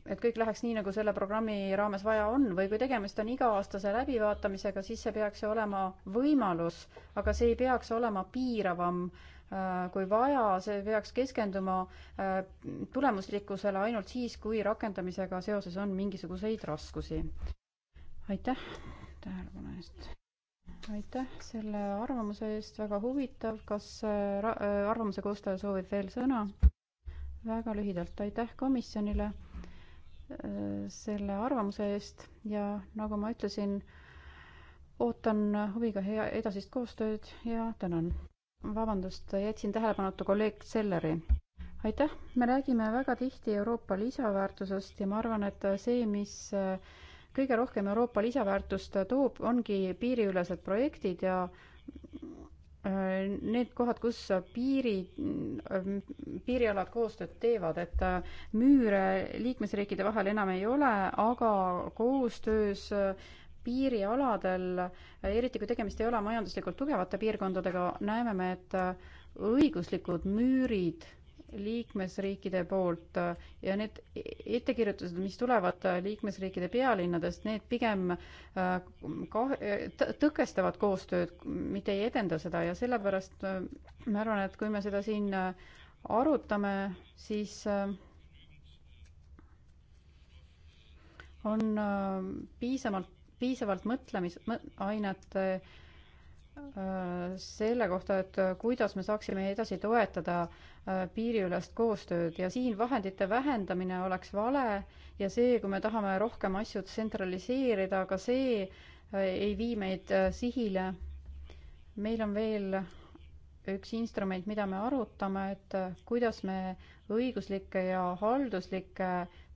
et kõik läheks nii, nagu selle programmi raames vaja on või kui tegemist on iga-aastase läbivaatamisega, siis see peaks ju olema võimalus, aga see ei peaks olema piiravam äh, Äh, kui vaja, see peaks keskenduma äh, tulemuslikkusele ainult siis, kui rakendamisega seoses on mingisuguseid raskusi. aitäh tähelepanu eest. aitäh selle arvamuse eest, väga huvitav, kas äh, arvamuse koostaja soovib veel sõna? väga lühidalt, aitäh komisjonile selle arvamuse eest ja nagu ma ütlesin, ootan huviga hea edasist koostööd ja tänan vabandust, jätsin tähelepanuta kolleeg Selleri. aitäh, me räägime väga tihti Euroopa lisaväärtusest ja ma arvan, et see, mis äh, kõige rohkem Euroopa lisaväärtust toob, ongi piiriülesed projektid ja äh, need kohad, kus piiri, äh, piirialad koostööd teevad, et müüre liikmesriikide vahel enam ei ole, aga koostöös äh, piirialadel, eriti kui tegemist ei ole majanduslikult tugevate piirkondadega, näeme me, et õiguslikud müürid liikmesriikide poolt ja need ettekirjutused, mis tulevad liikmesriikide pealinnadest, need pigem äh, kah-, tõkestavad koostööd, mitte ei edenda seda ja sellepärast äh, ma arvan, et kui me seda siin äh, arutame, siis on piisavalt piisavalt mõtlemisainet äh, selle kohta, et kuidas me saaksime edasi toetada äh, piiriülest koostööd ja siin vahendite vähendamine oleks vale ja see, kui me tahame rohkem asju tsentraliseerida, ka see äh, ei vii meid sihile. meil on veel üks instrument, mida me arutame, et kuidas me õiguslikke ja halduslikke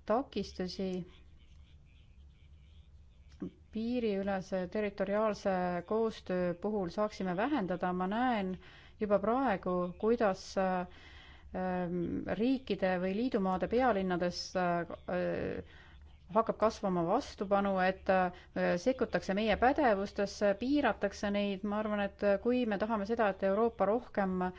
takistusi piiriülese territoriaalse koostöö puhul saaksime vähendada, ma näen juba praegu, kuidas ähm, riikide või liidumaade pealinnades äh, hakkab kasvama vastupanu, et äh, sekkutakse meie pädevustesse, piiratakse neid, ma arvan, et kui me tahame seda, et Euroopa rohkem äh,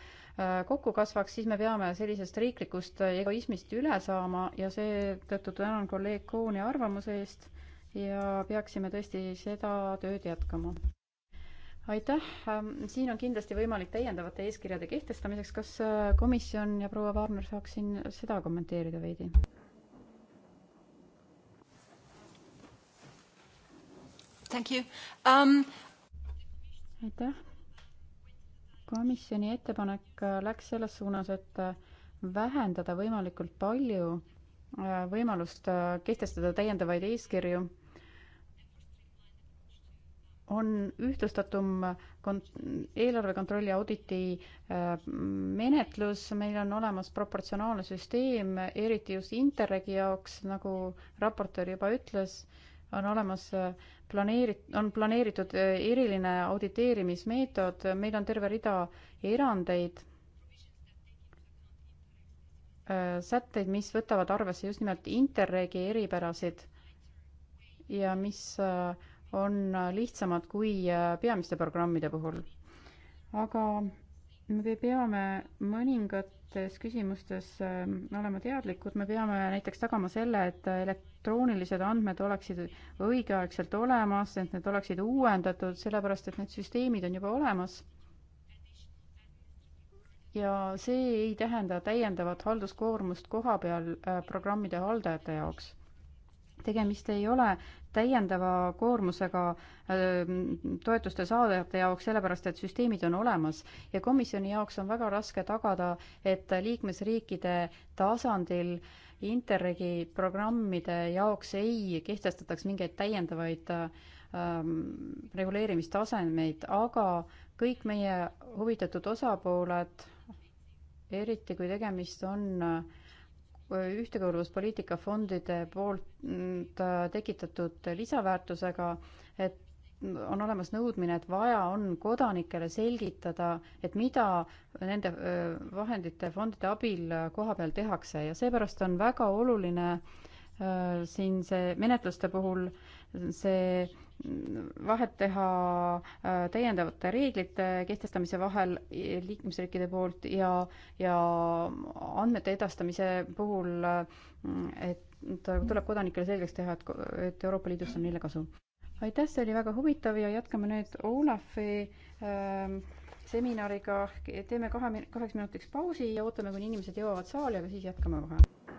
kokku kasvaks, siis me peame sellisest riiklikust egoismist üle saama ja seetõttu tänan kolleeg Kooni arvamuse eest ja peaksime tõesti seda tööd jätkama. aitäh, ähm, siin on kindlasti võimalik täiendavate eeskirjade kehtestamiseks, kas äh, komisjon ja proua Vaarner saaks siin seda kommenteerida veidi? Thank you um.... aitäh. komisjoni ettepanek äh, läks selles suunas, et äh, vähendada võimalikult palju võimalust kehtestada täiendavaid eeskirju on ühtlustatum kont-, eelarve kontrolli auditi äh, menetlus, meil on olemas proportsionaalne süsteem, eriti just Interregi jaoks, nagu raportöör juba ütles, on olemas äh, planeerit-, on planeeritud äh, eriline auditeerimismeetod, meil on terve rida erandeid, sätteid, mis võtavad arvesse just nimelt Interregi eripärasid ja mis äh, on lihtsamad kui äh, peamiste programmide puhul. aga me peame mõningates küsimustes äh, olema teadlikud, me peame näiteks tagama selle, et elektroonilised andmed oleksid õigeaegselt olemas, et need oleksid uuendatud, sellepärast et need süsteemid on juba olemas ja see ei tähenda täiendavat halduskoormust kohapeal äh, programmide haldajate jaoks tegemist ei ole täiendava koormusega ähm, toetuste saajate jaoks, sellepärast et süsteemid on olemas ja komisjoni jaoks on väga raske tagada, et liikmesriikide tasandil Interregi programmide jaoks ei kehtestataks mingeid täiendavaid ähm, reguleerimistasemeid, aga kõik meie huvitatud osapooled, eriti kui tegemist on äh, ühtekuuluvuspoliitika fondide poolt äh, tekitatud lisaväärtusega, et on olemas nõudmine, et vaja on kodanikele selgitada, et mida nende äh, vahendite, fondide abil koha peal tehakse ja seepärast on väga oluline äh, siin see menetluste puhul see vahet teha äh, täiendavate reeglite kehtestamise vahel e, liikmesriikide poolt ja, ja andmete edastamise puhul, äh, et tuleb kodanikele selgeks teha, et, et Euroopa Liidust on neile kasu. aitäh, see oli väga huvitav ja jätkame nüüd Olafi ähm, seminariga, teeme kahe, kaheks minutiks pausi ja ootame, kuni inimesed jõuavad saali, aga siis jätkame kohe.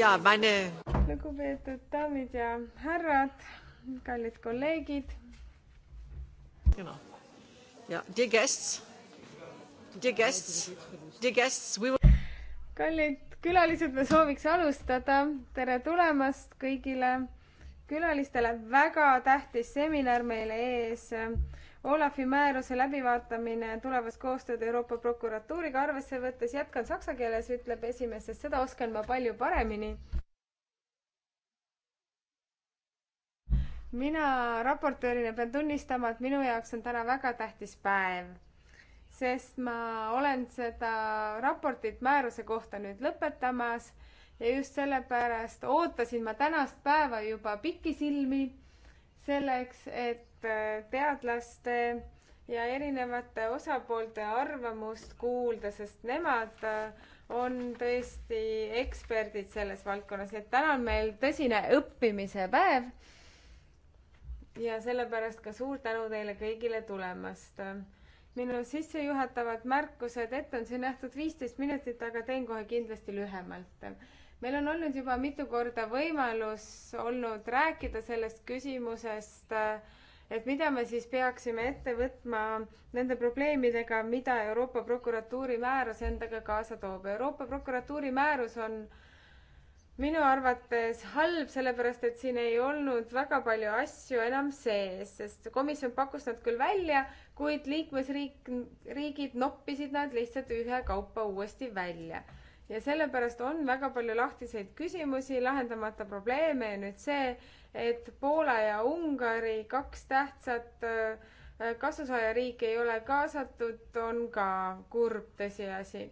ja meine. lugupeetud daamid ja härrad, kallid kolleegid. ja, dear guests, dear guests, dear guests, we will. kallid külalised, me sooviks alustada. tere tulemast kõigile külalistele, väga tähtis seminar meile ees Olafi määruse läbivaatamine tulevas koostööd Euroopa prokuratuuriga arvesse võttes jätkan saksa keeles, ütleb esimees, sest seda oskan ma palju paremini. mina raportöörina pean tunnistama, et minu jaoks on täna väga tähtis päev, sest ma olen seda raportit määruse kohta nüüd lõpetamas ja just sellepärast ootasin ma tänast päeva juba pikisilmi selleks, et Äh, teadlaste ja erinevate osapoolte arvamust kuulda, sest nemad äh, on tõesti eksperdid selles valdkonnas, nii et täna on meil tõsine õppimise päev. ja sellepärast ka suur tänu teile kõigile tulemast. minu sissejuhatavad märkused, ette on siin nähtud viisteist minutit, aga teen kohe kindlasti lühemalt meil on olnud juba mitu korda võimalus olnud rääkida sellest küsimusest äh, et mida me siis peaksime ette võtma nende probleemidega, mida Euroopa prokuratuuri määrus endaga kaasa toob. Euroopa prokuratuuri määrus on minu arvates halb, sellepärast et siin ei olnud väga palju asju enam sees, sest komisjon pakkus nad küll välja, kuid liikmesriik, riigid noppisid nad lihtsalt ühekaupa uuesti välja. ja sellepärast on väga palju lahtiseid küsimusi, lahendamata probleeme ja nüüd see, et Poola ja Ungari, kaks tähtsat äh, kasusaajariiki ei ole kaasatud, on ka kurb tõsiasi.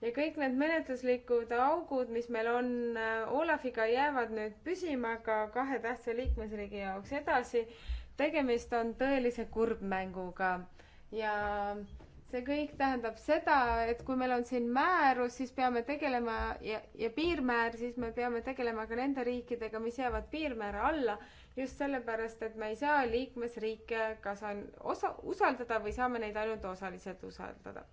ja kõik need menetluslikud augud, mis meil on äh, Olafiga, jäävad nüüd püsima ka kahe tähtsa liikmesriigi jaoks edasi. tegemist on tõelise kurbmänguga ja see kõik tähendab seda, et kui meil on siin määrus, siis peame tegelema ja, ja piirmäär, siis me peame tegelema ka nende riikidega, mis jäävad piirmäära alla, just sellepärast, et me ei saa liikmesriike kas on osa, usaldada või saame neid ainult osaliselt usaldada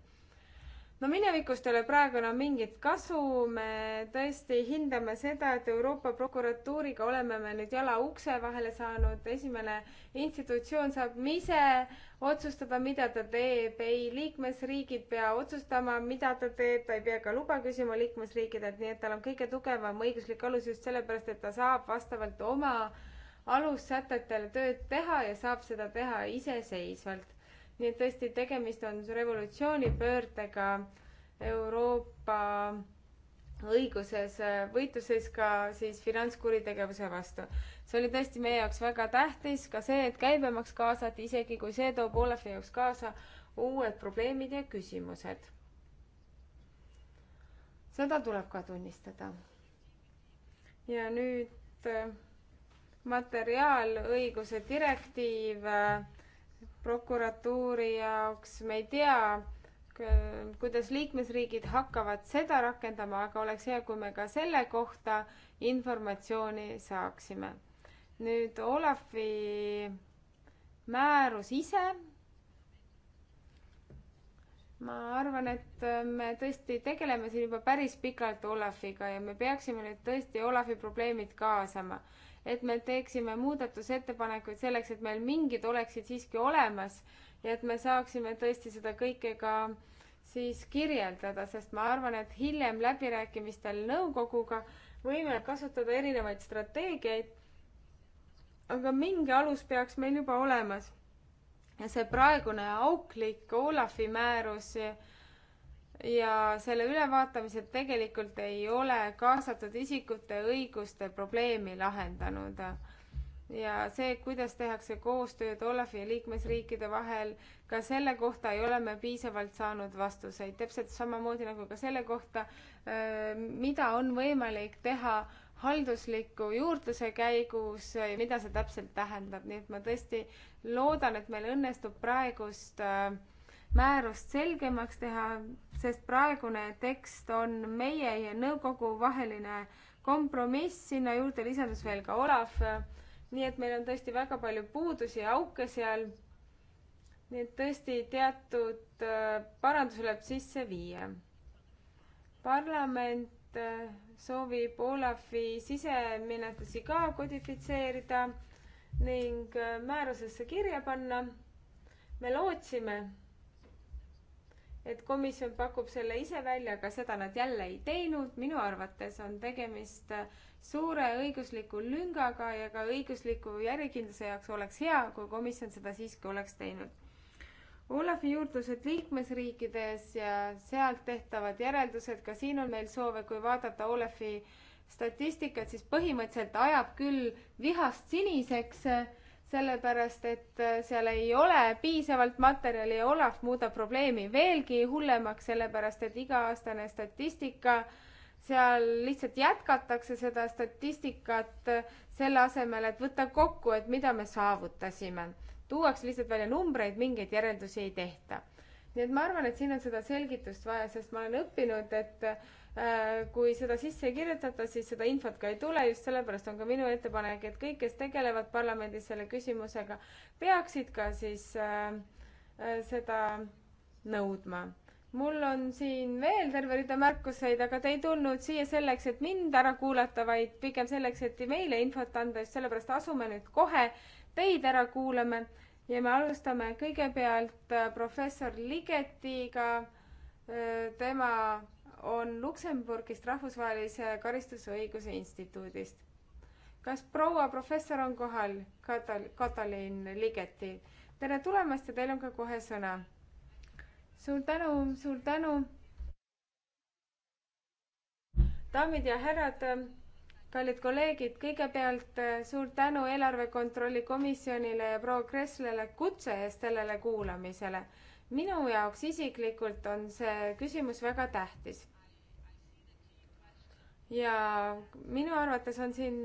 no minevikust ei ole praegu enam mingit kasu, me tõesti hindame seda, et Euroopa prokuratuuriga oleme me nüüd jala ukse vahele saanud, esimene institutsioon saab ise otsustada, mida ta teeb, ei liikmesriigid pea otsustama, mida ta teeb, ta ei pea ka luba küsima liikmesriikidelt, nii et tal on kõige tugevam õiguslik alus just sellepärast, et ta saab vastavalt oma alussätetele tööd teha ja saab seda teha iseseisvalt nii et tõesti, tegemist on revolutsioonipöördega Euroopa õiguses, äh, võitluses ka siis finantskuritegevuse vastu. see oli tõesti meie jaoks väga tähtis, ka see, et käibemaks kaasati, isegi kui see toob Olafi jaoks kaasa uued probleemid ja küsimused. seda tuleb ka tunnistada. ja nüüd äh, materiaalõiguse direktiiv äh, prokuratuuri jaoks, me ei tea, kuidas liikmesriigid hakkavad seda rakendama, aga oleks hea, kui me ka selle kohta informatsiooni saaksime. nüüd Olafi määrus ise. ma arvan, et me tõesti tegeleme siin juba päris pikalt Olafiga ja me peaksime nüüd tõesti Olafi probleemid kaasama et me teeksime muudatusettepanekuid selleks, et meil mingid oleksid siiski olemas ja et me saaksime tõesti seda kõike ka siis kirjeldada, sest ma arvan, et hiljem läbirääkimistel nõukoguga võime kasutada erinevaid strateegiaid. aga mingi alus peaks meil juba olemas. ja see praegune auklik Olafi määrus ja selle ülevaatamised tegelikult ei ole kaasatud isikute õiguste probleemi lahendanud. ja see, kuidas tehakse koostööd Olafi ja liikmesriikide vahel, ka selle kohta ei ole me piisavalt saanud vastuseid, täpselt samamoodi nagu ka selle kohta, äh, mida on võimalik teha haldusliku juurdluse käigus, mida see täpselt tähendab, nii et ma tõesti loodan, et meil õnnestub praegust äh, määrust selgemaks teha, sest praegune tekst on meie ja nõukogu vaheline kompromiss, sinna juurde lisandus veel ka Olav. nii et meil on tõesti väga palju puudusi ja auke seal. nii et tõesti teatud äh, parandus tuleb sisse viia. parlament äh, soovib Olavi sisemenetlusi ka kodifitseerida ning äh, määrusesse kirja panna. me lootsime et komisjon pakub selle ise välja, aga seda nad jälle ei teinud. minu arvates on tegemist suure õigusliku lüngaga ja ka õigusliku järjekindluse jaoks oleks hea, kui komisjon seda siiski oleks teinud. Olavi juurdlused liikmesriikides ja sealt tehtavad järeldused, ka siin on meil soove, kui vaadata Olavi statistikat, siis põhimõtteliselt ajab küll vihast siniseks sellepärast et äh, seal ei ole piisavalt materjali ja Olav muudab probleemi veelgi hullemaks, sellepärast et iga-aastane statistika, seal lihtsalt jätkatakse seda statistikat äh, selle asemel, et võtta kokku, et mida me saavutasime. tuuakse lihtsalt välja numbreid, mingeid järeldusi ei tehta. nii et ma arvan, et siin on seda selgitust vaja, sest ma olen õppinud, et Äh, kui seda sisse ei kirjutata, siis seda infot ka ei tule, just sellepärast on ka minu ettepanek, et kõik, kes tegelevad parlamendis selle küsimusega, peaksid ka siis äh, äh, seda nõudma. mul on siin veel terve rida märkuseid, aga te ei tulnud siia selleks, et mind ära kuulata, vaid pigem selleks, et meile infot anda, just sellepärast asume nüüd kohe teid ära kuulame ja me alustame kõigepealt professor Ligetiga, tema on Luksemburgist Rahvusvahelise Karistusõiguse Instituudist. kas proua professor on kohal, Katal-, Katalin Ligeti? tere tulemast ja teil on ka kohe sõna. suur tänu, suur tänu. daamid ja härrad, kallid kolleegid, kõigepealt eh, suur tänu eelarve kontrolli komisjonile ja proua Kresslele kutse eest sellele kuulamisele minu jaoks isiklikult on see küsimus väga tähtis ja minu arvates on siin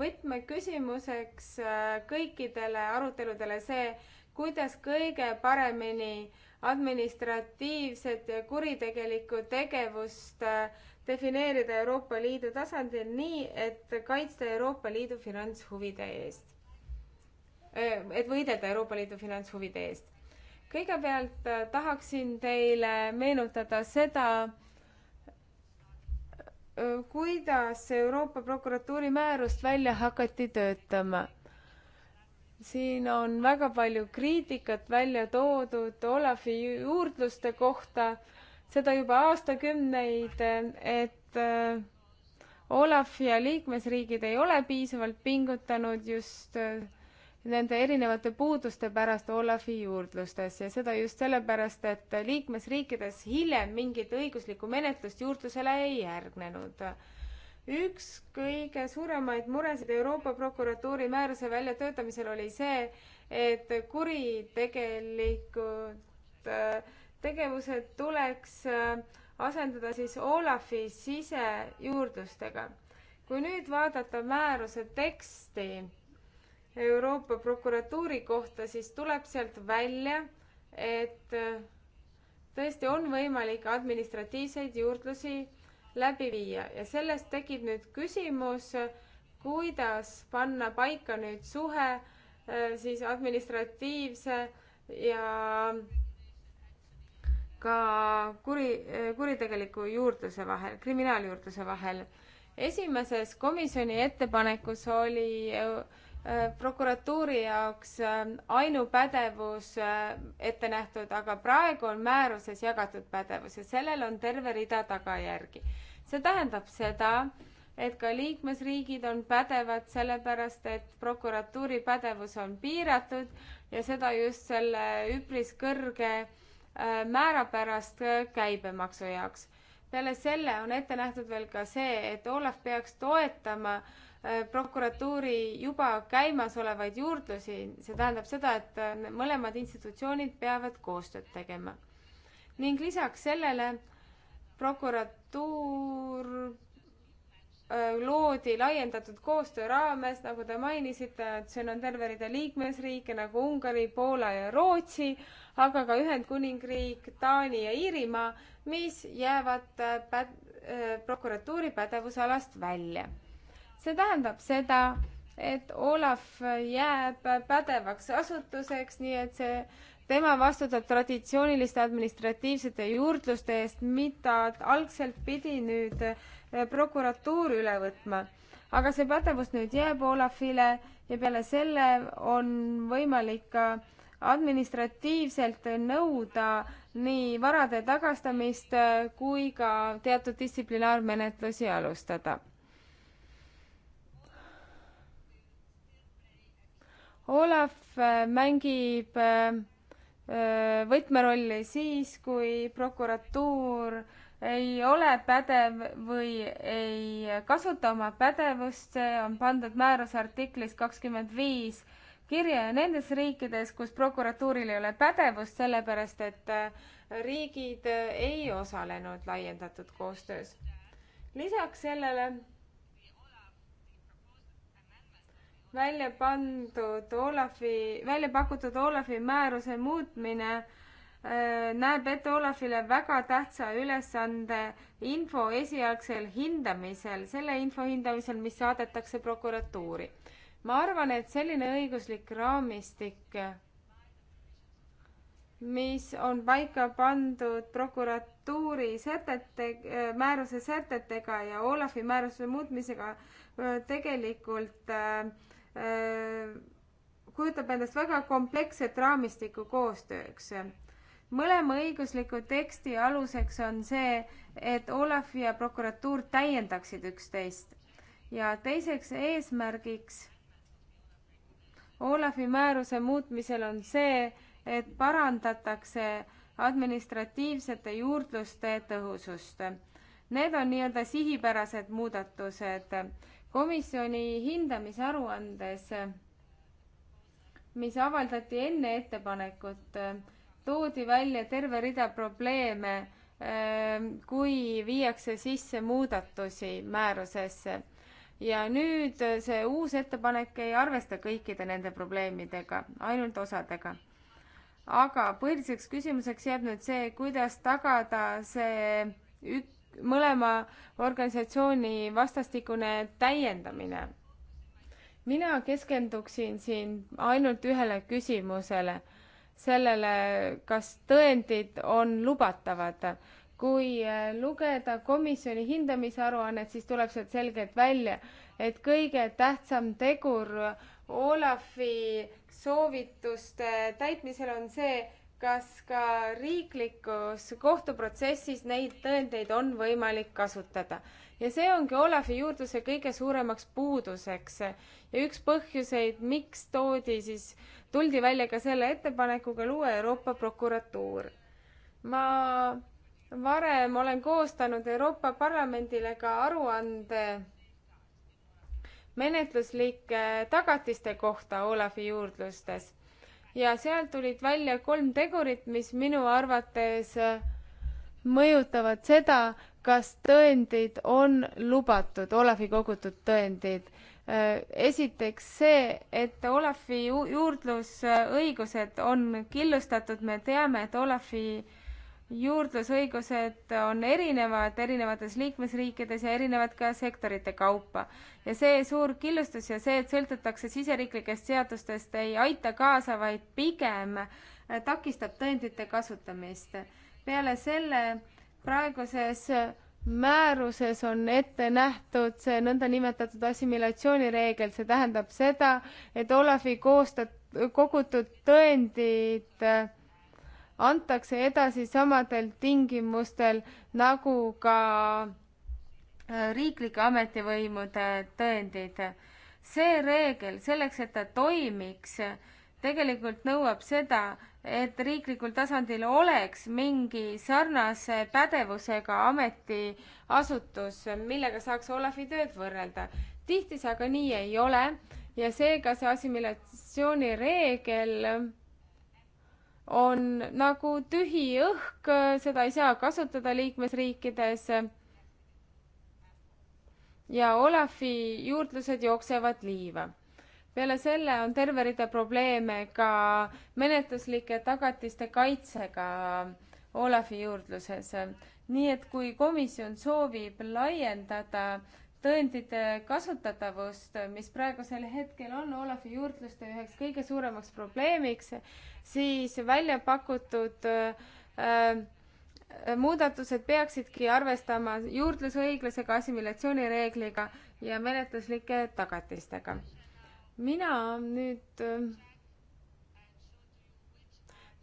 võtmeküsimuseks äh, kõikidele aruteludele see, kuidas kõige paremini administratiivset ja kuritegelikku tegevust äh, defineerida Euroopa Liidu tasandil nii, et kaitsta Euroopa Liidu finantshuvide eest. Äh, et võidelda Euroopa Liidu finantshuvide eest. kõigepealt tahaksin teile meenutada seda, kuidas Euroopa prokuratuuri määrust välja hakati töötama. siin on väga palju kriitikat välja toodud Olavi juurdluste kohta, seda juba aastakümneid, et äh, Olav ja liikmesriigid ei ole piisavalt pingutanud just äh, nende erinevate puuduste pärast Olafi juurdlustes ja seda just sellepärast, et liikmesriikides hiljem mingit õiguslikku menetlust juurdlusele ei järgnenud. üks kõige suuremaid muresid Euroopa prokuratuuri määruse väljatöötamisel oli see, et kuritegelikud äh, tegevused tuleks äh, asendada siis Olafi sisejuurdlustega. kui nüüd vaadata määruse teksti, Euroopa prokuratuuri kohta, siis tuleb sealt välja, et äh, tõesti on võimalik administratiivseid juurdlusi läbi viia ja sellest tekib nüüd küsimus, kuidas panna paika nüüd suhe äh, siis administratiivse ja ka kuri, äh, kuritegeliku juurdluse vahel, kriminaaljuurdluse vahel. esimeses komisjoni ettepanekus oli Äh, prokuratuuri jaoks äh, ainupädevus äh, ette nähtud, aga praegu on määruses jagatud pädevus ja sellel on terve rida tagajärgi. see tähendab seda, et ka liikmesriigid on pädevad sellepärast, et prokuratuuri pädevus on piiratud ja seda just selle üpris kõrge määra pärast käibemaksu jaoks. peale selle on ette nähtud veel ka see, et Olav peaks toetama äh, Äh, prokuratuuri juba käimasolevaid juurdlusi, see tähendab seda, et äh, mõlemad institutsioonid peavad koostööd tegema. ning lisaks sellele prokuratuur äh, loodi laiendatud koostöö raames, nagu te mainisite, et siin on terve rida liikmesriike nagu Ungari, Poola ja Rootsi, aga ka Ühendkuningriik, Taani ja Iirimaa, mis jäävad pä-, prokuratuuri pädevusalast välja see tähendab seda, et Olav jääb pädevaks asutuseks, nii et see, tema vastutab traditsiooniliste administratiivsete juurdluste eest, mida algselt pidi nüüd eh, prokuratuur üle võtma. aga see pädevus nüüd jääb Olafile ja peale selle on võimalik ka administratiivselt nõuda nii varade tagastamist eh, kui ka teatud distsiplinaarmenetlusi alustada Olav äh, mängib äh, äh, võtmerolli siis, kui prokuratuur ei ole pädev või ei kasuta oma pädevust, see on pandud määruse artiklis kakskümmend viis kirja ja nendes riikides, kus prokuratuuril ei ole pädevust, sellepärast et riigid ei osalenud laiendatud koostöös. lisaks sellele välja pandud Olafi, välja pakutud Olafi määruse muutmine äh, näeb ette Olafile väga tähtsa ülesande info esialgsel hindamisel, selle info hindamisel, mis saadetakse prokuratuuri. ma arvan, et selline õiguslik raamistik, mis on paika pandud prokuratuuri sätete, äh, määruse sätetega ja Olafi määruse muutmisega, äh, tegelikult äh, Äh, kujutab endast väga kompleksset raamistikku koostööks. mõlema õigusliku teksti aluseks on see, et Olav ja prokuratuur täiendaksid üksteist ja teiseks eesmärgiks Olavi määruse muutmisel on see, et parandatakse administratiivsete juurdluste tõhusust. Need on nii-öelda sihipärased muudatused komisjoni hindamisaruandes, mis avaldati enne ettepanekut, toodi välja terve rida probleeme, kui viiakse sisse muudatusi määrusesse. ja nüüd see uus ettepanek ei arvesta kõikide nende probleemidega, ainult osadega aga põhiliseks küsimuseks jääb nüüd see, kuidas tagada see ük-, mõlema organisatsiooni vastastikune täiendamine. mina keskenduksin siin ainult ühele küsimusele, sellele, kas tõendid on lubatavad kui äh, lugeda komisjoni hindamisaruannet, siis tuleb sealt selgelt välja, et kõige tähtsam tegur Olafi soovituste täitmisel on see, kas ka riiklikus kohtuprotsessis neid tõendeid on võimalik kasutada. ja see ongi Olavi juurdluse kõige suuremaks puuduseks ja üks põhjuseid, miks toodi siis, tuldi välja ka selle ettepanekuga luua Euroopa prokuratuur. ma varem olen koostanud Euroopa Parlamendile ka aruande menetluslike tagatiste kohta Olavi juurdlustes ja sealt tulid välja kolm tegurit, mis minu arvates äh, mõjutavad seda, kas tõendid on lubatud, Olavi kogutud tõendid. Äh, esiteks see, et Olavi ju juurdlusõigused on killustatud, me teame, et Olavi juurdlusõigused on erinevad erinevates liikmesriikides ja erinevad ka sektorite kaupa. ja see suur killustus ja see, et sõltutakse siseriiklikest seadustest, ei aita kaasa, vaid pigem äh, takistab tõendite kasutamist. peale selle praeguses määruses on ette nähtud see nõndanimetatud assimilatsioonireegel, see tähendab seda, et Olavi koostat-, kogutud tõendid äh, antakse edasi samadel tingimustel nagu ka äh, riiklike ametivõimude tõendid. see reegel selleks, et ta toimiks, tegelikult nõuab seda, et riiklikul tasandil oleks mingi sarnase pädevusega ametiasutus, millega saaks Olavi tööd võrrelda. tihti see aga nii ei ole ja seega see assimilatsioonireegel on nagu tühi õhk, seda ei saa kasutada liikmesriikides. ja Olafi juurdlused jooksevad liiva. peale selle on terve rida probleeme ka menetluslike tagatiste kaitsega Olafi juurdluses. nii et kui komisjon soovib laiendada tõendite kasutatavust, mis praegusel hetkel on Olavi juurdluste üheks kõige suuremaks probleemiks, siis välja pakutud äh, äh, muudatused peaksidki arvestama juurdlusõiglusega, assimilatsioonireegliga ja menetluslike tagatistega. mina nüüd äh,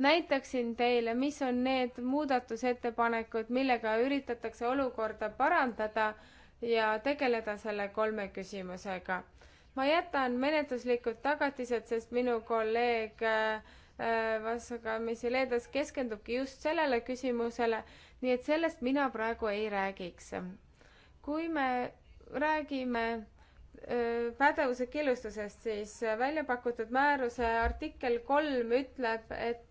näitaksin teile, mis on need muudatusettepanekud, millega üritatakse olukorda parandada ja tegeleda selle kolme küsimusega. ma jätan menetluslikud tagatised, sest minu kolleeg äh, Vassakamisi Leedas keskendubki just sellele küsimusele, nii et sellest mina praegu ei räägiks. kui me räägime äh, pädevuse killustusest, siis välja pakutud määruse artikkel kolm ütleb, et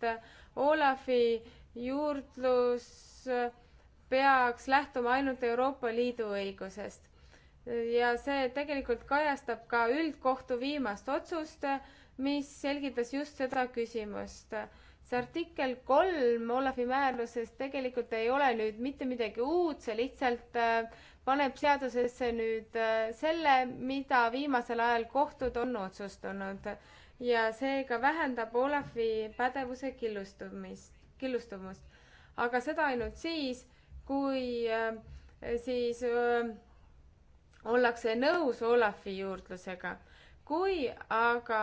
Olavi juurdlus peaks lähtuma ainult Euroopa Liidu õigusest. ja see tegelikult kajastab ka üldkohtu viimast otsust, mis selgitas just seda küsimust. see artikkel kolm Olavi määruses tegelikult ei ole nüüd mitte midagi uut, see lihtsalt äh, paneb seadusesse nüüd äh, selle, mida viimasel ajal kohtud on otsustanud ja seega vähendab Olavi pädevuse killustumist, killustumust. aga seda ainult siis, kui äh, siis äh, ollakse nõus Olafi juurdlusega. kui aga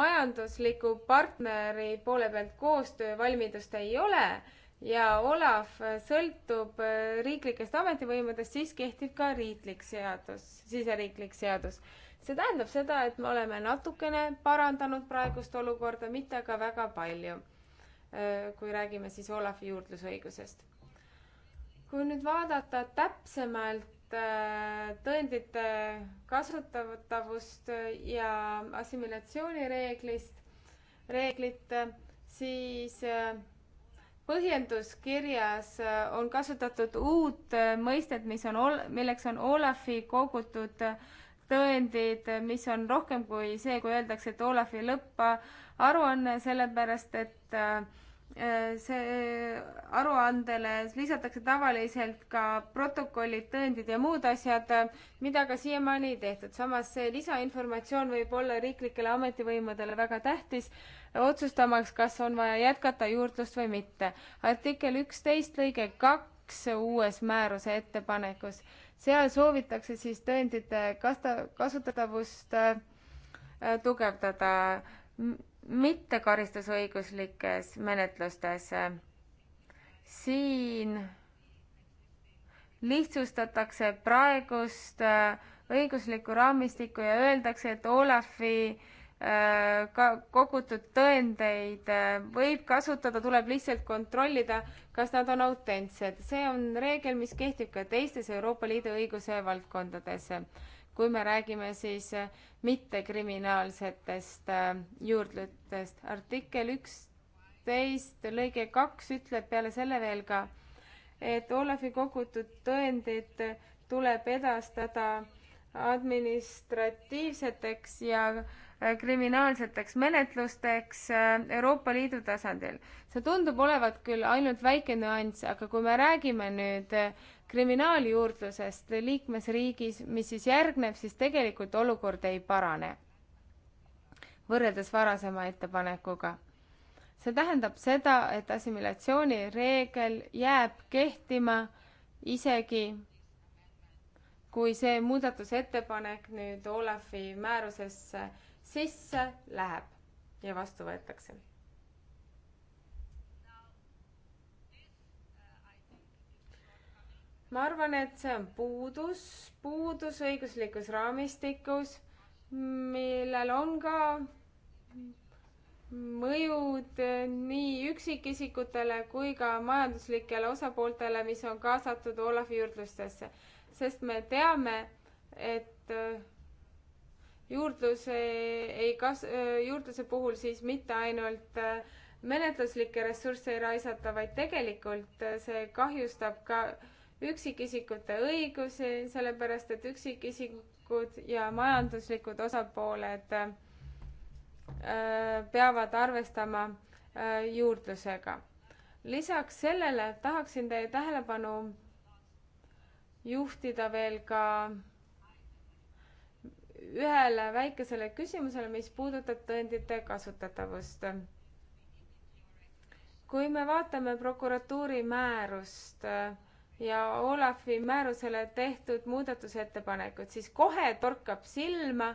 majandusliku partneri poole pealt koostöövalmidust ei ole ja Olav sõltub äh, riiklikest ametivõimudest, siis kehtib ka riiklik seadus, siseriiklik seadus. see tähendab seda, et me oleme natukene parandanud praegust olukorda, mitte aga väga palju, kui räägime siis Olavi juurdlusõigusest kui nüüd vaadata täpsemalt äh, tõendite kasutatavust äh, ja assimilatsioonireeglist, reeglit, äh, siis põhjenduskirjas on kasutatud uut mõistet, mis on, milleks on Olafi kogutud tõendid, mis on rohkem kui see, kui öeldakse, et Olafi lõpparuanne, sellepärast et äh, Äh, see äh, aruandele lisatakse tavaliselt ka protokollid, tõendid ja muud asjad, äh, mida ka siiamaani ei tehtud. samas see lisainformatsioon võib olla riiklikele ametivõimudele väga tähtis, otsustamaks, kas on vaja jätkata juurdlust või mitte. artikkel üksteist lõige kaks uues määruse ettepanekus, seal soovitakse siis tõendite kasta-, kasutatavust äh, tugevdada mitte karistusõiguslikes menetlustes. siin lihtsustatakse praegust äh, õiguslikku raamistikku ja öeldakse, et Olafi äh, ka kogutud tõendeid äh, võib kasutada, tuleb lihtsalt kontrollida, kas nad on autentsed. see on reegel, mis kehtib ka teistes Euroopa Liidu õiguse valdkondades kui me räägime siis äh, mittekriminaalsetest äh, juurdlutest. artikkel üksteist lõige kaks ütleb peale selle veel ka, et Olavi kogutud tõendid tuleb edastada administratiivseteks ja äh, kriminaalseteks menetlusteks Euroopa Liidu tasandil. see tundub olevat küll ainult väike nüanss, aga kui me räägime nüüd kriminaaljuurdlusest liikmesriigis, mis siis järgneb, siis tegelikult olukord ei parane võrreldes varasema ettepanekuga. see tähendab seda, et assimilatsioonireegel jääb kehtima isegi kui see muudatusettepanek nüüd Olafi määrusesse sisse läheb ja vastu võetakse ma arvan, et see on puudus, puudus õiguslikus raamistikus, millel on ka mõjud nii üksikisikutele kui ka majanduslikele osapooltele, mis on kaasatud Olavi juurdlustesse. sest me teame, et äh, juurdluse ei kas-, äh, juurdluse puhul siis mitte ainult äh, menetluslikke ressursse ei raisata, vaid tegelikult see kahjustab ka äh, üksikisikute õigusi, sellepärast et üksikisikud ja majanduslikud osapooled äh, peavad arvestama äh, juurdlusega. lisaks sellele tahaksin teie tähelepanu juhtida veel ka ühele väikesele küsimusele, mis puudutab tõendite kasutatavust. kui me vaatame prokuratuuri määrust äh, ja Olafi määrusele tehtud muudatusettepanekud, siis kohe torkab silma,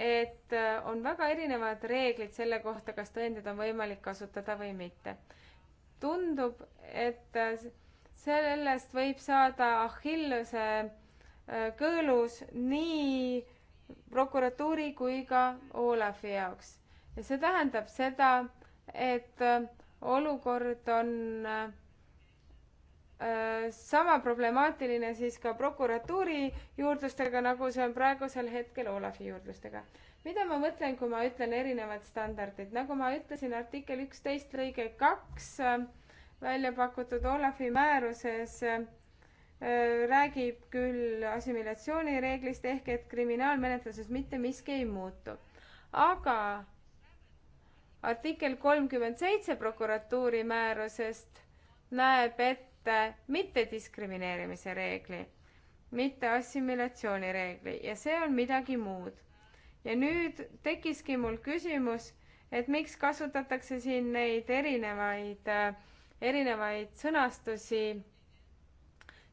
et äh, on väga erinevad reeglid selle kohta, kas tõendeid on võimalik kasutada või mitte. tundub, et äh, sellest võib saada Achilleuse äh, kõõlus nii prokuratuuri kui ka Olafi jaoks. ja see tähendab seda, et olukord on Äh, sama problemaatiline siis ka prokuratuuri juurdlustega, nagu see on praegusel hetkel Olavi juurdlustega. mida ma mõtlen, kui ma ütlen erinevad standardid, nagu ma ütlesin, artikkel üksteist lõige kaks äh, välja pakutud Olavi määruses äh, räägib küll assimilatsioonireeglist ehk et kriminaalmenetluses mitte miski ei muutu, aga artikkel kolmkümmend seitse prokuratuuri määrusest näeb ette, mitte mittediskrimineerimise reegli, mitte assimilatsiooni reegli ja see on midagi muud. ja nüüd tekkiski mul küsimus, et miks kasutatakse siin neid erinevaid, erinevaid sõnastusi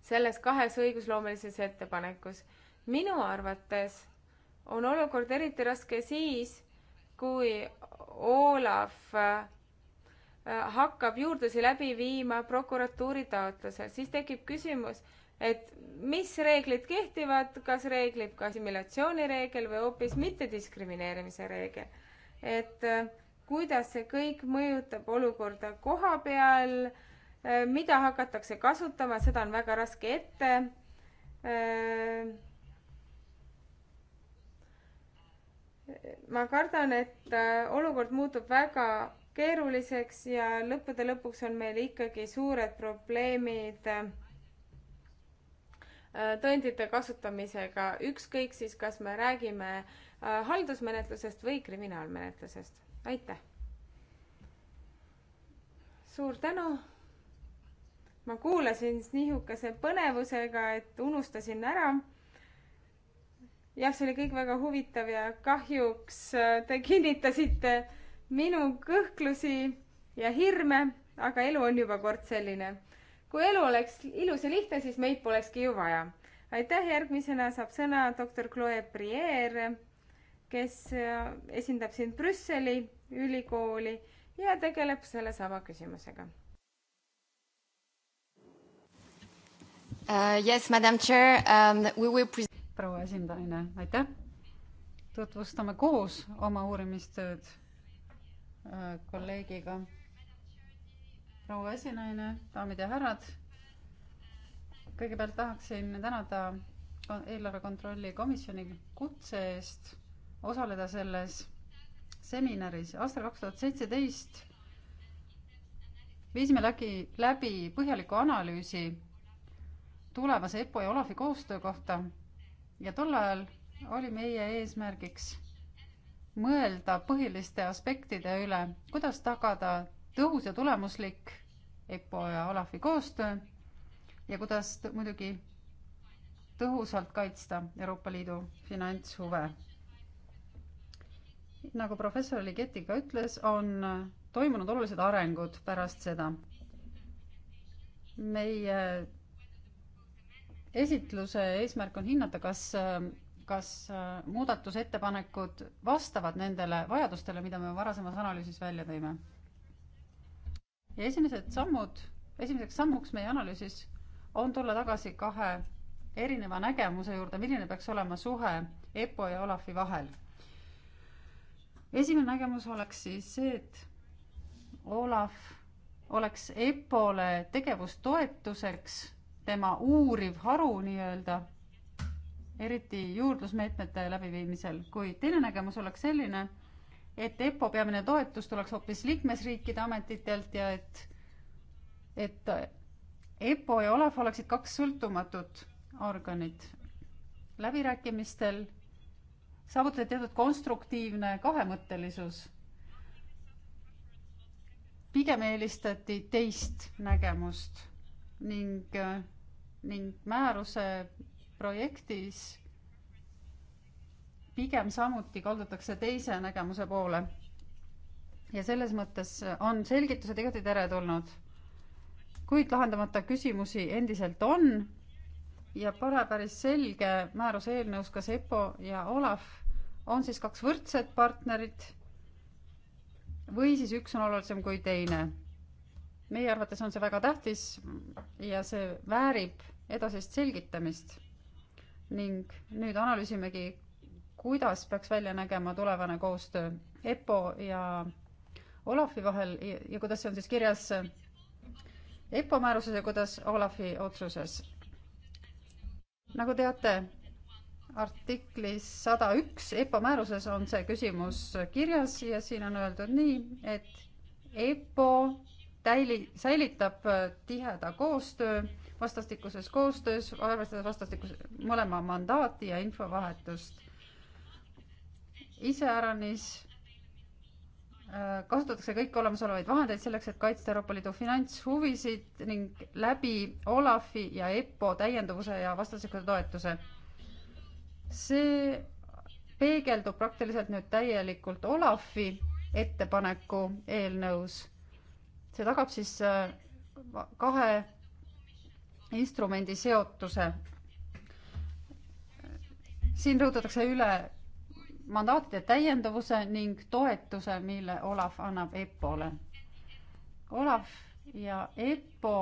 selles kahes õigusloomelises ettepanekus. minu arvates on olukord eriti raske siis, kui Olav Äh, hakkab juurdlusi läbi viima prokuratuuri taotlusel, siis tekib küsimus, et mis reeglid kehtivad, kas reeglib ka assimilatsioonireegel või hoopis mittediskrimineerimise reegel. et äh, kuidas see kõik mõjutab olukorda koha peal, äh, mida hakatakse kasutama, seda on väga raske ette ma kardan, et olukord muutub väga keeruliseks ja lõppude lõpuks on meil ikkagi suured probleemid äh, tõendite kasutamisega, ükskõik siis, kas me räägime äh, haldusmenetlusest või kriminaalmenetlusest. aitäh! suur tänu! ma kuulasin nihukese põnevusega, et unustasin ära. jah, see oli kõik väga huvitav ja kahjuks äh, te kinnitasite minu kõhklusi ja hirme, aga elu on juba kord selline. kui elu oleks ilus ja lihtne, siis meid polekski ju vaja. aitäh, järgmisena saab sõna doktor Chloe Prier, kes äh, esindab siin Brüsseli ülikooli ja tegeleb sellesama küsimusega uh,. Yes, madam chair um,, we will present. proua esindajana, aitäh. tutvustame koos oma uurimistööd Äh, kolleegiga. proua esinaine, daamid ja härrad. kõigepealt tahaksin tänada eelarve kontrolli komisjoni kutse eest osaleda selles seminaris aastal kaks tuhat seitseteist viisime läbi, läbi põhjaliku analüüsi tulevase EPPO ja Olafi koostöö kohta ja tol ajal oli meie eesmärgiks mõelda põhiliste aspektide üle, kuidas tagada tõhus ja tulemuslik EPPO ja Olafi koostöö ja kuidas muidugi tõhusalt kaitsta Euroopa Liidu finantshuve. nagu professor Ligeti ka ütles, on toimunud olulised arengud pärast seda. meie esitluse eesmärk on hinnata, kas kas äh, muudatusettepanekud vastavad nendele vajadustele, mida me varasemas analüüsis välja tõime. ja esimesed sammud, esimeseks sammuks meie analüüsis on tulla tagasi kahe erineva nägemuse juurde, milline peaks olema suhe EPPO ja Olafi vahel. esimene nägemus oleks siis see, et Olaf oleks EPPO-le tegevustoetuseks tema uuriv haru nii-öelda eriti juurdlusmeetmete läbiviimisel, kuid teine nägemus oleks selline, et EPPO peamine toetus tuleks hoopis liikmesriikide ametitelt ja et, et EPPO ja Olav oleksid kaks sõltumatut organit. läbirääkimistel saavutati teatud konstruktiivne kahemõttelisus. pigem eelistati teist nägemust ning, ning määruse projektis pigem samuti kaldutakse teise nägemuse poole. ja selles mõttes on selgitused igati teretulnud. kuid lahendamata küsimusi endiselt on ja pole päris selge määruse eelnõus, kas EPPO ja Olav on siis kaks võrdset partnerit või siis üks on olulisem kui teine. meie arvates on see väga tähtis ja see väärib edasist selgitamist ning nüüd analüüsimegi, kuidas peaks välja nägema tulevane koostöö EPPO ja Olafi vahel ja, ja kuidas see on siis kirjas EPPO määruses ja kuidas Olafi otsuses. nagu teate, artiklis sada üks EPPO määruses on see küsimus kirjas ja siin on öeldud nii, et EPPO täili-, säilitab tiheda koostöö vastastikuses koostöös, arvestades vastastikus mõlema mandaati ja infovahetust. iseäranis äh, kasutatakse kõiki olemasolevaid vahendeid selleks, et kaitsta Euroopa Liidu finantshuvisid ning läbi Olafi ja EPPO täienduvuse ja vastastikuse toetuse. see peegeldub praktiliselt nüüd täielikult Olafi ettepaneku eelnõus. see tagab siis äh, kahe instrumendi seotuse. siin rõhutatakse üle mandaatide täiendavuse ning toetuse, mille Olav annab EPPO-le. Olav ja EPPO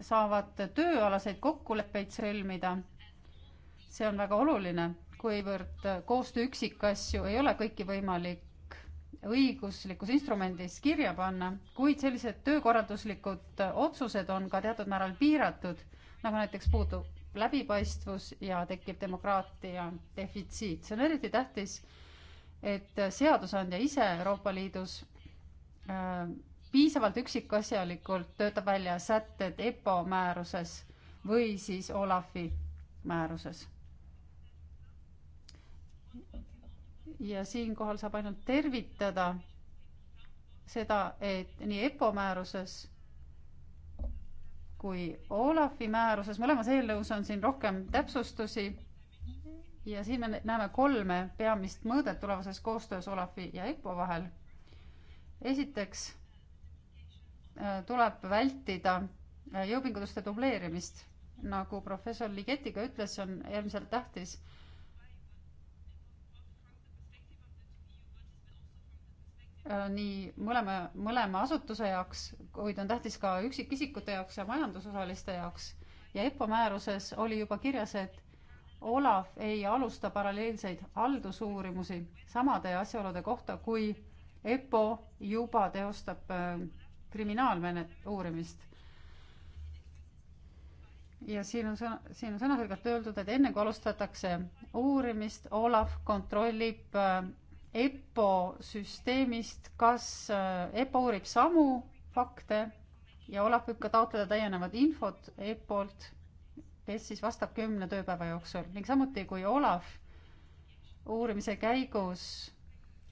saavad tööalaseid kokkuleppeid sõlmida. see on väga oluline, kuivõrd koostöö üksikasju ei ole kõiki võimalik õiguslikus instrumendis kirja panna, kuid sellised töökorralduslikud otsused on ka teatud määral piiratud, nagu näiteks puudub läbipaistvus ja tekib demokraatia defitsiit. see on eriti tähtis, et seadusandja ise Euroopa Liidus äh, piisavalt üksikasjalikult töötab välja sätted EPPO määruses või siis Olafi määruses ja siinkohal saab ainult tervitada seda, et nii EPPO määruses kui Olafi määruses, mõlemas eelnõus on siin rohkem täpsustusi ja siin me näeme kolme peamist mõõdet tulevases koostöös Olafi ja EPPO vahel. esiteks äh, tuleb vältida äh, jõupingutuste dubleerimist, nagu professor Ligeti ka ütles, see on äärmiselt tähtis Äh, nii mõlema, mõlema asutuse jaoks, kuid on tähtis ka üksikisikute jaoks ja majandusosaliste jaoks. ja EPPO määruses oli juba kirjas, et Olav ei alusta paralleelseid haldusuurimusi samade asjaolude kohta, kui EPPO juba teostab äh, kriminaalmenet-, uurimist. ja siin on sõna, siin on sõnaselgelt öeldud, et enne kui alustatakse uurimist, Olav kontrollib äh, EPPO süsteemist, kas äh, EPPO uurib samu fakte ja Olav võib ka taotleda täienevat infot EPPO-lt, kes siis vastab kümne tööpäeva jooksul ning samuti, kui Olav uurimise käigus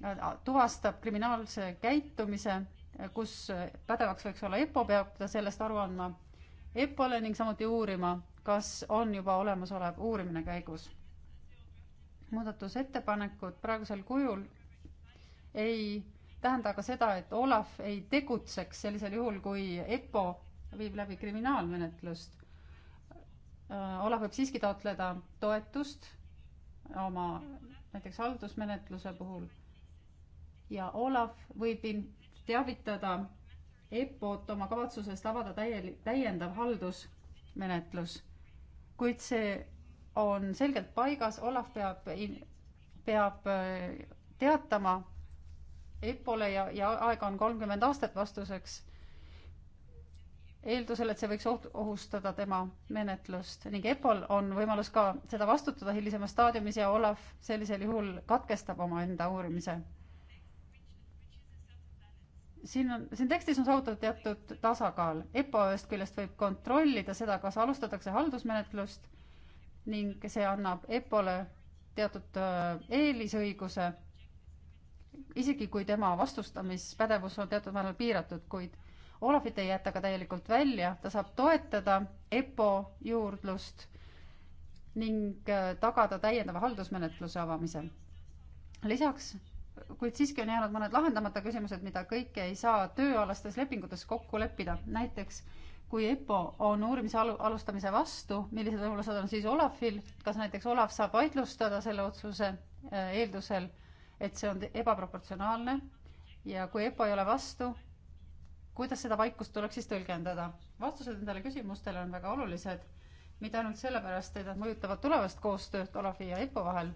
äh, tuvastab kriminaalse käitumise, kus pädevaks võiks olla EPPO, peab ta sellest aru andma EPPO-le ning samuti uurima, kas on juba olemasolev uurimine käigus muudatusettepanekud praegusel kujul ei tähenda aga seda, et Olav ei tegutseks sellisel juhul, kui EPPO viib läbi kriminaalmenetlust. Äh, Olav võib siiski taotleda toetust oma näiteks haldusmenetluse puhul ja Olav võib teavitada EPPO-t oma kavatsusest avada täiel-, täiendav haldusmenetlus, kuid see on selgelt paigas, Olav peab, peab äh, teatama EPPO-le ja, ja aega on kolmkümmend aastat vastuseks, eeldusel, et see võiks oht-, ohustada tema menetlust ning EPPO-l on võimalus ka seda vastutada hilisemas staadiumis ja Olav sellisel juhul katkestab omaenda uurimise. siin on, siin tekstis on saavutatud teatud tasakaal, EPPO ühest küljest võib kontrollida seda, kas alustatakse haldusmenetlust ning see annab EPPO-le teatud äh, eelisõiguse, isegi kui tema vastustamispädevus on teatud määral piiratud, kuid Olafit ei jäta ka täielikult välja, ta saab toetada EPPO juurdlust ning äh, tagada täiendava haldusmenetluse avamise. lisaks, kuid siiski on jäänud mõned lahendamata küsimused, mida kõike ei saa tööalastes lepingutes kokku leppida, näiteks kui EPPO on uurimise alu-, alustamise vastu, millised võimalused on siis Olafil, kas näiteks Olav saab vaidlustada selle otsuse äh, eeldusel, et see on ebaproportsionaalne ja kui EPPO ei ole vastu, kuidas seda vaikust tuleks siis tõlgendada? vastused nendele küsimustele on väga olulised, mitte ainult sellepärast, et nad mõjutavad tulevast koostööd Olavi ja EPPO vahel,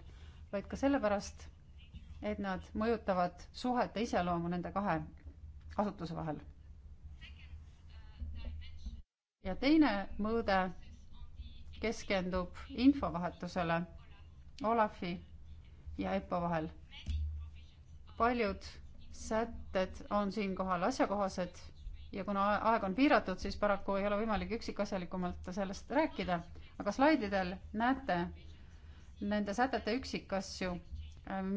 vaid ka sellepärast, et nad mõjutavad suhete iseloomu nende kahe asutuse vahel ja teine mõõde keskendub infovahetusele Olafi ja EPPO vahel. paljud sätted on siinkohal asjakohased ja kuna aeg on piiratud, siis paraku ei ole võimalik üksikasjalikumalt sellest rääkida, aga slaididel näete nende sätete üksikasju, ähm,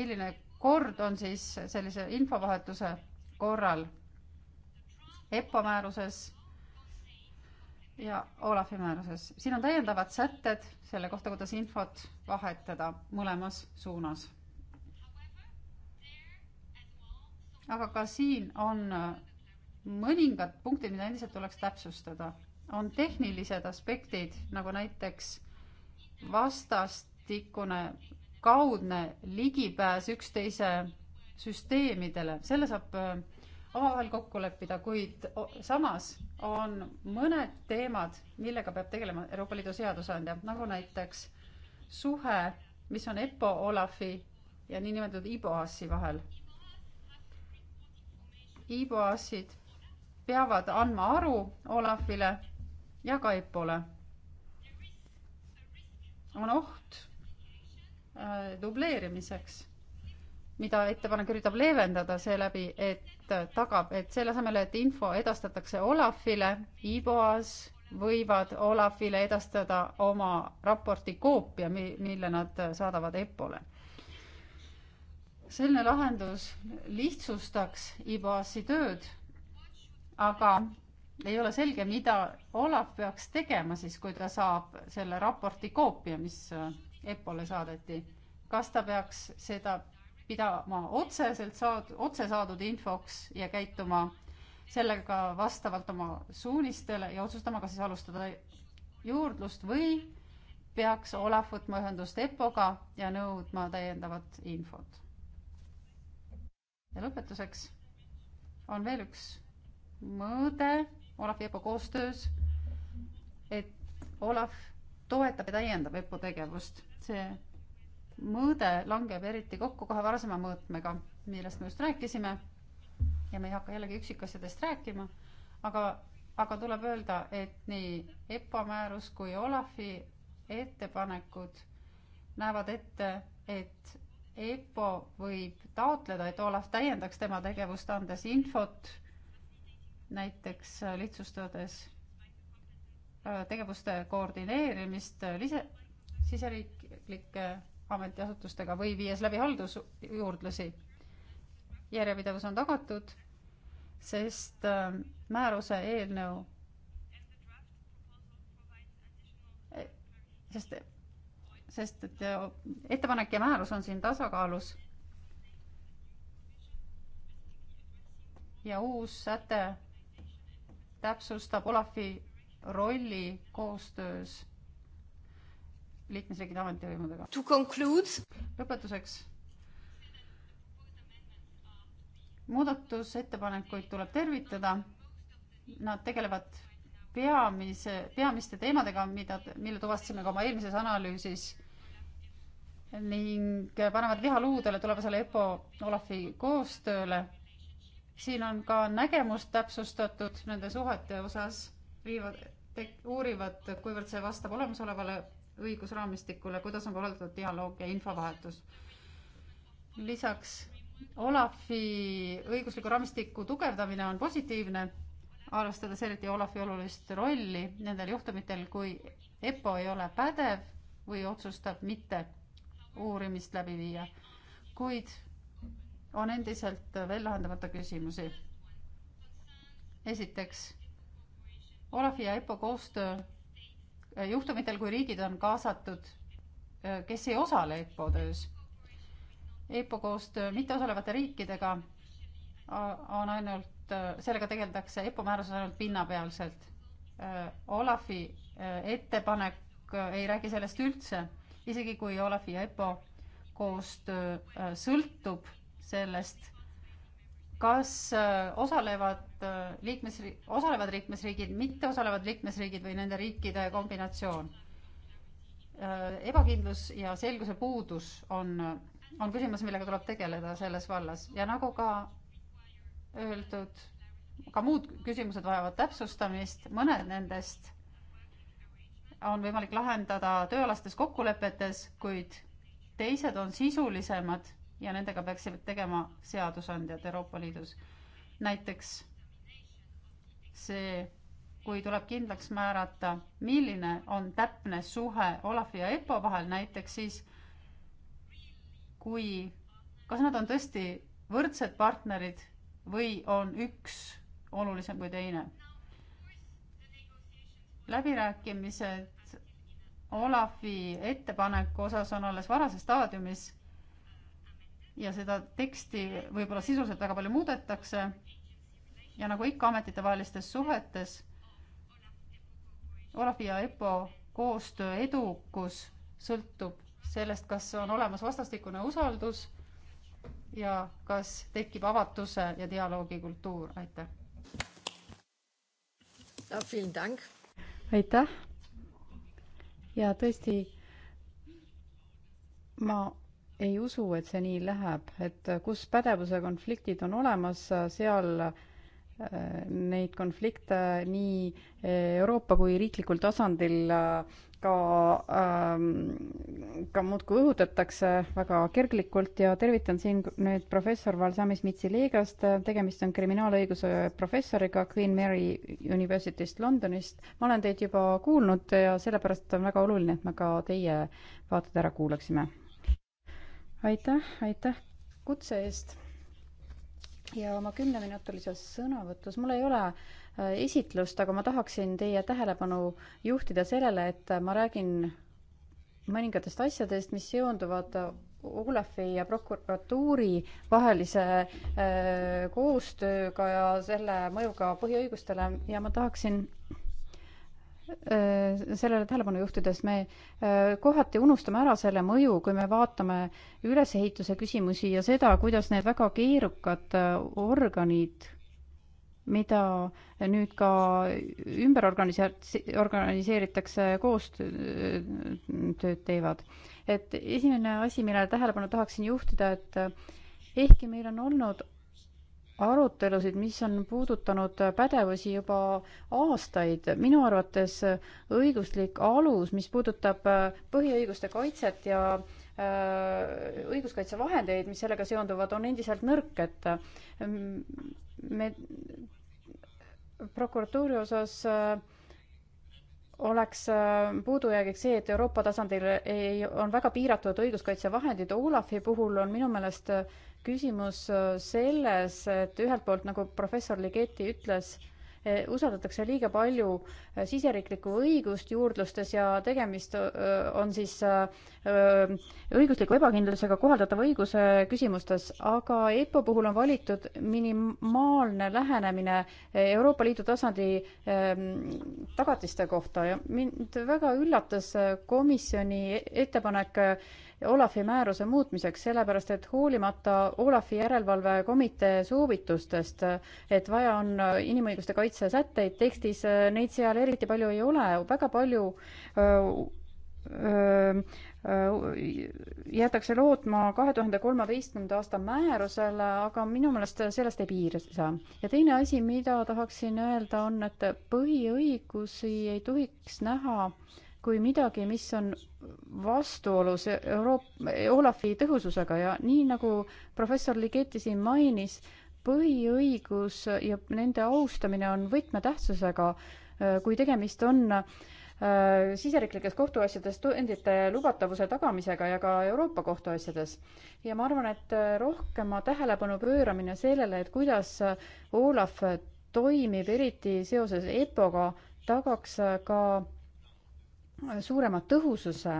milline kord on siis sellise infovahetuse korral EPPO määruses ja Olafi määruses. siin on täiendavad sätted selle kohta, kuidas infot vahetada mõlemas suunas. aga ka siin on mõningad punktid, mida endiselt tuleks täpsustada. on tehnilised aspektid, nagu näiteks vastastikune kaudne ligipääs üksteise süsteemidele, selle saab omavahel kokku leppida, kuid samas on mõned teemad, millega peab tegelema Euroopa Liidu seadusandja, nagu näiteks suhe, mis on EPPO, Olafi ja niinimetatud IBOAS-i vahel. IBOAS-id peavad andma aru Olafile ja ka EPPO-le. on oht äh, dubleerimiseks mida ettepanek üritab leevendada seeläbi, et tagab, et selle asemel, et info edastatakse Olafile, IBOAS võivad Olafile edastada oma raporti koopia, mille nad saadavad EPPO-le. selline lahendus lihtsustaks IBOAS-i tööd, aga ei ole selge, mida Olav peaks tegema siis, kui ta saab selle raporti koopia, mis EPPO-le saadeti. kas ta peaks seda pidama otseselt saad-, otse saadud infoks ja käituma sellega vastavalt oma suunistele ja otsustama, kas siis alustada juurdlust või peaks Olav võtma ühendust EPPO-ga ja nõudma täiendavat infot. ja lõpetuseks on veel üks mõõde Olavi EPPO koostöös, et Olav toetab ja täiendab EPPO tegevust. see mõõde langeb eriti kokku kahe varasema mõõtmega, millest me just rääkisime. ja me ei hakka jällegi üksikasjadest rääkima, aga, aga tuleb öelda, et nii EPPO määrus kui Olafi ettepanekud näevad ette, et EPPO võib taotleda, et Olav täiendaks tema tegevust, andes infot näiteks lihtsustades äh, tegevuste koordineerimist äh, lise, siseriiklike ametiasutustega või viies läbi haldusjuurdlusi. järjepidevus on tagatud, sest äh, määruse eelnõu, eh, sest, sest et äh, ettepanek ja määrus on siin tasakaalus. ja uus säte täpsustab Olafi rolli koostöös liikmesriikide ametivõimudega. lõpetuseks. muudatusettepanekuid tuleb tervitada. Nad tegelevad peamise, peamiste teemadega, mida, mille tuvastasime ka oma eelmises analüüsis ning panevad liha luudele tulevasele EPO Olafi koostööle. siin on ka nägemust täpsustatud nende suhete osas, viivad, uurivad, kuivõrd see vastab olemasolevale õigusraamistikule, kuidas on korraldatud dialoog ja infovahetus. lisaks Olafi õigusliku raamistiku tugevdamine on positiivne, arvestades eriti Olafi olulist rolli nendel juhtumitel, kui EPPO ei ole pädev või otsustab mitte uurimist läbi viia. kuid on endiselt veel lahendamata küsimusi. esiteks, Olafi ja EPPO koostöö Äh, juhtumitel, kui riigid on kaasatud, äh, kes ei osale EPPO töös. EPPO koostöö mitteosalevate riikidega on ainult, äh, sellega tegeldakse EPPO määruses ainult pinnapealselt. Olafi ettepanek ei räägi sellest üldse, isegi kui Olafi ja EPPO koostöö sõltub sellest kas äh, osalevad äh, liikmesriik, osalevad liikmesriigid, mitteosalevad liikmesriigid või nende riikide kombinatsioon? Äh, ebakindlus ja selguse puudus on, on küsimus, millega tuleb tegeleda selles vallas ja nagu ka öeldud, ka muud küsimused vajavad täpsustamist, mõned nendest on võimalik lahendada tööalastes kokkulepetes, kuid teised on sisulisemad ja nendega peaksid tegema seadusandjad Euroopa Liidus. näiteks see, kui tuleb kindlaks määrata, milline on täpne suhe Olafi ja EPPO vahel näiteks, siis kui, kas nad on tõesti võrdsed partnerid või on üks olulisem kui teine. läbirääkimised Olafi ettepaneku osas on alles varases staadiumis ja seda teksti võib-olla sisuliselt väga palju muudetakse. ja nagu ikka ametitevahelistes suhetes, Olavi ja EPPO koostöö edukus sõltub sellest, kas on olemas vastastikune usaldus ja kas tekib avatuse ja dialoogi kultuur, aitäh. aitäh. ja tõesti, ma ei usu, et see nii läheb, et kus pädevuse konfliktid on olemas, seal äh, neid konflikte nii äh, Euroopa kui riiklikul tasandil äh, ka, ähm, ka muudkui õhutatakse väga kerglikult ja tervitan siin nüüd professor Valsamis Mitsilegast, tegemist on kriminaalõiguse professoriga Queen Mary University'st Londonist. ma olen teid juba kuulnud ja sellepärast on väga oluline, et me ka teie vaated ära kuulaksime aitäh, aitäh kutse eest ja oma kümneminutilises sõnavõtus. mul ei ole äh, esitlust, aga ma tahaksin teie tähelepanu juhtida sellele, et äh, ma räägin mõningatest asjadest, mis seonduvad äh, Olefi ja prokuratuuri vahelise koostööga ja selle mõjuga põhiõigustele ja ma tahaksin Äh, sellele tähelepanu juhtides me äh, kohati unustame ära selle mõju, kui me vaatame ülesehituse küsimusi ja seda, kuidas need väga keerukad äh, organid, mida nüüd ka ümber organise-, organiseeritakse, koostööd teevad. et esimene asi, millele tähelepanu tahaksin juhtida, et ehkki meil on olnud arutelusid, mis on puudutanud pädevusi juba aastaid. minu arvates õiguslik alus, mis puudutab äh, põhiõiguste kaitset ja äh, õiguskaitsevahendeid, mis sellega seonduvad, on endiselt nõrk, et ähm, me prokuratuuri osas äh, oleks puudujäägiks see, et Euroopa tasandil ei, on väga piiratud õiguskaitsevahendid. Olafi puhul on minu meelest äh, küsimus äh, selles, et ühelt poolt, nagu professor Ligeti ütles, e, usaldatakse liiga palju äh, siseriiklikku õigust juurdlustes ja tegemist on siis äh, õigusliku ebakindlusega kohaldatava õiguse küsimustes, aga EPPO puhul on valitud minimaalne lähenemine Euroopa Liidu tasandi ähm, tagatiste kohta ja mind väga üllatas komisjoni e-, ettepanek Olafi määruse muutmiseks, sellepärast et hoolimata Olafi järelevalvekomitee soovitustest, et vaja on inimõiguste kaitse sätteid tekstis, neid seal eriti palju ei ole, väga palju öö, öö, jäetakse lootma kahe tuhande kolmeteistkümnenda aasta määrusele, aga minu meelest sellest ei piisa. ja teine asi, mida tahaksin öelda, on, et põhiõigusi ei tohiks näha äh, kui midagi, mis on vastuolus Euroop-, Olafi tõhususega ja nii nagu professor Ligeti siin mainis, põhiõigus ja nende austamine on võtmetähtsusega, kui tegemist on äh, siseriiklikes kohtuasjades tõendite lubatavuse tagamisega ja ka Euroopa kohtuasjades. ja ma arvan, et rohkema tähelepanu pööramine sellele, et kuidas Olav toimib, eriti seoses EPPO-ga, tagaks ka suurema tõhususe.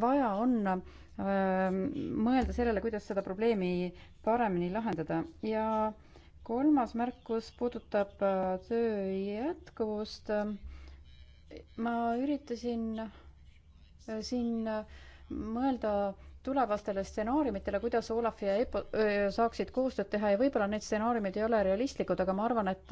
vaja on ähm, mõelda sellele, kuidas seda probleemi paremini lahendada ja kolmas märkus puudutab äh, töö jätkuvust. ma üritasin äh, siin äh, mõelda tulevastele stsenaariumitele, kuidas Olav ja EPPO saaksid koostööd teha ja võib-olla need stsenaariumid ei ole realistlikud, aga ma arvan, et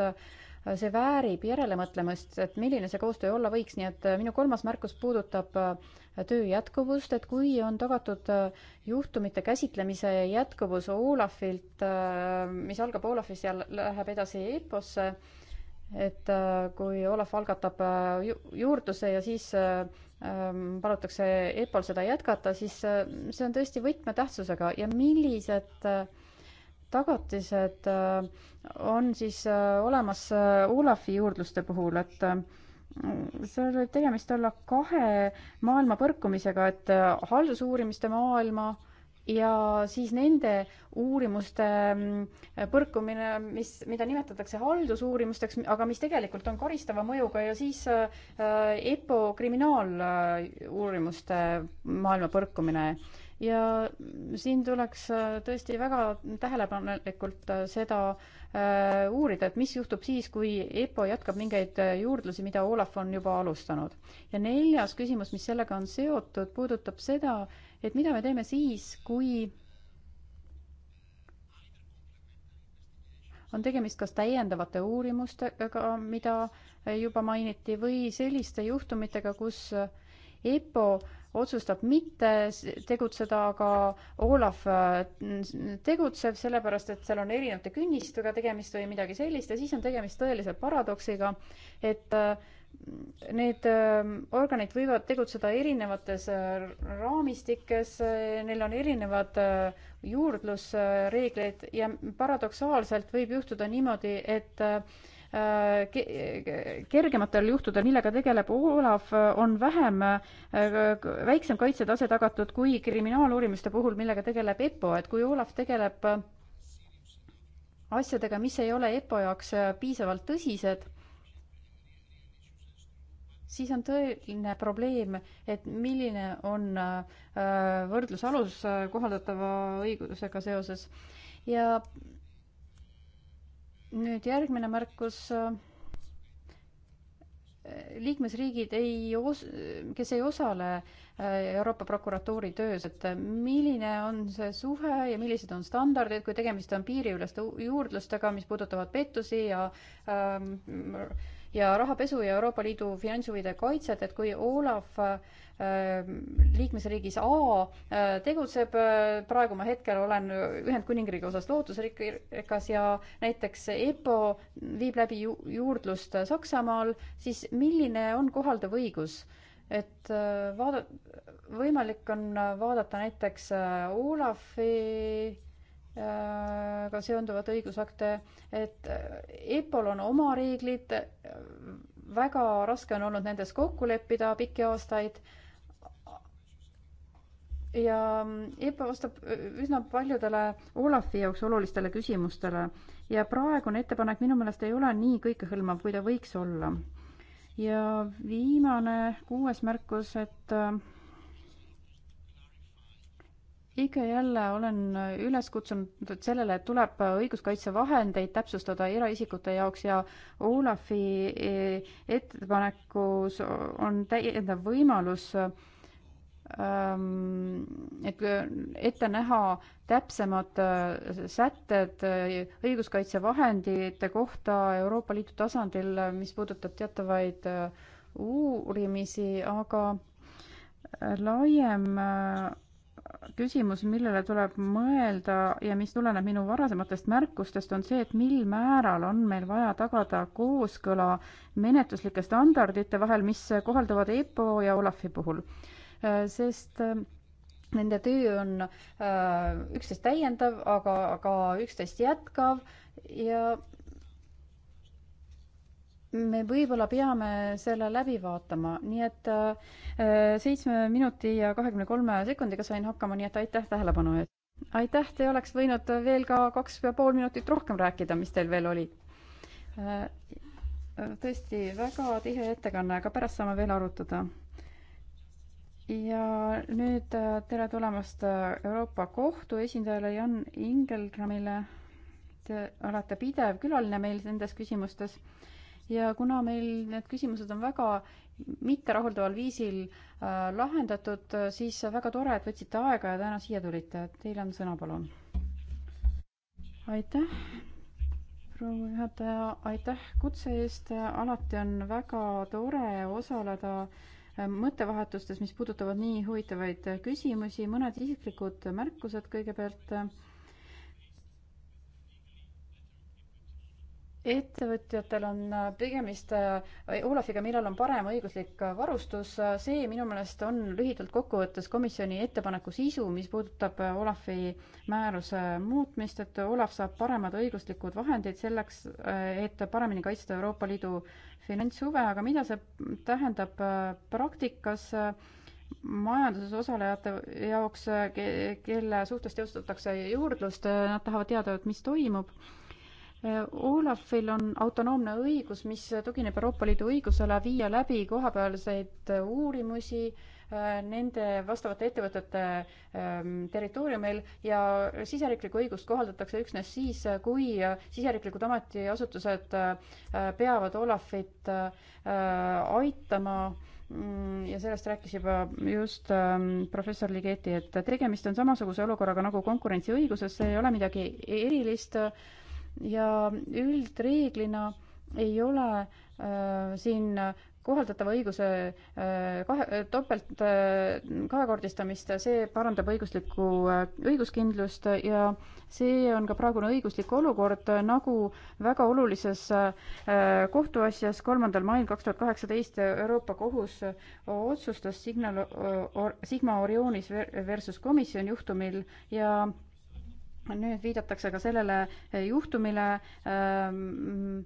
see väärib järelemõtlemist, et milline see koostöö olla võiks, nii et äh, minu kolmas märkus puudutab äh, töö jätkuvust, et kui on tagatud äh, juhtumite käsitlemise jätkuvus Olafilt, mis algab Olafis ja läheb edasi EPPO-sse, et kui Olaf algatab ju juurdluse ja siis ähm, palutakse EPPO-l seda jätkata, siis see on tõesti võtmetähtsusega ja millised tagatised äh, on siis äh, olemas äh, Olafi juurdluste puhul, et seal võib tegemist olla kahe maailma põrkumisega, et haldusuurimiste maailma ja siis nende uurimuste mm, põrkumine, mis, mida nimetatakse haldusuurimusteks, aga mis tegelikult on karistava mõjuga ja siis EPPO kriminaaluurimuste maailma põrkumine ja siin tuleks äh, tõesti väga tähelepanelikult äh, seda äh, uurida, et mis juhtub siis, kui EPPO jätkab mingeid juurdlusi, mida Olav on juba alustanud. ja neljas küsimus, mis sellega on seotud, puudutab seda, et mida me teeme siis, kui on tegemist kas täiendavate uurimustega, mida juba mainiti, või selliste juhtumitega, kus äh, EPPO otsustab mitte tegutseda, aga Olav äh, tegutseb, sellepärast et seal on erinevate künnistega tegemist või midagi sellist ja siis on tegemist tõelise paradoksiga, et äh, need äh, organid võivad tegutseda erinevates raamistikes, neil on erinevad juurdlusreeglid ja paradoksaalselt võib juhtuda niimoodi, et Äh, kergematel juhtudel, millega tegeleb Olav, on vähem, äh, väiksem kaitsetase tagatud kui kriminaaluurimiste puhul, millega tegeleb EPPO, et kui Olav tegeleb äh, asjadega, mis ei ole EPPO jaoks piisavalt tõsised, siis on tõeline probleem, et milline on võrdlusalus kohaldatava õigusega seoses ja nüüd järgmine märkus. liikmesriigid ei os-, kes ei osale äh, Euroopa prokuratuuri töös, et milline on see suhe ja millised on standardid, kui tegemist on piiriüleste juurdlustega, mis puudutavad pettusi ja ähm, ja rahapesu ja Euroopa Liidu finantshuvide kaitset, et kui Olav äh, Äh, liikmesriigis A äh, tegutseb, äh, praegu ma hetkel olen Ühendkuningriigi osas lootusrikas ja näiteks EPPO viib läbi ju juurdlust Saksamaal, siis milline on kohalduv õigus? et vaada-, võimalik on vaadata näiteks Olafi ka seonduvat õigusakte, et EPPO-l on oma reeglid, väga raske on olnud nendes kokku leppida pikki aastaid ja EPA vastab üsna paljudele Olafi jaoks olulistele küsimustele ja praegune ettepanek minu meelest ei ole nii kõikehõlmav, kui ta võiks olla. ja viimane, kuues märkus, et äh, ikka jälle olen üles kutsunud sellele, et tuleb õiguskaitsevahendeid täpsustada eraisikute jaoks ja Olafi äh, ettepanekus on täiendav võimalus äh, Ähm, et ette näha täpsemad äh, sätted äh, õiguskaitsevahendite kohta Euroopa Liidu tasandil, äh, mis puudutab teatavaid uurimisi, aga laiem küsimus, millele tuleb mõelda ja mis tuleneb minu varasematest märkustest, on see, et mil määral on meil vaja tagada kooskõla menetluslike standardite vahel, mis kohalduvad EPPO ja Olafi puhul Äh, sest äh, nende töö on äh, üksteist täiendav, aga ka üksteist jätkav ja me võib-olla peame selle läbi vaatama, nii et seitsme minuti ja kahekümne kolme sekundiga sain hakkama, nii et aitäh tähelepanu eest. aitäh, te oleks võinud veel ka kaks ja pool minutit rohkem rääkida, mis teil veel oli. tõesti väga tihe ettekanne, aga pärast saame veel arutada ja nüüd äh, tere tulemast äh, Euroopa Kohtu esindajale Jan Ingelgrammile. Te olete pidev külaline meil nendes küsimustes ja kuna meil need küsimused on väga mitterahuldaval viisil äh, lahendatud, äh, siis väga tore, et võtsite aega ja täna siia tulite. Teil on sõna, palun. aitäh, proua juhataja, aitäh kutse eest. alati on väga tore osaleda äh, Äh, mõttevahetustes, mis puudutavad nii huvitavaid küsimusi, mõned isiklikud märkused kõigepealt ettevõtjatel on äh, tegemist äh, Olafiga, millel on parem õiguslik äh, varustus. see minu meelest on lühidalt kokkuvõttes komisjoni ettepaneku sisu, mis puudutab Olafi määruse muutmist, et Olav saab paremad õiguslikud vahendid selleks, et paremini kaitsta Euroopa Liidu finantshuve, aga mida see tähendab praktikas majanduses osalejate jaoks, kelle suhtes teostatakse juurdlust, nad tahavad teada, et mis toimub Olafil on autonoomne õigus, mis tugineb Euroopa Liidu õigusele viia läbi kohapealseid uurimusi äh, nende vastavate ettevõtete ähm, territooriumil ja siseriiklikku õigust kohaldatakse üksnes siis, kui siseriiklikud ametiasutused äh, peavad Olafit äh, aitama mm, ja sellest rääkis juba just ähm, professor Ligeti, et tegemist on samasuguse olukorraga nagu konkurentsiõiguses, see ei ole midagi erilist ja üldreeglina ei ole äh, siin kohaldatava õiguse äh, kahe, äh, topelt äh, kahekordistamist, see parandab õiguslikku õiguskindlust ja see on ka praegune õiguslik olukord, nagu väga olulises kohtuasjas kolmandal mail kaks tuhat kaheksateist Euroopa Kohus otsustas Signal, Sigma Orionis versus komisjon juhtumil ja nüüd viidatakse ka sellele eh, juhtumile ehm,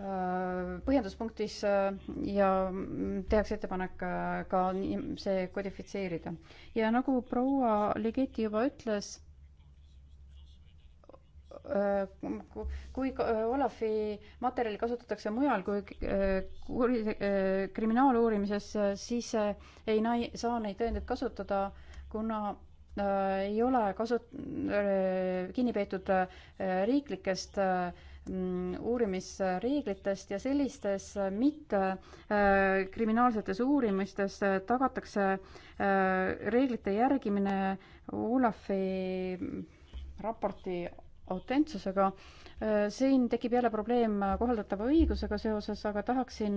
eh, põhjenduspunktis eh, ja mm, tehakse ettepanek ka see kodifitseerida. ja nagu proua Ligeti juba ütles, kui Olafi materjali kasutatakse mujal kui kuri-, kriminaaluurimises, siis ei nai-, saa neid tõendeid kasutada, kuna Äh, ei ole kasut-, äh, kinni peetud äh, riiklikest mm, uurimisreeglitest ja sellistes mittekriminaalsetes uurimistes tagatakse reeglite järgimine Olafi mm, raporti autentsusega. Äh, siin tekib jälle probleem kohaldatava õigusega seoses, aga tahaksin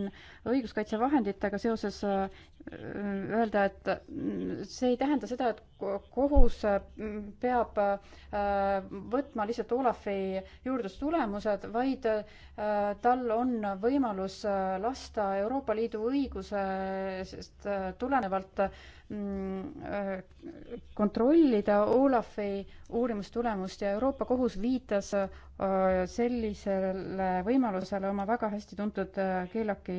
õiguskaitsevahenditega seoses äh, öelda, et mm, see ei tähenda seda, et kohus äh, peab võtma lihtsalt Olafi juurdlustulemused, vaid tal on võimalus lasta Euroopa Liidu õigusest tulenevalt Mm, äh, kontrollida Olafi uurimustulemust ja Euroopa Kohus viitas äh, sellisele võimalusele oma väga hästi tuntud äh, Keelaki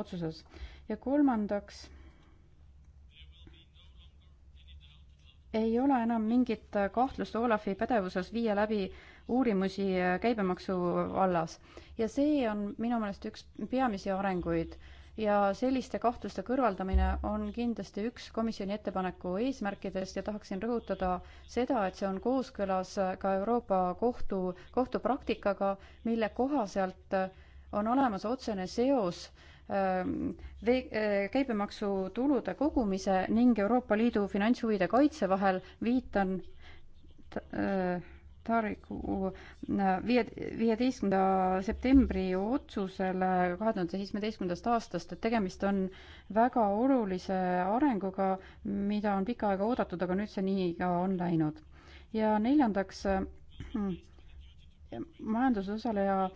otsuses. ja kolmandaks, ei ole enam mingit kahtlust Olafi pädevuses viia läbi uurimusi käibemaksu vallas ja see on minu meelest üks peamisi arenguid ja selliste kahtluste kõrvaldamine on kindlasti üks komisjoni ettepaneku eesmärkidest ja tahaksin rõhutada seda, et see on kooskõlas ka Euroopa Kohtu, kohtupraktikaga, mille kohaselt on olemas otsene seos ähm, vee-, äh, käibemaksutulude kogumise ning Euroopa Liidu finantshuvide kaitse vahel, viitan öö, äh, Taariku viie, viieteistkümnenda septembri otsusele kahe tuhande seitsmeteistkümnendast aastast, et tegemist on väga olulise arenguga, mida on pikka aega oodatud, aga nüüd see nii ka on läinud. ja neljandaks majandusosaleja äh,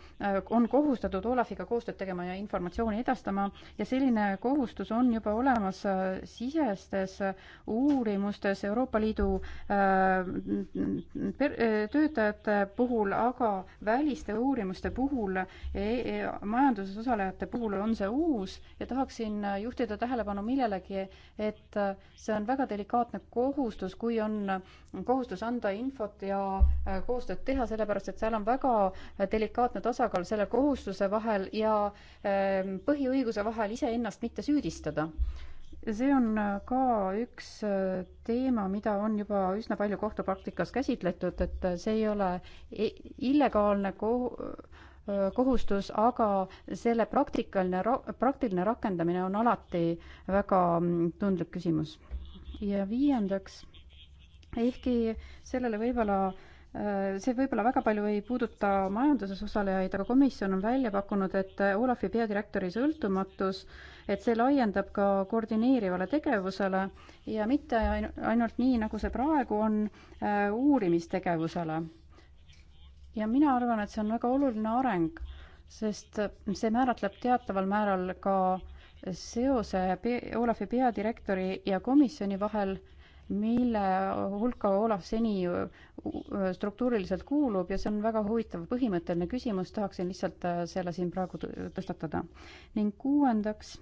on kohustatud Olafiga koostööd tegema ja informatsiooni edastama ja selline kohustus on juba olemas äh, sisestes äh, uurimustes Euroopa Liidu per-, töötajate puhul, aga väliste uurimuste puhul e, e majanduses osalejate puhul on see uus ja tahaksin juhtida tähelepanu millelegi, et see on väga delikaatne kohustus, kui on kohustus anda infot ja koostööd teha, sellepärast et seal on on väga delikaatne tasakaal selle kohustuse vahel ja ehm, põhiõiguse vahel iseennast mitte süüdistada. see on äh, ka üks äh, teema, mida on juba üsna palju kohtupraktikas käsitletud, et äh, see ei ole illegaalne ko-, kohustus, aga selle praktikaline ra-, praktiline rakendamine on alati väga mm, tundlik küsimus. ja viiendaks, ehkki sellele võib-olla äh, Äh, see võib-olla väga palju ei puuduta majanduses osalejaid, aga komisjon on välja pakkunud, et Olafi peadirektori sõltumatus, et see laiendab ka koordineerivale tegevusele ja mitte ainult nii, nagu see praegu on, äh, uurimistegevusele. ja mina arvan, et see on väga oluline areng, sest see määratleb teataval määral ka seose Olafi peadirektori ja komisjoni vahel mille hulka Olav seni äh, struktuuriliselt kuulub ja see on väga huvitav põhimõtteline küsimus, tahaksin lihtsalt äh, selle siin praegu tõstatada. ning kuuendaks,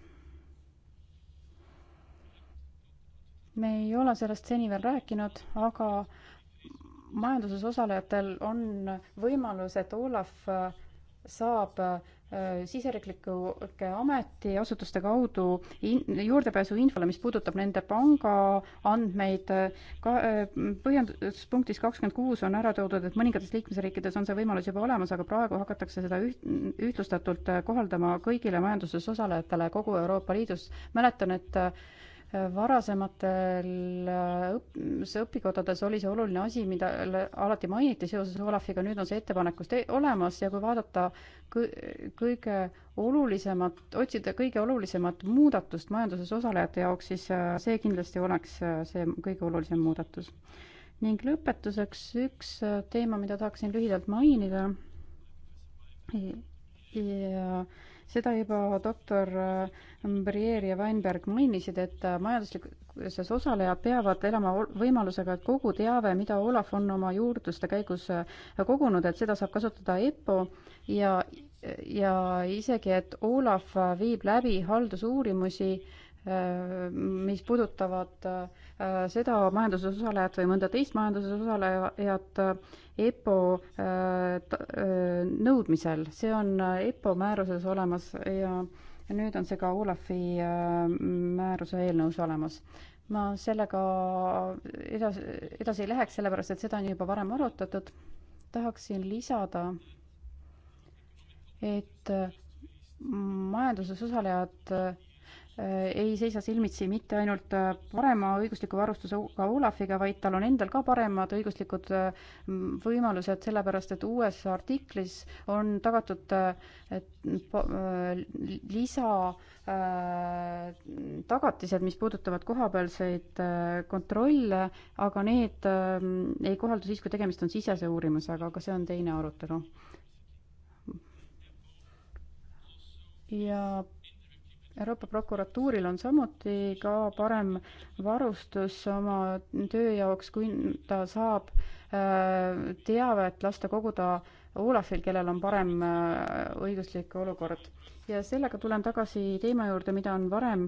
me ei ole sellest seni veel rääkinud, aga majanduses osalejatel on võimalus, et Olav äh, saab äh, siseriiklike ametiasutuste kaudu in-, juurdepääsu infole, mis puudutab nende pangaandmeid, ka äh, põhjenduspunktis kakskümmend kuus on ära toodud, et mõningates liikmesriikides on see võimalus juba olemas, aga praegu hakatakse seda üht-, ühtlustatult äh, kohaldama kõigile majanduses osalejatele kogu Euroopa Liidus. mäletan, et varasematel õpikodades oli see oluline asi, mida alati mainiti seoses Olafiga, nüüd on see ettepanekus e-, olemas ja kui vaadata kõige olulisemat, otsida kõige olulisemat muudatust majanduses osalejate jaoks, siis äh, see kindlasti oleks äh, see kõige olulisem muudatus. ning lõpetuseks üks äh, teema, mida tahaksin lühidalt mainida ja seda juba doktor äh, Brier ja Weinberg mainisid, et äh, majanduslikus osalejad peavad elama võimalusega, et kogu teave, mida Olav on oma juurdluste käigus äh, kogunud, et seda saab kasutada EPPO ja, ja isegi, et Olav viib läbi haldusuurimusi mis puudutavad seda majanduses osalejat või mõnda teist majanduses osalejat EPPO äh, äh, nõudmisel, see on äh, EPPO määruses olemas ja nüüd on see ka Olafi määruse eelnõus olemas. ma sellega edasi, edasi ei läheks, sellepärast et seda on juba varem arutatud. tahaksin lisada, et majanduses osalejad Äh, ei seisa silmitsi mitte ainult äh, parema õigusliku varustusega Olafiga, vaid tal on endal ka paremad õiguslikud äh, võimalused, sellepärast et uues artiklis on tagatud lisa tagatised, mis puudutavad kohapealseid kontrolle, aga need ei kohaldu siis, kui tegemist on sisese uurimusega, aga see on teine arutelu. ja Euroopa prokuratuuril on samuti ka parem varustus oma töö jaoks, kui ta saab äh, teavet lasta koguda Olafil, kellel on parem äh, õiguslik olukord. ja sellega tulen tagasi teema juurde, mida on varem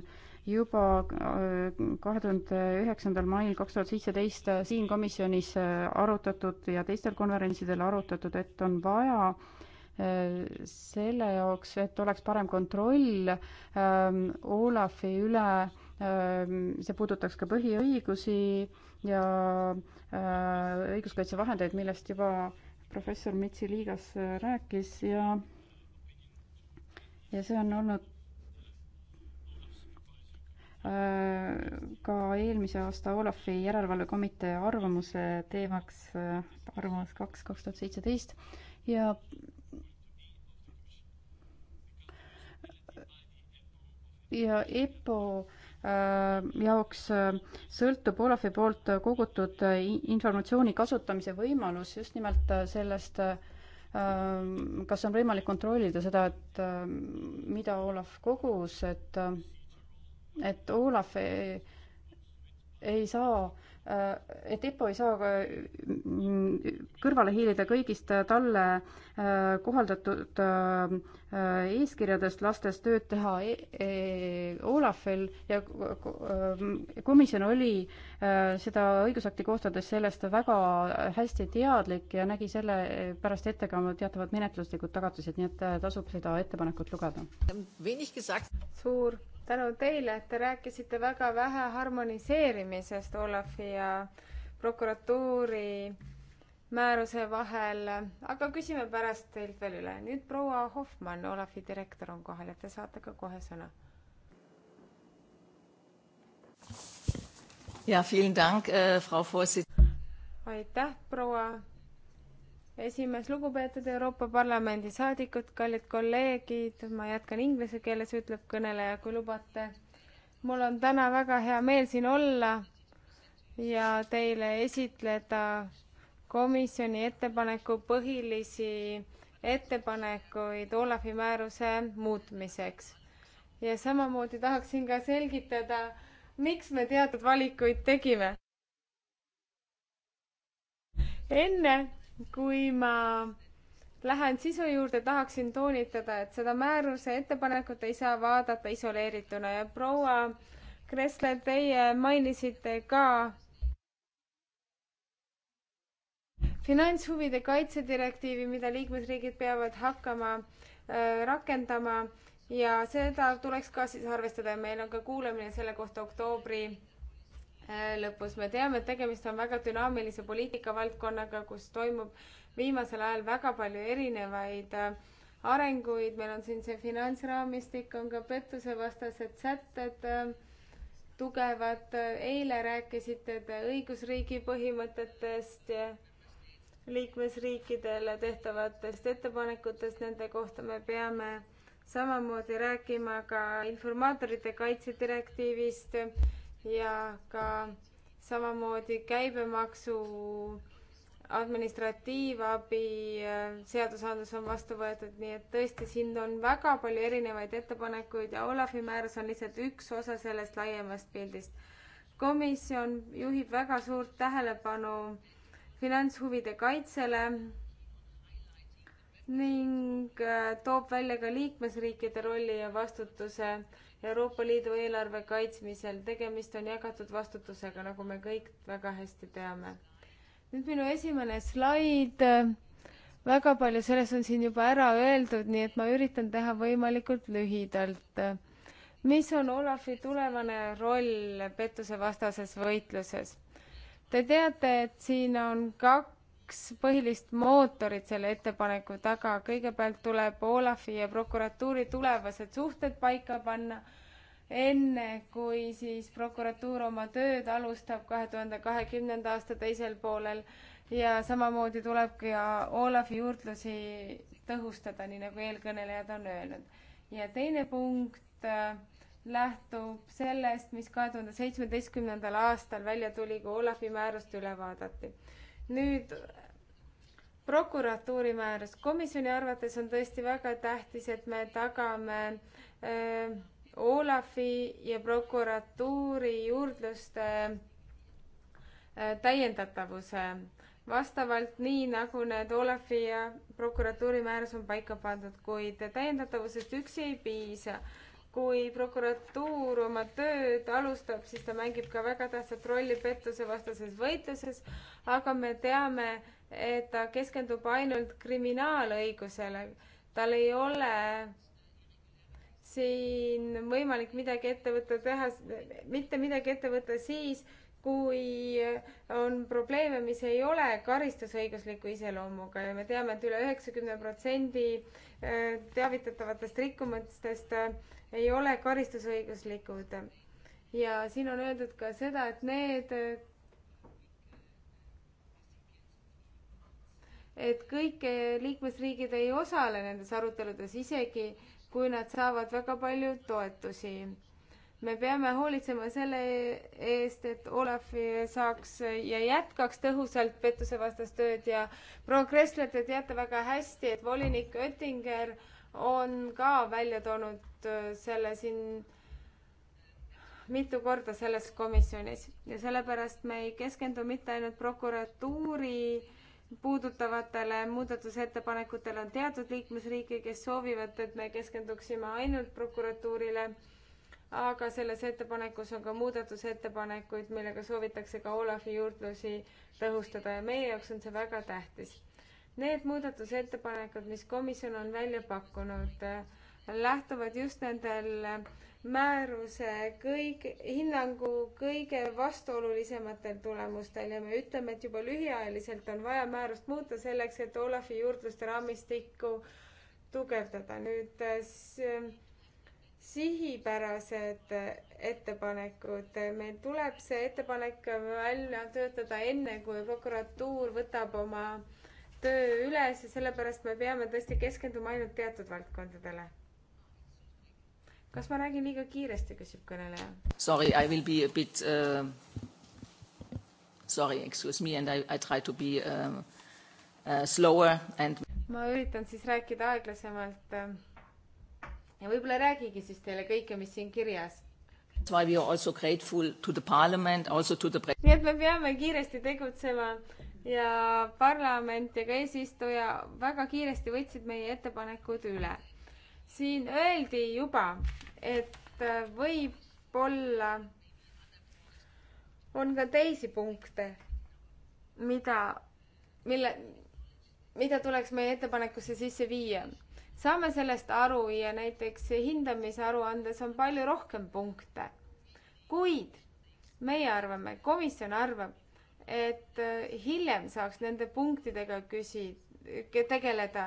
juba äh, kahe tuhande üheksandal mail kaks tuhat seitseteist siin komisjonis arutatud ja teistel konverentsidel arutatud, et on vaja äh, selle jaoks, et oleks parem kontroll ähm, Olafi üle, ähm, see puudutaks ka põhiõigusi ja äh, õiguskaitsevahendeid, millest juba professor Mitsi Liigas äh, rääkis ja ja see on olnud äh, ka eelmise aasta Olafi järelevalvekomitee arvamuse teemaks, arvamus kaks, kaks tuhat seitseteist ja ja EPPO äh, jaoks äh, sõltub Olafi poolt kogutud äh, informatsiooni kasutamise võimalus just nimelt sellest, kas on võimalik kontrollida seda, et mida Olav kogus, et, et Olav ei, ei saa Äh, et EPPO ei saa äh, kõrvale hiilida kõigist talle äh, kohaldatud eeskirjadest lastes tööd teha e e Olafil ja komisjon oli seda õigusakti koostades sellest väga hästi teadlik ja nägi selle pärast ette ka teatavad menetluslikud tagatised, nii et tasub seda ettepanekut lugeda. suur tänu teile, et te rääkisite väga vähe harmoniseerimisest Olafi ja prokuratuuri määruse vahel, aga küsime pärast teilt veel üle. nüüd proua Hoffmann, Olafi direktor on kohal ja te saate ka kohe sõna. ja, äh, aitäh, proua esimees, lugupeetud Euroopa Parlamendi saadikud, kallid kolleegid, ma jätkan inglise keeles, ütleb kõneleja, kui lubate. mul on täna väga hea meel siin olla ja teile esitleda komisjoni ettepaneku põhilisi ettepanekuid Olavi määruse muutmiseks. ja samamoodi tahaksin ka selgitada, miks me teatud valikuid tegime. enne kui ma lähen sisu juurde, tahaksin toonitada, et seda määruse ettepanekut ei saa vaadata isoleerituna ja proua Kressler, teie mainisite ka finantshuvide kaitsedirektiivi, mida liikmesriigid peavad hakkama äh, rakendama ja seda tuleks ka siis arvestada ja meil on ka kuulamine selle kohta oktoobri Äh, lõpus. me teame, et tegemist on väga dünaamilise poliitikavaldkonnaga, kus toimub viimasel ajal väga palju erinevaid äh, arenguid, meil on siin see finantsraamistik, on ka pettusevastased sätted äh, tugevad. eile rääkisite te õigusriigi põhimõtetest ja liikmesriikidele tehtavatest ettepanekutest, nende kohta me peame samamoodi rääkima ka informaatorite kaitse direktiivist ja ka samamoodi käibemaksu administratiivabi äh, seadusandlus on vastu võetud, nii et tõesti, siin on väga palju erinevaid ettepanekuid ja Olavi määrus on lihtsalt üks osa sellest laiemast pildist. komisjon juhib väga suurt tähelepanu finantshuvide kaitsele ning äh, toob välja ka liikmesriikide rolli ja vastutuse Euroopa Liidu eelarve kaitsmisel. tegemist on jagatud vastutusega, nagu me kõik väga hästi teame. nüüd minu esimene slaid. väga palju sellest on siin juba ära öeldud, nii et ma üritan teha võimalikult lühidalt. mis on Olafi tulevane roll pettusevastases võitluses? Te teate, et siin on kaks kaks põhilist mootorit selle ettepaneku taga. kõigepealt tuleb Olafi ja prokuratuuri tulevased suhted paika panna, enne kui siis prokuratuur oma tööd alustab kahe tuhande kahekümnenda aasta teisel poolel ja samamoodi tuleb ka Olafi juurdlusi tõhustada, nii nagu eelkõnelejad on öelnud. ja teine punkt äh, lähtub sellest, mis kahe tuhande seitsmeteistkümnendal aastal välja tuli, kui Olafi määrust üle vaadati nüüd prokuratuuri määrus. komisjoni arvates on tõesti väga tähtis, et me tagame öö, äh, Olafi ja prokuratuuri juurdluste öö, äh, täiendatavuse vastavalt nii, nagu need Olafi ja prokuratuuri määrus on paika pandud, kuid täiendatavusest üksi ei piisa kui prokuratuur oma tööd alustab, siis ta mängib ka väga tähtsat rolli pettusevastases võitluses, aga me teame, et ta keskendub ainult kriminaalõigusele. tal ei ole siin võimalik midagi ette võtta, teha, mitte midagi ette võtta siis, kui on probleeme, mis ei ole karistusõigusliku iseloomuga ja me teame, et üle üheksakümne protsendi äh, teavitatavatest rikkumistest äh, ei ole karistusõiguslikud. ja siin on öeldud ka seda, et need, et kõik äh, liikmesriigid ei osale nendes aruteludes, isegi kui nad saavad väga palju toetusi me peame hoolitsema selle eest, et Olav saaks ja jätkaks tõhusalt pettusevastast tööd ja proua Kressler, te teate väga hästi, et volinik Oettinger on ka välja toonud äh, selle siin mitu korda selles komisjonis ja sellepärast me ei keskendu mitte ainult prokuratuuri puudutavatele muudatusettepanekutele, on teatud liikmesriike, kes soovivad, et me keskenduksime ainult prokuratuurile aga selles ettepanekus on ka muudatusettepanekuid, millega soovitakse ka Olavi juurdlusi tõhustada ja meie jaoks on see väga tähtis. Need muudatusettepanekud, mis komisjon on välja pakkunud, lähtuvad just nendel määruse kõik, hinnangu kõige vastuolulisematel tulemustel ja me ütleme, et juba lühiajaliselt on vaja määrust muuta selleks, et Olavi juurdluste raamistikku tugevdada. nüüd sihipärased ettepanekud. meil tuleb see ettepanek välja töötada enne, kui prokuratuur võtab oma töö üles ja sellepärast me peame tõesti keskenduma ainult teatud valdkondadele. kas ma räägin liiga kiiresti, küsib kõneleja. Sorry, I will be a bit uh,, sorry, excuse me and I, I try to be uh, uh, slower and. ma üritan siis rääkida aeglasemalt ja võib-olla räägigi siis teile kõike, mis siin kirjas. nii et me peame kiiresti tegutsema ja parlament ja ka eesistuja väga kiiresti võtsid meie ettepanekud üle. siin öeldi juba, et võib-olla on ka teisi punkte, mida, mille, mida tuleks meie ettepanekusse sisse viia saame sellest aru ja näiteks hindamisaruandes on palju rohkem punkte. kuid meie arvame, komisjon arvab, et äh, hiljem saaks nende punktidega küsi-, tegeleda,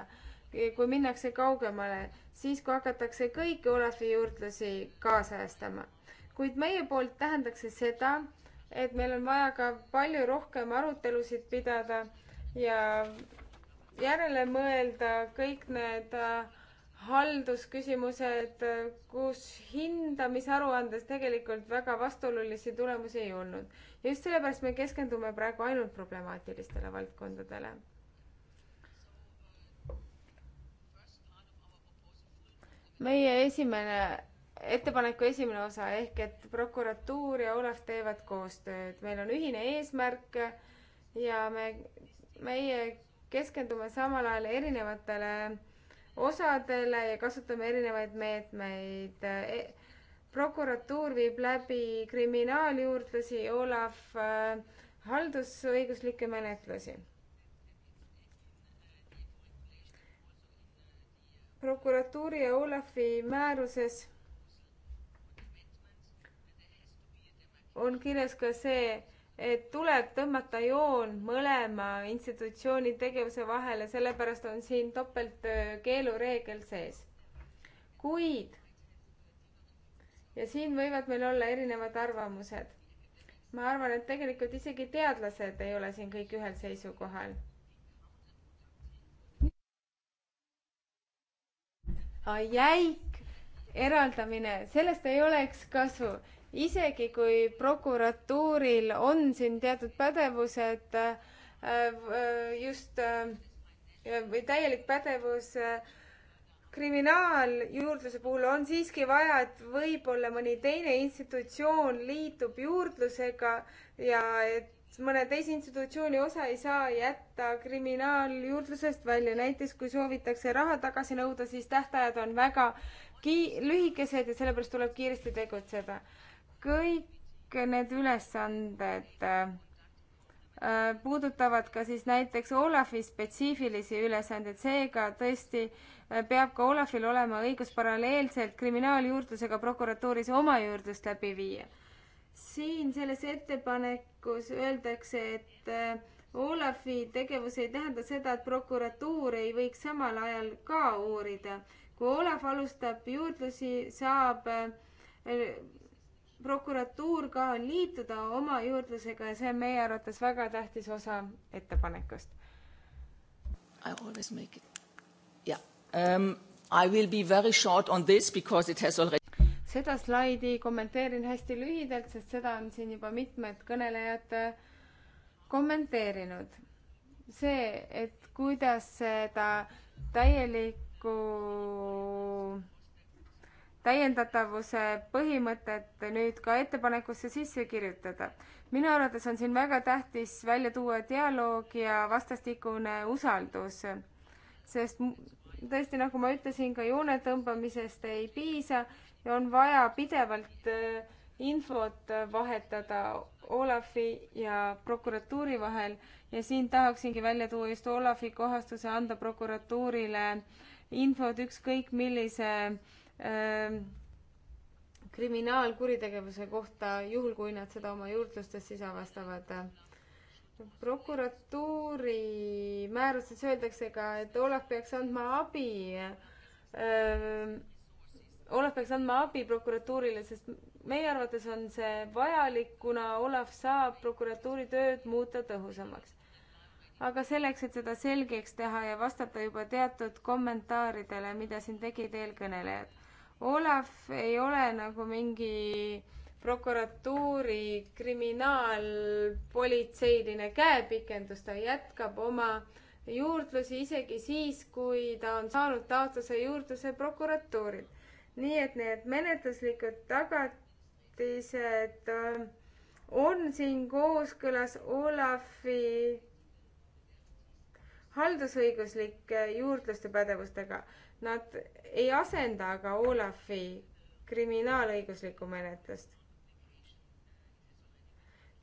kui minnakse kaugemale, siis kui hakatakse kõiki Olavi juurdlusi kaasajastama. kuid meie poolt tähendaks see seda, et meil on vaja ka palju rohkem arutelusid pidada ja järele mõelda kõik need äh, haldusküsimused, äh, kus hindamisaruandes tegelikult väga vastuolulisi tulemusi ei olnud. ja just sellepärast me keskendume praegu ainult problemaatilistele valdkondadele. meie esimene, ettepaneku esimene osa ehk et prokuratuur ja Olav teevad koostööd, meil on ühine eesmärk ja me, meie keskendume samal ajal erinevatele osadele ja kasutame erinevaid meetmeid e. prokuratuur viib läbi kriminaaljuurdlusi, Olav äh, haldusõiguslikke menetlusi. prokuratuuri ja Olafi määruses on kirjas ka see, et tuleb tõmmata joon mõlema institutsiooni tegevuse vahele, sellepärast on siin topelttöö keelureegel sees. kuid, ja siin võivad meil olla erinevad arvamused. ma arvan, et tegelikult isegi teadlased ei ole siin kõik ühel seisukohal. jäik eraldamine, sellest ei oleks kasu isegi kui prokuratuuril on siin teatud pädevused, äh, äh, just äh, või täielik pädevus kriminaaljuurdluse puhul on siiski vaja, et võib-olla mõni teine institutsioon liitub juurdlusega ja et mõne teise institutsiooni osa ei saa jätta kriminaaljuurdlusest välja. näiteks kui soovitakse raha tagasi nõuda, siis tähtajad on väga ki-, lühikesed ja sellepärast tuleb kiiresti tegutseda kõik need ülesanded äh, puudutavad ka siis näiteks Olafi spetsiifilisi ülesandeid, seega tõesti äh, peab ka Olafil olema õigus paralleelselt kriminaaljuurdlusega prokuratuuris oma juurdlust läbi viia. siin selles ettepanekus öeldakse, et äh, Olafi tegevus ei tähenda seda, et prokuratuur ei võiks samal ajal ka uurida. kui Olav alustab juurdlusi, saab prokuratuur ka liituda oma juurdlusega ja see on meie arvates väga tähtis osa ettepanekust. I always make it, jah yeah. um,. I will be very short on this because it has already seda slaidi kommenteerin hästi lühidalt, sest seda on siin juba mitmed kõnelejad äh, kommenteerinud. see, et kuidas seda täielikku täiendatavuse põhimõtet nüüd ka ettepanekusse sisse kirjutada. minu arvates on siin väga tähtis välja tuua dialoog ja vastastikune usaldus, sest tõesti, nagu ma ütlesin, ka joone tõmbamisest ei piisa ja on vaja pidevalt äh, infot vahetada Olafi ja prokuratuuri vahel ja siin tahaksingi välja tuua just Olafi kohastuse anda prokuratuurile infot ükskõik millise äh, Ehm, kriminaalkuritegevuse kohta, juhul kui nad seda oma juurdlustes siis avastavad. prokuratuuri määruses öeldakse ka, et Olav peaks andma abi, ehm, Olav peaks andma abi prokuratuurile, sest meie arvates on see vajalik, kuna Olav saab prokuratuuri tööd muuta tõhusamaks. aga selleks, et seda selgeks teha ja vastata juba teatud kommentaaridele, mida siin tegid eelkõnelejad Olav ei ole nagu mingi prokuratuuri kriminaalpolitseiline käepikendus, ta jätkab oma juurdlusi isegi siis, kui ta on saanud taotluse juurdluse prokuratuurilt. nii et need menetluslikud tagatised ähm, on siin kooskõlas Olavi haldusõiguslike juurdluste pädevustega Nad ei asenda aga Olafi kriminaalõiguslikku menetlust.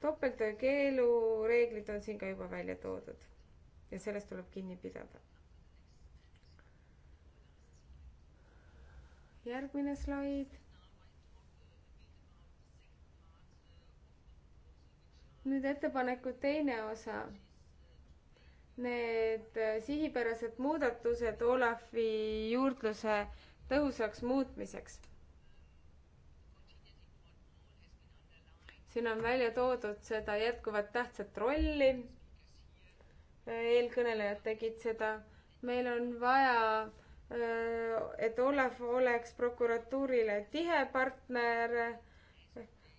topelttöö keelu reeglid on siin ka juba välja toodud ja sellest tuleb kinni pidada. järgmine slaid. nüüd ettepaneku teine osa Need äh, sihipärased muudatused Olafi juurdluse tõhusaks muutmiseks. siin on välja toodud seda jätkuvat tähtsat rolli. Äh, eelkõnelejad tegid seda. meil on vaja, äh, et Olav oleks prokuratuurile tihe partner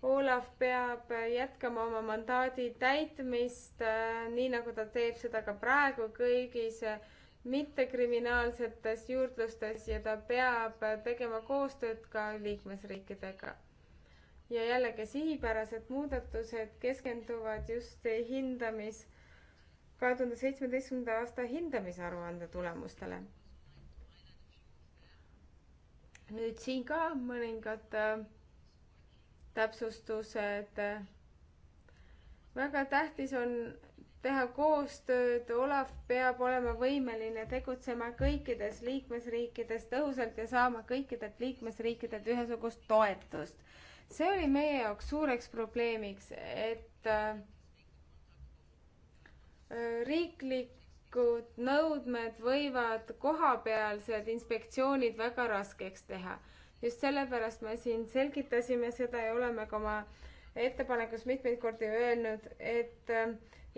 Olav peab jätkama oma mandaadi täitmist, äh, nii nagu ta teeb seda ka praegu kõigis äh, mittekriminaalsetes juurdlustes ja ta peab äh, tegema koostööd ka liikmesriikidega. ja jällegi sihipärased muudatused keskenduvad just hindamis, kahe tuhande seitsmeteistkümnenda aasta hindamisaruande tulemustele. nüüd siin ka mõningad täpsustused. väga tähtis on teha koostööd, Olav peab olema võimeline tegutsema kõikides liikmesriikides tõhusalt ja saama kõikidelt liikmesriikidelt ühesugust toetust. see oli meie jaoks suureks probleemiks, et äh, riiklikud nõudmed võivad kohapealsed inspektsioonid väga raskeks teha just sellepärast me siin selgitasime seda ja oleme ka oma ettepanekus mitmeid kordi öelnud, et äh,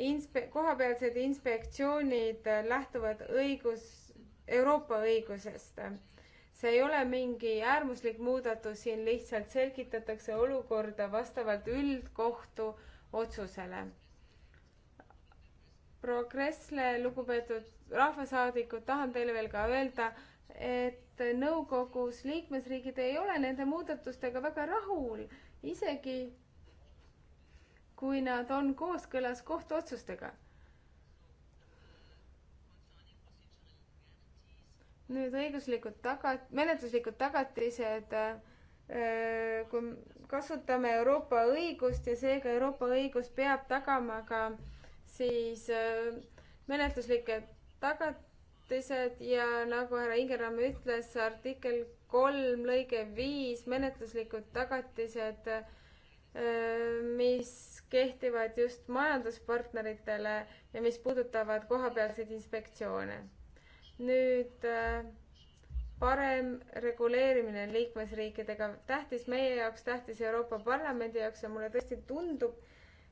inspe-, kohapealsed inspektsioonid äh, lähtuvad õigus, Euroopa õigusest. see ei ole mingi äärmuslik muudatus, siin lihtsalt selgitatakse olukorda vastavalt üldkohtu otsusele. proua Kressle, lugupeetud rahvasaadikud, tahan teile veel ka öelda, et nõukogus liikmesriigid ei ole nende muudatustega väga rahul, isegi kui nad on kooskõlas kohtuotsustega. nüüd õiguslikud tagat-, menetluslikud tagatised, äh, kui kasutame Euroopa õigust ja seega Euroopa õigus peab tagama ka siis äh, menetluslikke tagat-, teatised ja nagu härra Ingeramm ütles, artikkel kolm lõige viis, menetluslikud tagatised, äh, mis kehtivad just majanduspartneritele ja mis puudutavad kohapealseid inspektsioone. nüüd äh, parem reguleerimine on liikmesriikidega tähtis, meie jaoks tähtis, Euroopa Parlamendi jaoks ja mulle tõesti tundub,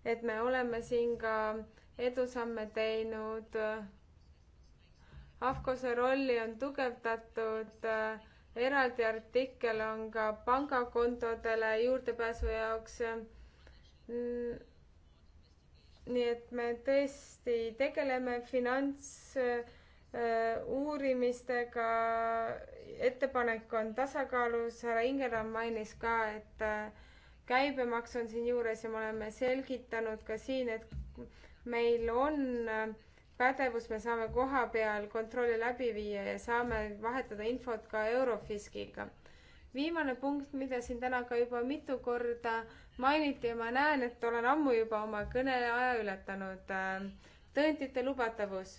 et me oleme siin ka edusamme teinud äh, AFCOS-e rolli on tugevdatud, äh, eraldi artikkel on ka pangakontodele juurdepääsu jaoks. Äh, nii et me tõesti tegeleme finantsuurimistega, äh, ettepanek on tasakaalus, härra Ingeram mainis ka, et käibemaks on siinjuures ja me oleme selgitanud ka siin, et meil on pädevus, me saame koha peal kontrolli läbi viia ja saame vahetada infot ka Eurofiskiga. viimane punkt, mida siin täna ka juba mitu korda mainiti ja ma näen, et olen ammu juba oma kõneaja ületanud. Äh, tõendite lubatavus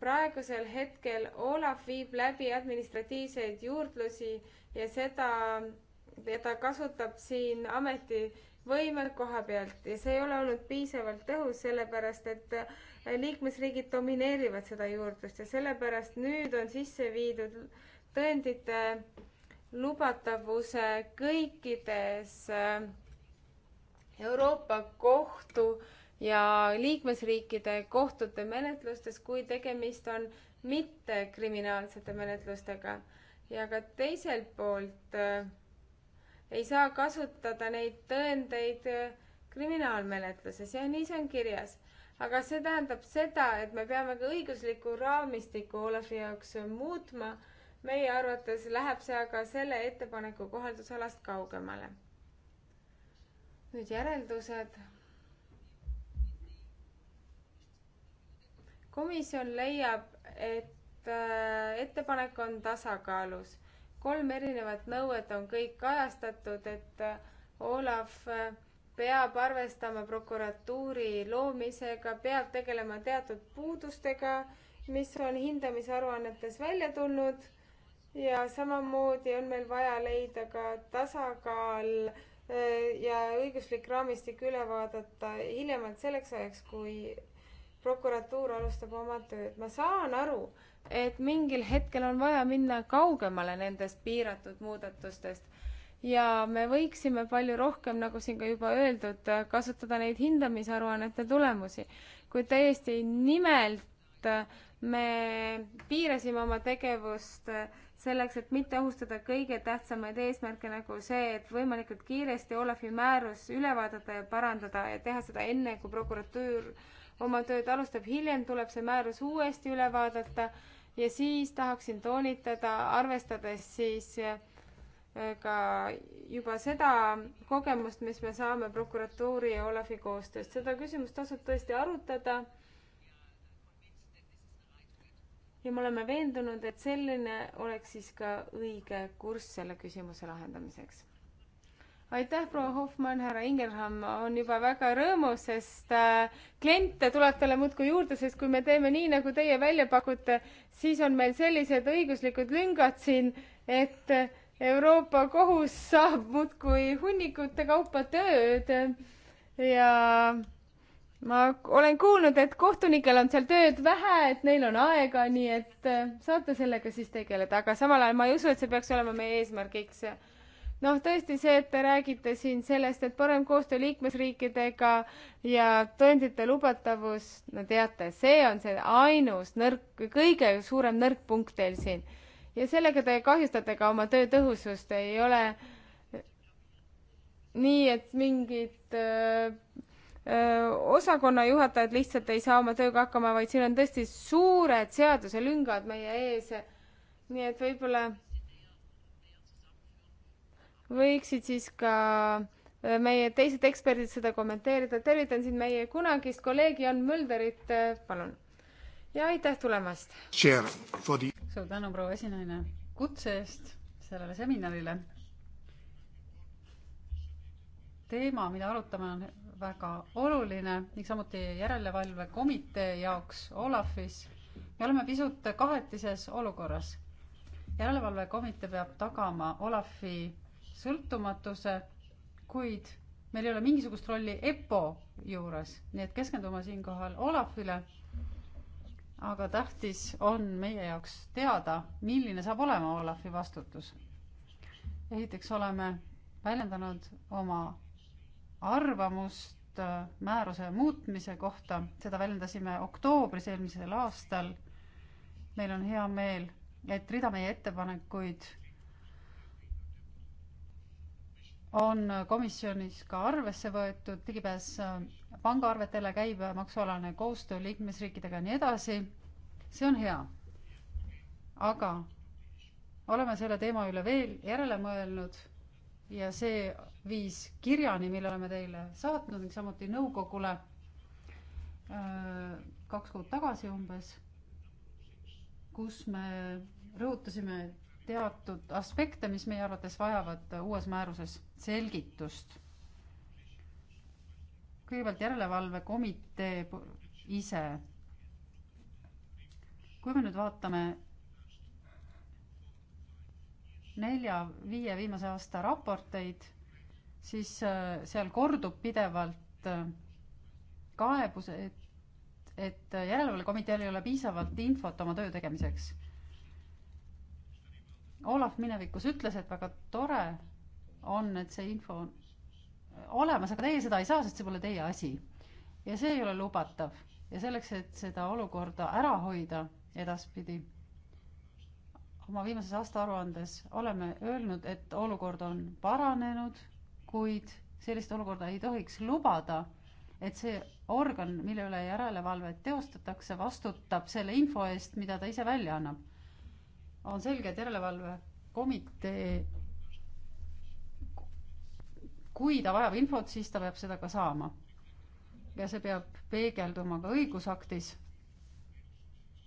praegusel hetkel Olav viib läbi administratiivseid juurdlusi ja seda ja ta kasutab siin ameti võime koha pealt ja see ei ole olnud piisavalt tõhus, sellepärast et äh, liikmesriigid domineerivad seda juurdlust ja sellepärast nüüd on sisse viidud tõendite lubatavuse kõikides äh, Euroopa Kohtu ja liikmesriikide kohtute menetlustes, kui tegemist on mittekriminaalsete menetlustega ja ka teiselt poolt äh, ei saa kasutada neid tõendeid äh, kriminaalmenetluses ja nii see on kirjas. aga see tähendab seda, et me peame ka õiguslikku raamistikku Olavi jaoks muutma. meie arvates läheb see aga selle ettepaneku kohaldusalast kaugemale. nüüd järeldused komisjon leiab, et äh, ettepanek on tasakaalus kolm erinevat nõuet on kõik kajastatud, et äh, Olav äh, peab arvestama prokuratuuri loomisega, peab tegelema teatud puudustega, mis on hindamisaruannetes välja tulnud ja samamoodi on meil vaja leida ka tasakaal äh, ja õiguslik raamistik üle vaadata hiljemalt selleks ajaks, kui prokuratuur alustab oma tööd. ma saan aru, et mingil hetkel on vaja minna kaugemale nendest piiratud muudatustest ja me võiksime palju rohkem, nagu siin ka juba öeldud, kasutada neid hindamisaruannete tulemusi. kui täiesti nimelt me piirasime oma tegevust äh, selleks, et mitte ohustada kõige tähtsamaid eesmärke, nagu see, et võimalikult kiiresti Olavi määrus üle vaadata ja parandada ja teha seda enne, kui prokuratuur oma tööd alustab. hiljem tuleb see määrus uuesti üle vaadata ja siis tahaksin toonitada, arvestades siis eh, ka juba seda kogemust, mis me saame prokuratuuri ja Olavi koostööst. seda küsimust tasub tõesti arutada ja me oleme veendunud, et selline oleks siis ka õige kurss selle küsimuse lahendamiseks. aitäh, proua Hoffmann, härra Ingelham on juba väga rõõmus, sest äh, kliente tuleb talle muudkui juurde, sest kui me teeme nii, nagu teie välja pakute, siis on meil sellised õiguslikud lüngad siin, et äh, Euroopa Kohus saab muudkui hunnikute kaupa tööd ja ma olen kuulnud, et kohtunikel on seal tööd vähe, et neil on aega, nii et äh, saate sellega siis tegeleda, aga samal ajal ma ei usu, et see peaks olema meie eesmärgiks. noh, tõesti see, et te räägite siin sellest, et parem koostöö liikmesriikidega ja tõendite lubatavus, no teate, see on see ainus nõrk, kõige suurem nõrk punkt teil siin. ja sellega te kahjustate ka oma töö tõhusust, ei ole nii, et mingid öö, äh, osakonnajuhatajad lihtsalt ei saa oma tööga hakkama, vaid siin on tõesti suured seaduselüngad meie ees. nii et võib-olla võiksid siis ka meie teised eksperdid seda kommenteerida. tervitan siin meie kunagist kolleegi Jan Mölderit, palun. ja aitäh tulemast. suur tänu, proua esinaine, kutse eest sellele seminarile. teema, mida arutame, on väga oluline ning samuti järelevalvekomitee jaoks Olafis. me oleme pisut kahetises olukorras. järelevalvekomitee peab tagama Olafi sõltumatuse, kuid meil ei ole mingisugust rolli EPPO juures, nii et keskendume siinkohal Olafile. aga tähtis on meie jaoks teada, milline saab olema Olafi vastutus. esiteks oleme väljendanud oma arvamust äh, määruse muutmise kohta, seda väljendasime oktoobris eelmisel aastal. meil on hea meel, et rida meie ettepanekuid on komisjonis ka arvesse võetud, ligipääs äh, pangaarvetele, käibemaksualane koostöö liikmesriikidega ja nii edasi. see on hea. aga oleme selle teema üle veel järele mõelnud ja see viis kirjani, mille oleme teile saatnud ning samuti nõukogule äh, kaks kuud tagasi umbes, kus me rõhutasime teatud aspekte, mis meie arvates vajavad äh, uues määruses selgitust. kõigepealt järelevalvekomitee ise. kui me nüüd vaatame nelja-viie viimase aasta raporteid, siis äh, seal kordub pidevalt äh, kaebus, et, et järelevalvekomiteel ei ole piisavalt infot oma töö tegemiseks. Olav minevikus ütles, et väga tore on, et see info on olemas, aga teie seda ei saa, sest see pole teie asi. ja see ei ole lubatav ja selleks, et seda olukorda ära hoida edaspidi oma viimases aastaaruandes oleme öelnud, et olukord on paranenud, kuid sellist olukorda ei tohiks lubada, et see organ, mille üle järelevalvet teostatakse, vastutab selle info eest, mida ta ise välja annab. on selge, et järelevalvekomitee, kui ta vajab infot, siis ta peab seda ka saama. ja see peab peegelduma ka õigusaktis.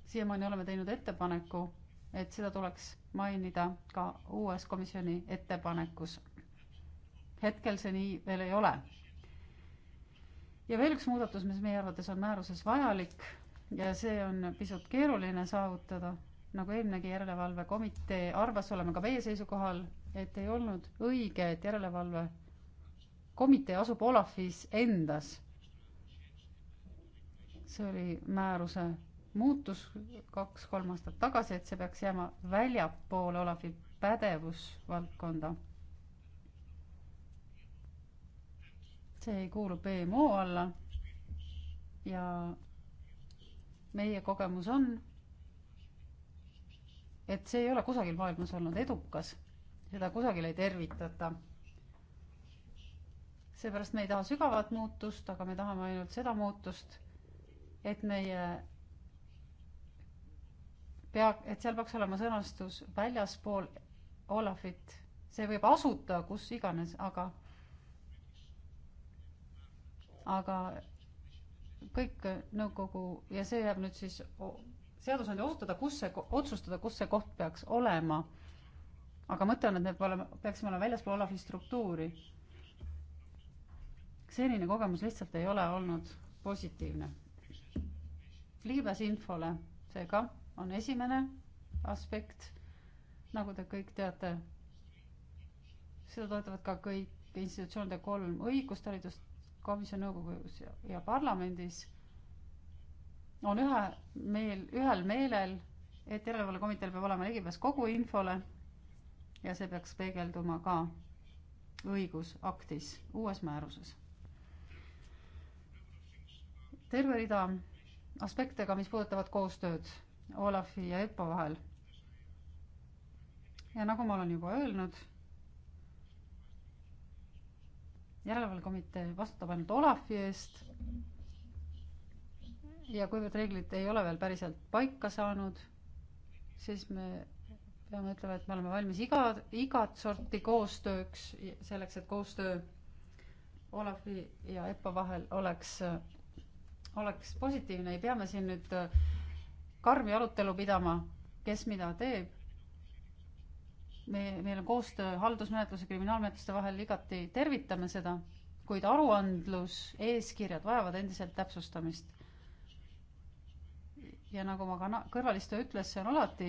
siiamaani oleme teinud ettepaneku et seda tuleks mainida ka uues komisjoni ettepanekus. hetkel see nii veel ei ole. ja veel üks muudatus, mis meie arvates on määruses vajalik ja see on pisut keeruline saavutada, nagu eelminegi järelevalvekomitee arvas, oleme ka meie seisukohal, et ei olnud õige, et järelevalve komitee asub Olafis endas. see oli määruse muutus kaks-kolm aastat tagasi, et see peaks jääma väljapoole Olavi pädevusvaldkonda. see ei kuulu BMO alla. ja meie kogemus on, et see ei ole kusagil maailmas olnud edukas, seda kusagil ei tervitata. seepärast me ei taha sügavat muutust, aga me tahame ainult seda muutust, et meie pea, et seal peaks olema sõnastus väljaspool Olafit, see võib asuda kus iganes, aga, aga kõik nõukogu ja see jääb nüüd siis seadusandja otsustada, kus see, otsustada, kus see koht peaks olema. aga mõte on, et me oleme, peaksime olema väljaspool Olavi struktuuri. senine kogemus lihtsalt ei ole olnud positiivne. ligipääs infole seega on esimene aspekt, nagu te kõik teate. seda toetavad ka kõik institutsioonide kolm õigustalitust, komisjon nõukogus ja, ja parlamendis on ühe meel, ühel meelel, et järelevalvekomiteel peab olema ligipääs kogu infole ja see peaks peegelduma ka õigusaktis, uues määruses. terve rida aspektega, mis puudutavad koostööd Olafi ja EPPO vahel. ja nagu ma olen juba öelnud, järelevalvekomitee vastutab ainult Olafi eest ja kuivõrd reeglid ei ole veel päriselt paika saanud, siis me peame ütlema, et me oleme valmis iga, igat sorti koostööks, selleks, et koostöö Olavi ja EPPO vahel oleks, oleks positiivne, ei pea me siin nüüd äh, karmi arutelu pidama, kes mida teeb. me, meil on koostöö haldusmenetluse, kriminaalmenetluste vahel, igati tervitame seda, kuid aruandlus, eeskirjad vajavad endiselt täpsustamist. ja nagu ma ka kõrvalistaja ütles, see on alati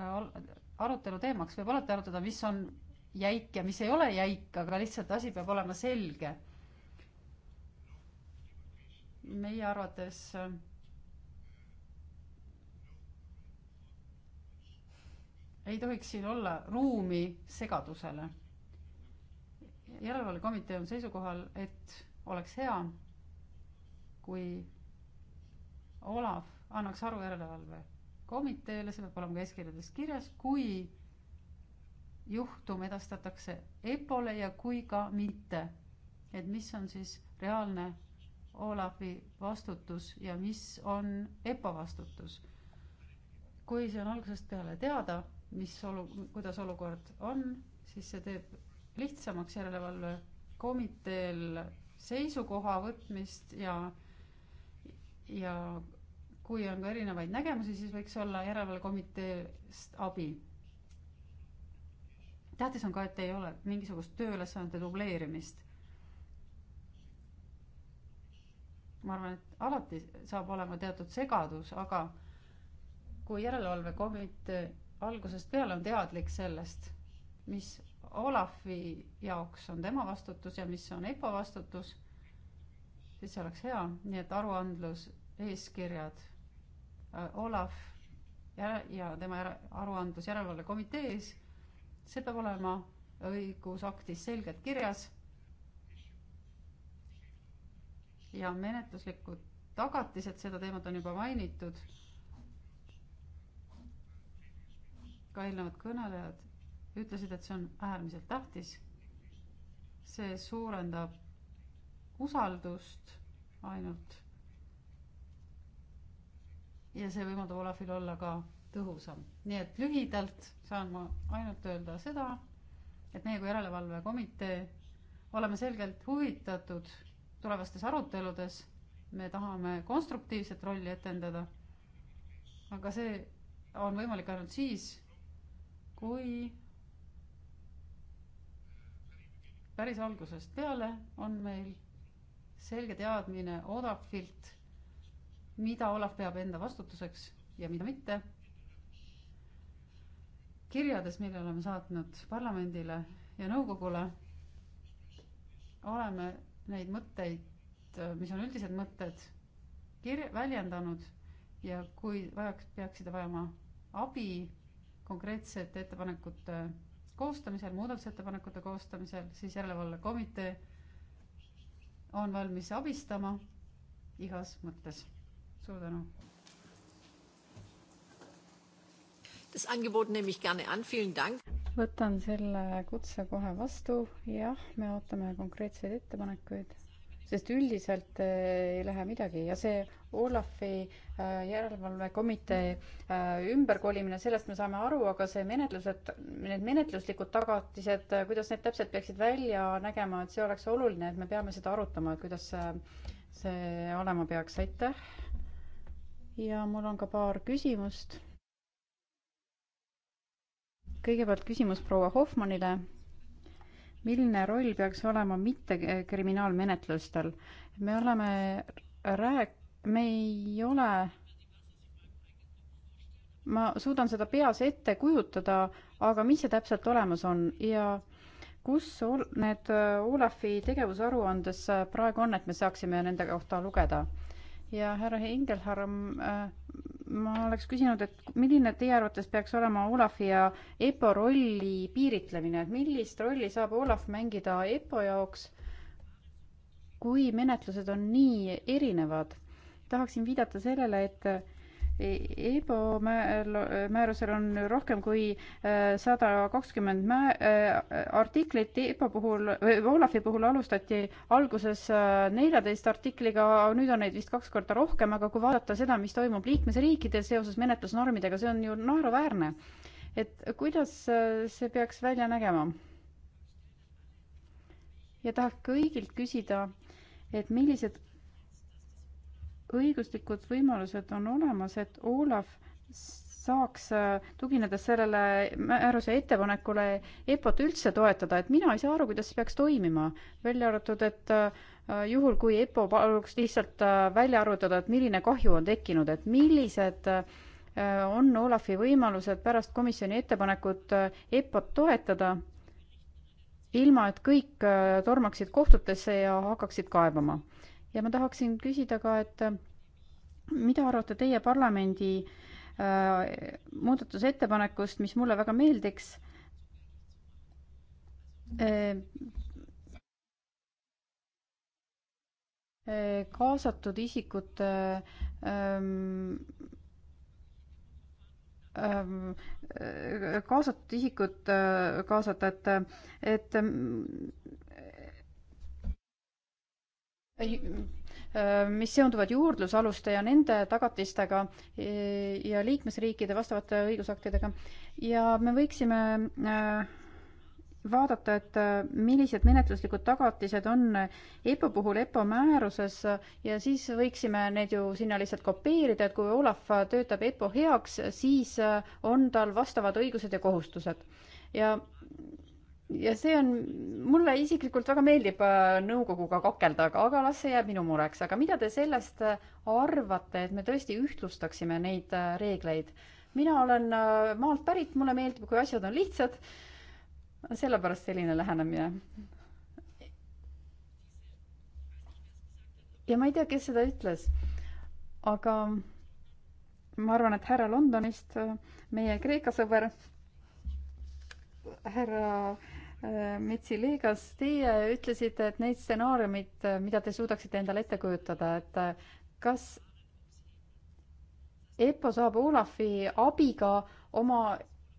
äh, arutelu teemaks, võib alati arutada, mis on jäik ja mis ei ole jäik, aga lihtsalt asi peab olema selge. meie arvates äh, ei tohiks siin olla ruumi segadusele. järelevalvekomitee on seisukohal, et oleks hea, kui Olav annaks aru järelevalvekomiteele, see peab olema ka eeskirjades kirjas, kui juhtum edastatakse EPO-le ja kui ka mitte. et mis on siis reaalne Olavi vastutus ja mis on EPO vastutus kui see on algusest peale teada, mis olu-, kuidas olukord on, siis see teeb lihtsamaks järelevalvekomiteel seisukoha võtmist ja, ja kui on ka erinevaid nägemusi, siis võiks olla järelevalvekomiteest abi. tähtis on ka, et ei ole mingisugust tööülesannete dubleerimist. ma arvan, et alati saab olema teatud segadus, aga kui järelevalvekomitee algusest peale on teadlik sellest, mis Olafi jaoks on tema vastutus ja mis on EPPO vastutus, siis see oleks hea, nii et aruandlus, eeskirjad, äh, Olav ja, ja tema aruandlus järelevalvekomitee ees, see peab olema õigusaktis selgelt kirjas ja menetluslikud tagatised, seda teemat on juba mainitud ka eelnevad kõnelejad ütlesid, et see on äärmiselt tähtis. see suurendab usaldust ainult. ja see võimaldab Olafil olla ka tõhusam, nii et lühidalt saan ma ainult öelda seda, et meie kui järelevalvekomitee oleme selgelt huvitatud tulevastes aruteludes, me tahame konstruktiivset rolli etendada. aga see on võimalik ainult siis, kui päris algusest peale on meil selge teadmine Odafilt, mida Olav peab enda vastutuseks ja mida mitte. kirjades, mille oleme saatnud parlamendile ja nõukogule, oleme neid mõtteid, mis on üldised mõtted, kirja, väljendanud ja kui vajaks, peaksite vajama abi konkreetsete ettepanekute koostamisel, muudatusettepanekute koostamisel, siis järelevalvekomitee on valmis abistama igas mõttes. suur tänu. Das Angebot nehme ich gerne an, vielen Dank. võtan selle kutse kohe vastu, jah, me ootame konkreetseid ettepanekuid sest üldiselt äh, ei lähe midagi ja see Olafi äh, järelevalvekomitee äh, ümberkolimine, sellest me saame aru, aga see menetlused, need menetluslikud tagatised, kuidas need täpselt peaksid välja nägema, et see oleks oluline, et me peame seda arutama, et kuidas see, see olema peaks, aitäh. ja mul on ka paar küsimust. kõigepealt küsimus proua Hoffmannile milline roll peaks olema mittekriminaalmenetlustel? me oleme rääk-, me ei ole, ma suudan seda peas ette kujutada, aga mis see täpselt olemas on ja kus ol-, need äh, Olafi tegevusaruandes äh, praegu on, et me saaksime nende kohta lugeda? ja härra Hingelharm äh,, ma oleks küsinud, et milline teie arvates peaks olema Olafi ja EPO rolli piiritlemine, et millist rolli saab Olaf mängida EPO jaoks, kui menetlused on nii erinevad? tahaksin viidata sellele, et EBO määrusel on rohkem kui äh, sada kakskümmend mä-, äh, artiklit EBO puhul, Olafi puhul alustati alguses äh, neljateist artikliga, nüüd on neid vist kaks korda rohkem, aga kui vaadata seda, mis toimub liikmesriikidel seoses menetlusnormidega, see on ju naeruväärne. et kuidas see peaks välja nägema? ja tahaks kõigilt küsida, et millised õiguslikud võimalused on olemas, et Olav saaks, äh, tuginedes sellele määruse ettepanekule, EPO-t üldse toetada, et mina ei saa aru, kuidas see peaks toimima. välja arvatud, et äh, juhul, kui EPO paluks lihtsalt äh, välja arvutada, et milline kahju on tekkinud, et millised on Olafi võimalused pärast komisjoni ettepanekut EPO-t toetada, ilma et kõik tormaksid kohtutesse ja hakkaksid kaebama ja ma tahaksin küsida ka, et äh, mida arvate teie parlamendi äh, muudatusettepanekust, mis mulle väga meeldiks äh,? äh kaasatud isikute ähm, ähm, äh, kaasatud isikut äh, kaasata, et, et Äh, mis seonduvad juurdlusaluste ja nende tagatistega e, ja liikmesriikide vastavate õigusaktidega ja me võiksime äh, vaadata, et äh, millised menetluslikud tagatised on EPPO puhul EPPO määruses ja siis võiksime need ju sinna lihtsalt kopeerida, et kui Olav töötab EPPO heaks, siis on tal vastavad õigused ja kohustused. ja ja see on, mulle isiklikult väga meeldib äh, nõukoguga kakelda, aga, aga las see jääb minu mureks, aga mida te sellest äh, arvate, et me tõesti ühtlustaksime neid äh, reegleid? mina olen maalt pärit, mulle meeldib, kui asjad on lihtsad. sellepärast selline lähenemine. ja ma ei tea, kes seda ütles, aga ma arvan, et härra Londonist, meie Kreeka sõber, härra äh, Äh, Mitsi Liigas, teie ütlesite, et neid stsenaariumid, äh, mida te suudaksite endale ette kujutada, et äh, kas EPPO saab Olafi abiga oma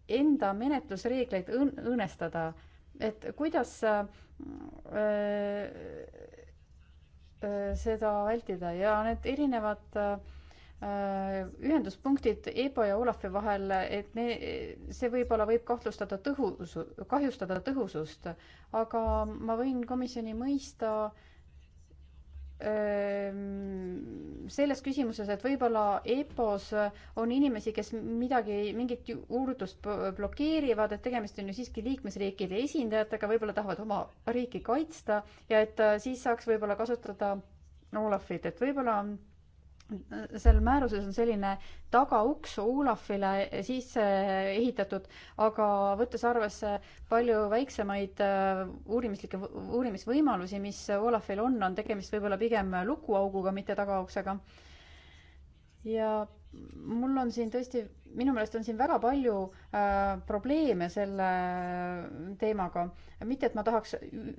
enda menetlusreegleid õn-, õõnestada, et kuidas öö, öö, seda vältida ja need erinevad öö, Äh, ühenduspunktid EBO ja Olafi vahel, et ne, see võib-olla võib kahtlustada tõhusu, kahjustada tõhusust, aga ma võin komisjoni mõista ähm, selles küsimuses, et võib-olla EPO-s on inimesi, kes midagi, mingit juurdlust blokeerivad, et tegemist on ju siiski liikmesriikide esindajatega, võib-olla tahavad oma riiki kaitsta ja et äh, siis saaks võib-olla kasutada Olafit, et võib-olla on seal määruses on selline tagauks Olafile sisse ehitatud, aga võttes arvesse palju väiksemaid äh, uurimislikke, uurimisvõimalusi, mis Olafil on, on tegemist võib-olla pigem lukuauguga, mitte tagauksega. ja mul on siin tõesti, minu meelest on siin väga palju äh, probleeme selle teemaga. mitte, et ma tahaks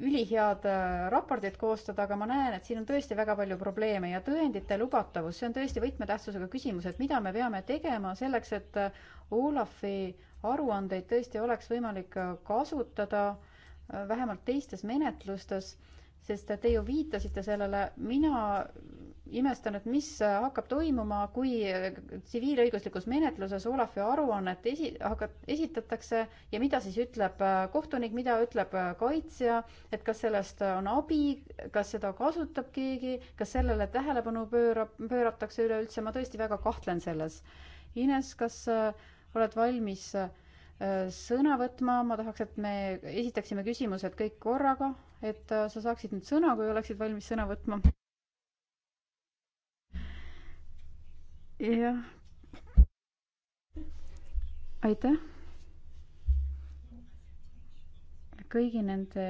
ülihead äh, raportit koostada, aga ma näen, et siin on tõesti väga palju probleeme ja tõendite lubatavus, see on tõesti võtmetähtsusega küsimus, et mida me peame tegema selleks, et äh, Olafi aruandeid tõesti oleks võimalik äh, kasutada äh, vähemalt teistes menetlustes äh, sest te ju viitasite sellele, mina imestan, et mis hakkab toimuma, kui tsiviilõiguslikus menetluses Olafi aruannet esi-, hakat-, esitatakse ja mida siis ütleb äh, kohtunik, mida ütleb äh, kaitsja, et kas sellest on abi, kas seda kasutab keegi, kas sellele tähelepanu pöörab, pööratakse üleüldse, ma tõesti väga kahtlen selles. Ines, kas äh, oled valmis sõna võtma, ma tahaks, et me esitaksime küsimused kõik korraga et äh, sa saaksid nüüd sõna, kui oleksid valmis sõna võtma. jah. aitäh. kõigi nende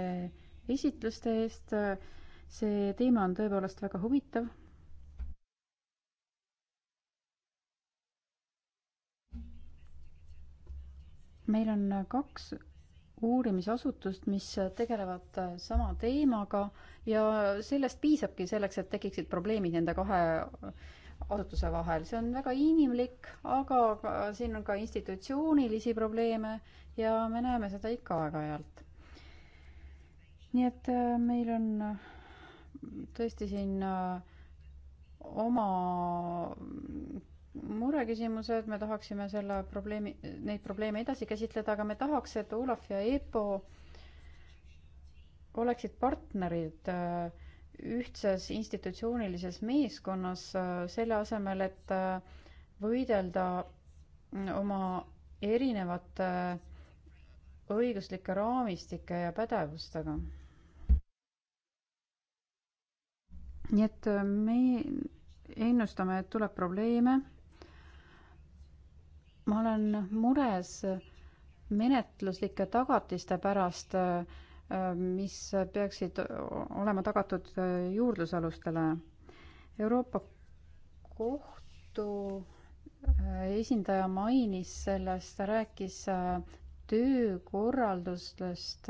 esitluste eest. see teema on tõepoolest väga huvitav. meil on kaks uurimisasutust, mis tegelevad sama teemaga ja sellest piisabki selleks, et tekiksid probleemid nende kahe asutuse vahel, see on väga inimlik, aga siin on ka institutsioonilisi probleeme ja me näeme seda ikka aeg-ajalt. nii et äh, meil on äh, tõesti siin äh, oma mureküsimused, me tahaksime selle probleemi, neid probleeme edasi käsitleda, aga me tahaks, et Olav ja EPO oleksid partnerid äh, ühtses institutsioonilises meeskonnas, äh, selle asemel, et äh, võidelda mm, oma erinevate õiguslike raamistike ja pädevustega. nii et me ennustame, et tuleb probleeme ma olen mures menetluslike tagatiste pärast, mis peaksid olema tagatud juurdlusalustele. Euroopa Kohtu esindaja mainis sellest, ta rääkis töökorraldustest,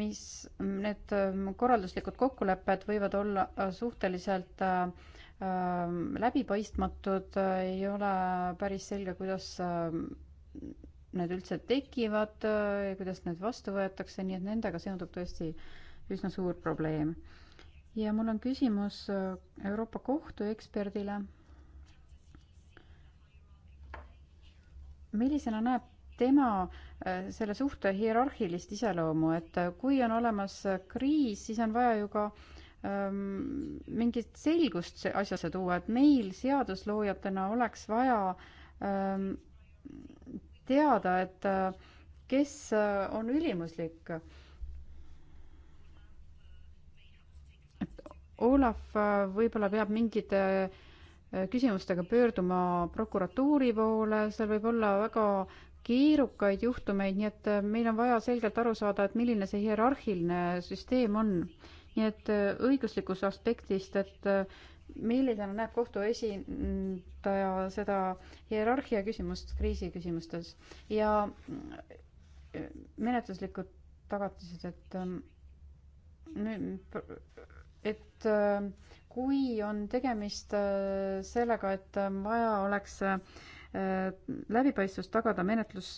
mis, need korralduslikud kokkulepped võivad olla suhteliselt äh, läbipaistmatud, ei ole päris selge, kuidas need üldse tekivad ja kuidas need vastu võetakse, nii et nendega seondub tõesti üsna suur probleem. ja mul on küsimus Euroopa Kohtu eksperdile. millisena näeb tema selle suhte hierarhilist iseloomu, et kui on olemas kriis, siis on vaja ju ka äh, mingit selgust asjasse tuua, et meil seadusloojatena oleks vaja teada, et äh, kes äh, on ülimuslik. et Olav äh, võib-olla peab mingite küsimustega pöörduma prokuratuuri poole, seal võib olla väga keerukaid juhtumeid, nii et meil on vaja selgelt aru saada, et milline see hierarhiline süsteem on nii et äh, õiguslikust aspektist, et äh, millisena näeb kohtu esindaja seda hierarhia küsimust kriisi küsimustes ja äh, menetluslikud tagatised, et ähm, et kui on tegemist sellega, et vaja oleks läbipaistvust tagada menetlus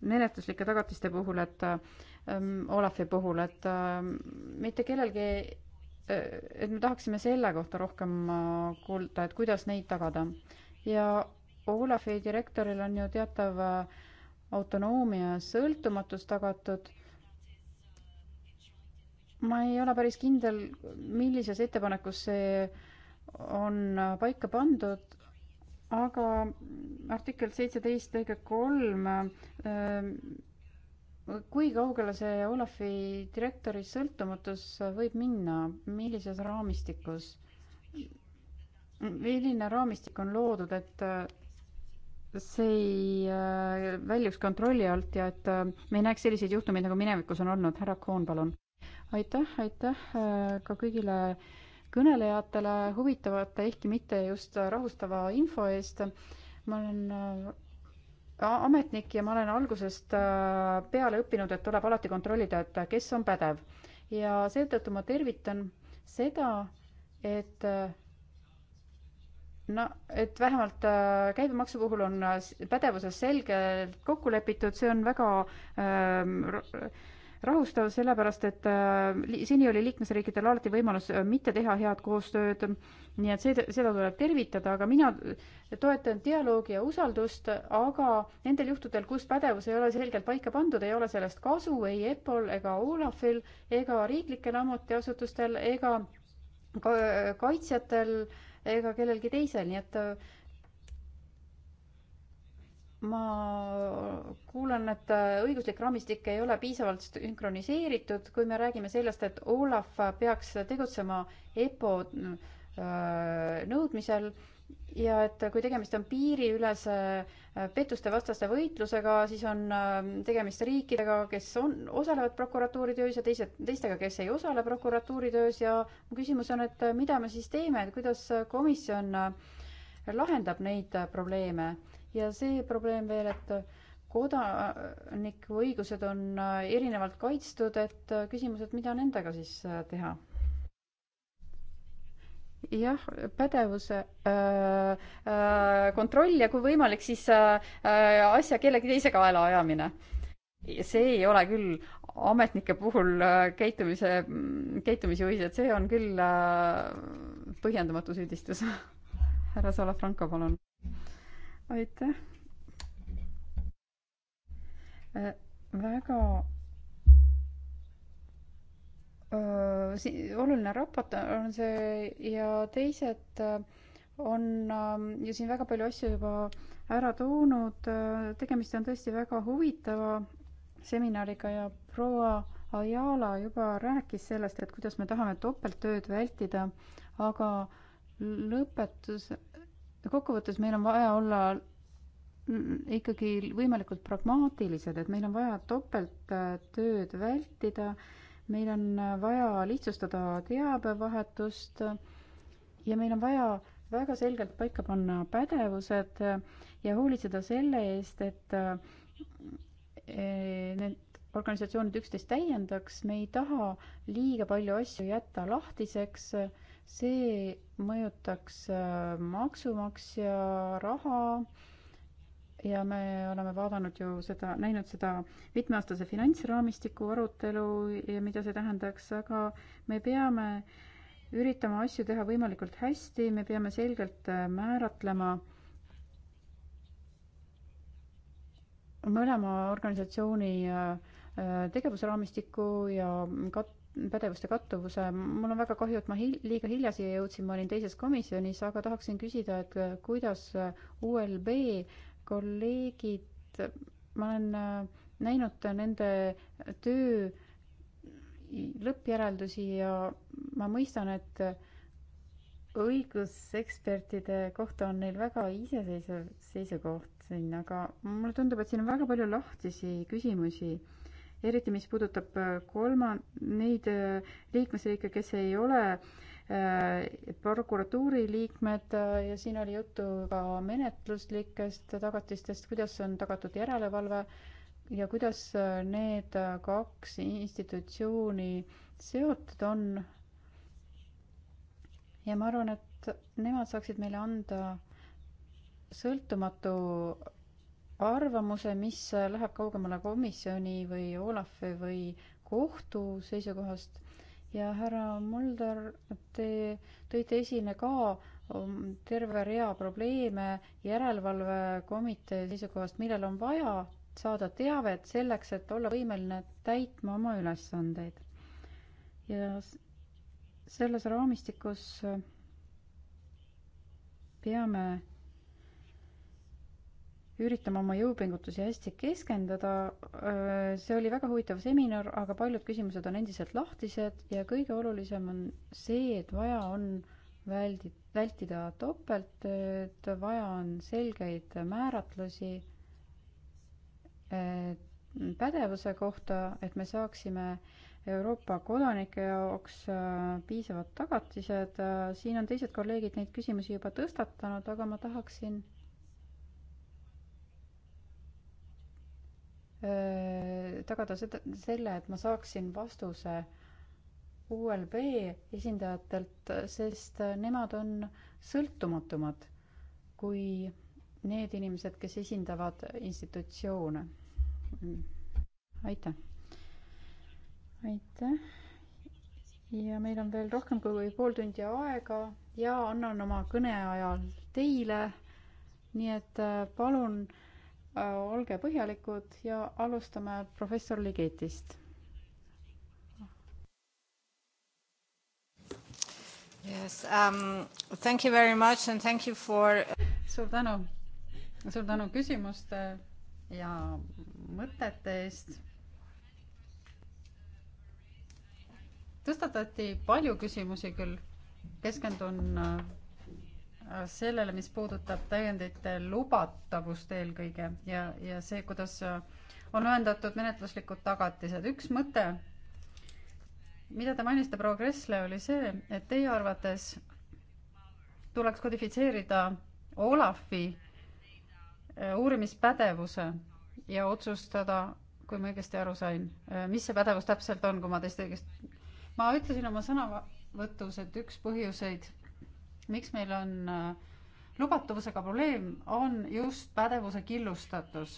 menetluslike tagatiste puhul, et ähm, Olafi puhul, et ähm, mitte kellelgi, äh, et me tahaksime selle kohta rohkem äh, kuulda, et kuidas neid tagada. ja Olafi direktoril on ju teatav äh, autonoomia sõltumatus tagatud ma ei ole päris kindel, millises ettepanekus see on paika pandud, aga artikkel seitseteist lõige kolm, äh, kui kaugele see Olafi direktori sõltumatus võib minna, millises raamistikus? milline raamistik on loodud, et äh, see ei äh, väljuks kontrolli alt ja et me ei näeks selliseid juhtumeid, nagu minevikus on olnud? härra Koon, palun. aitäh, aitäh ka kõigile äh, kõnelejatele huvitavate, ehkki mitte just rahustava info eest. ma olen äh, ametnik ja ma olen algusest äh, peale õppinud, et tuleb alati kontrollida, et kes on pädev ja seetõttu ma tervitan seda, et äh, no et vähemalt käibemaksu puhul on pädevuses selgelt kokku lepitud, see on väga äh, rahustav, sellepärast et äh, seni oli liikmesriikidel alati võimalus äh, mitte teha head koostööd, nii et see, seda tuleb tervitada, aga mina toetan dialoogi ja usaldust, aga nendel juhtudel, kus pädevus ei ole selgelt paika pandud, ei ole sellest kasu ei EPOL ega Olafil ega riiklikel ametiasutustel ega kaitsjatel ega kellelgi teisel, nii et äh, ma kuulen, et õiguslik raamistik ei ole piisavalt sünkroniseeritud, kui me räägime sellest, et Olav peaks tegutsema EPPO äh, nõudmisel ja et kui tegemist on piiriülese äh, pettuste vastaste võitlusega, siis on äh, tegemist riikidega, kes on, osalevad prokuratuuri töös ja teised, teistega, kes ei osale prokuratuuri töös ja mu küsimus on, et mida me siis teeme, et kuidas komisjon lahendab neid probleeme ja see probleem veel, et kodaniku õigused on äh, erinevalt kaitstud, et äh, küsimus, et mida nendega siis äh, teha? jah, pädevuse äh, äh, kontroll ja kui võimalik, siis äh, asja kellegi teise kaela ajamine. see ei ole küll ametnike puhul käitumise, mm, käitumisjuhised, see on küll põhjendamatu süüdistus. [LAUGHS] härra Salafranco, palun aitäh. Äh, väga äh, oluline raport on see ja teised äh, on ähm, ju siin väga palju asju juba ära toonud. tegemist on tõesti väga huvitava seminariga ja proua Ajala juba rääkis sellest, et kuidas me tahame topelttööd vältida, aga lõpetus, ja kokkuvõttes meil on vaja olla ikkagi võimalikult pragmaatilised, et meil on vaja topelttööd vältida, meil on vaja lihtsustada teabevahetust ja meil on vaja väga selgelt paika panna pädevused ja hoolitseda selle eest, et e, need organisatsioonid üksteist täiendaks, me ei taha liiga palju asju jätta lahtiseks, see mõjutaks äh, maksumaksja raha ja me oleme vaadanud ju seda, näinud seda mitmeaastase finantsraamistiku arutelu ja mida see tähendaks, aga me peame üritama asju teha võimalikult hästi, me peame selgelt äh, määratlema mõlema organisatsiooni äh, tegevusraamistiku ja kat-, pädevuste kattuvuse. mul on väga kahju, et ma hil-, liiga hilja siia jõudsin, ma olin teises komisjonis, aga tahaksin küsida, et äh, kuidas äh, ULB kolleegid, ma olen äh, näinud nende töö lõppjäreldusi ja ma mõistan, et õigusekspertide kohta on neil väga iseseisev seisukoht siin, aga mulle tundub, et siin on väga palju lahtisi küsimusi eriti mis puudutab äh, kolma, neid äh, liikmesriike, kes ei ole äh, prokuratuuri liikmed ja siin oli juttu ka menetluslikest tagatistest, kuidas on tagatud järelevalve ja kuidas need kaks institutsiooni seotud on. ja ma arvan, et nemad saaksid meile anda sõltumatu arvamuse, mis läheb kaugemale komisjoni või Olafi või kohtu seisukohast ja härra Mulder, te tõite esile ka um, terve rea probleeme järelevalvekomitee seisukohast, millel on vaja saada teavet selleks, et olla võimeline täitma oma ülesandeid. ja selles raamistikus äh, peame üritama oma jõupingutusi hästi keskenduda. see oli väga huvitav seminar, aga paljud küsimused on endiselt lahtised ja kõige olulisem on see, et vaja on väldi-, vältida topelttööd, vaja on selgeid määratlusi pädevuse kohta, et me saaksime Euroopa kodanike jaoks piisavad tagatised. siin on teised kolleegid neid küsimusi juba tõstatanud, aga ma tahaksin tagada seda, selle, et ma saaksin vastuse ULB esindajatelt, sest nemad on sõltumatumad kui need inimesed, kes esindavad institutsioone. aitäh. aitäh. ja meil on veel rohkem kui pool tundi aega ja annan oma kõneajal teile. nii et äh, palun Äh, olge põhjalikud ja alustame professor Ligetist. Yes, um, thank you very much and thank you for suur tänu, suur tänu küsimuste ja mõtete eest. tõstatati palju küsimusi küll, keskendun äh, sellele, mis puudutab täiendite lubatavust eelkõige ja, ja see, kuidas on ühendatud menetluslikud tagatised. üks mõte, mida te mainisite, proua Kressle, oli see, et teie arvates tuleks kodifitseerida Olafi äh, uurimispädevuse ja otsustada, kui ma õigesti aru sain, äh, mis see pädevus täpselt on, kui ma teist õigesti, ma ütlesin oma sõnavõtus, et üks põhjuseid miks meil on äh, lubatavusega probleem, on just pädevuse killustatus.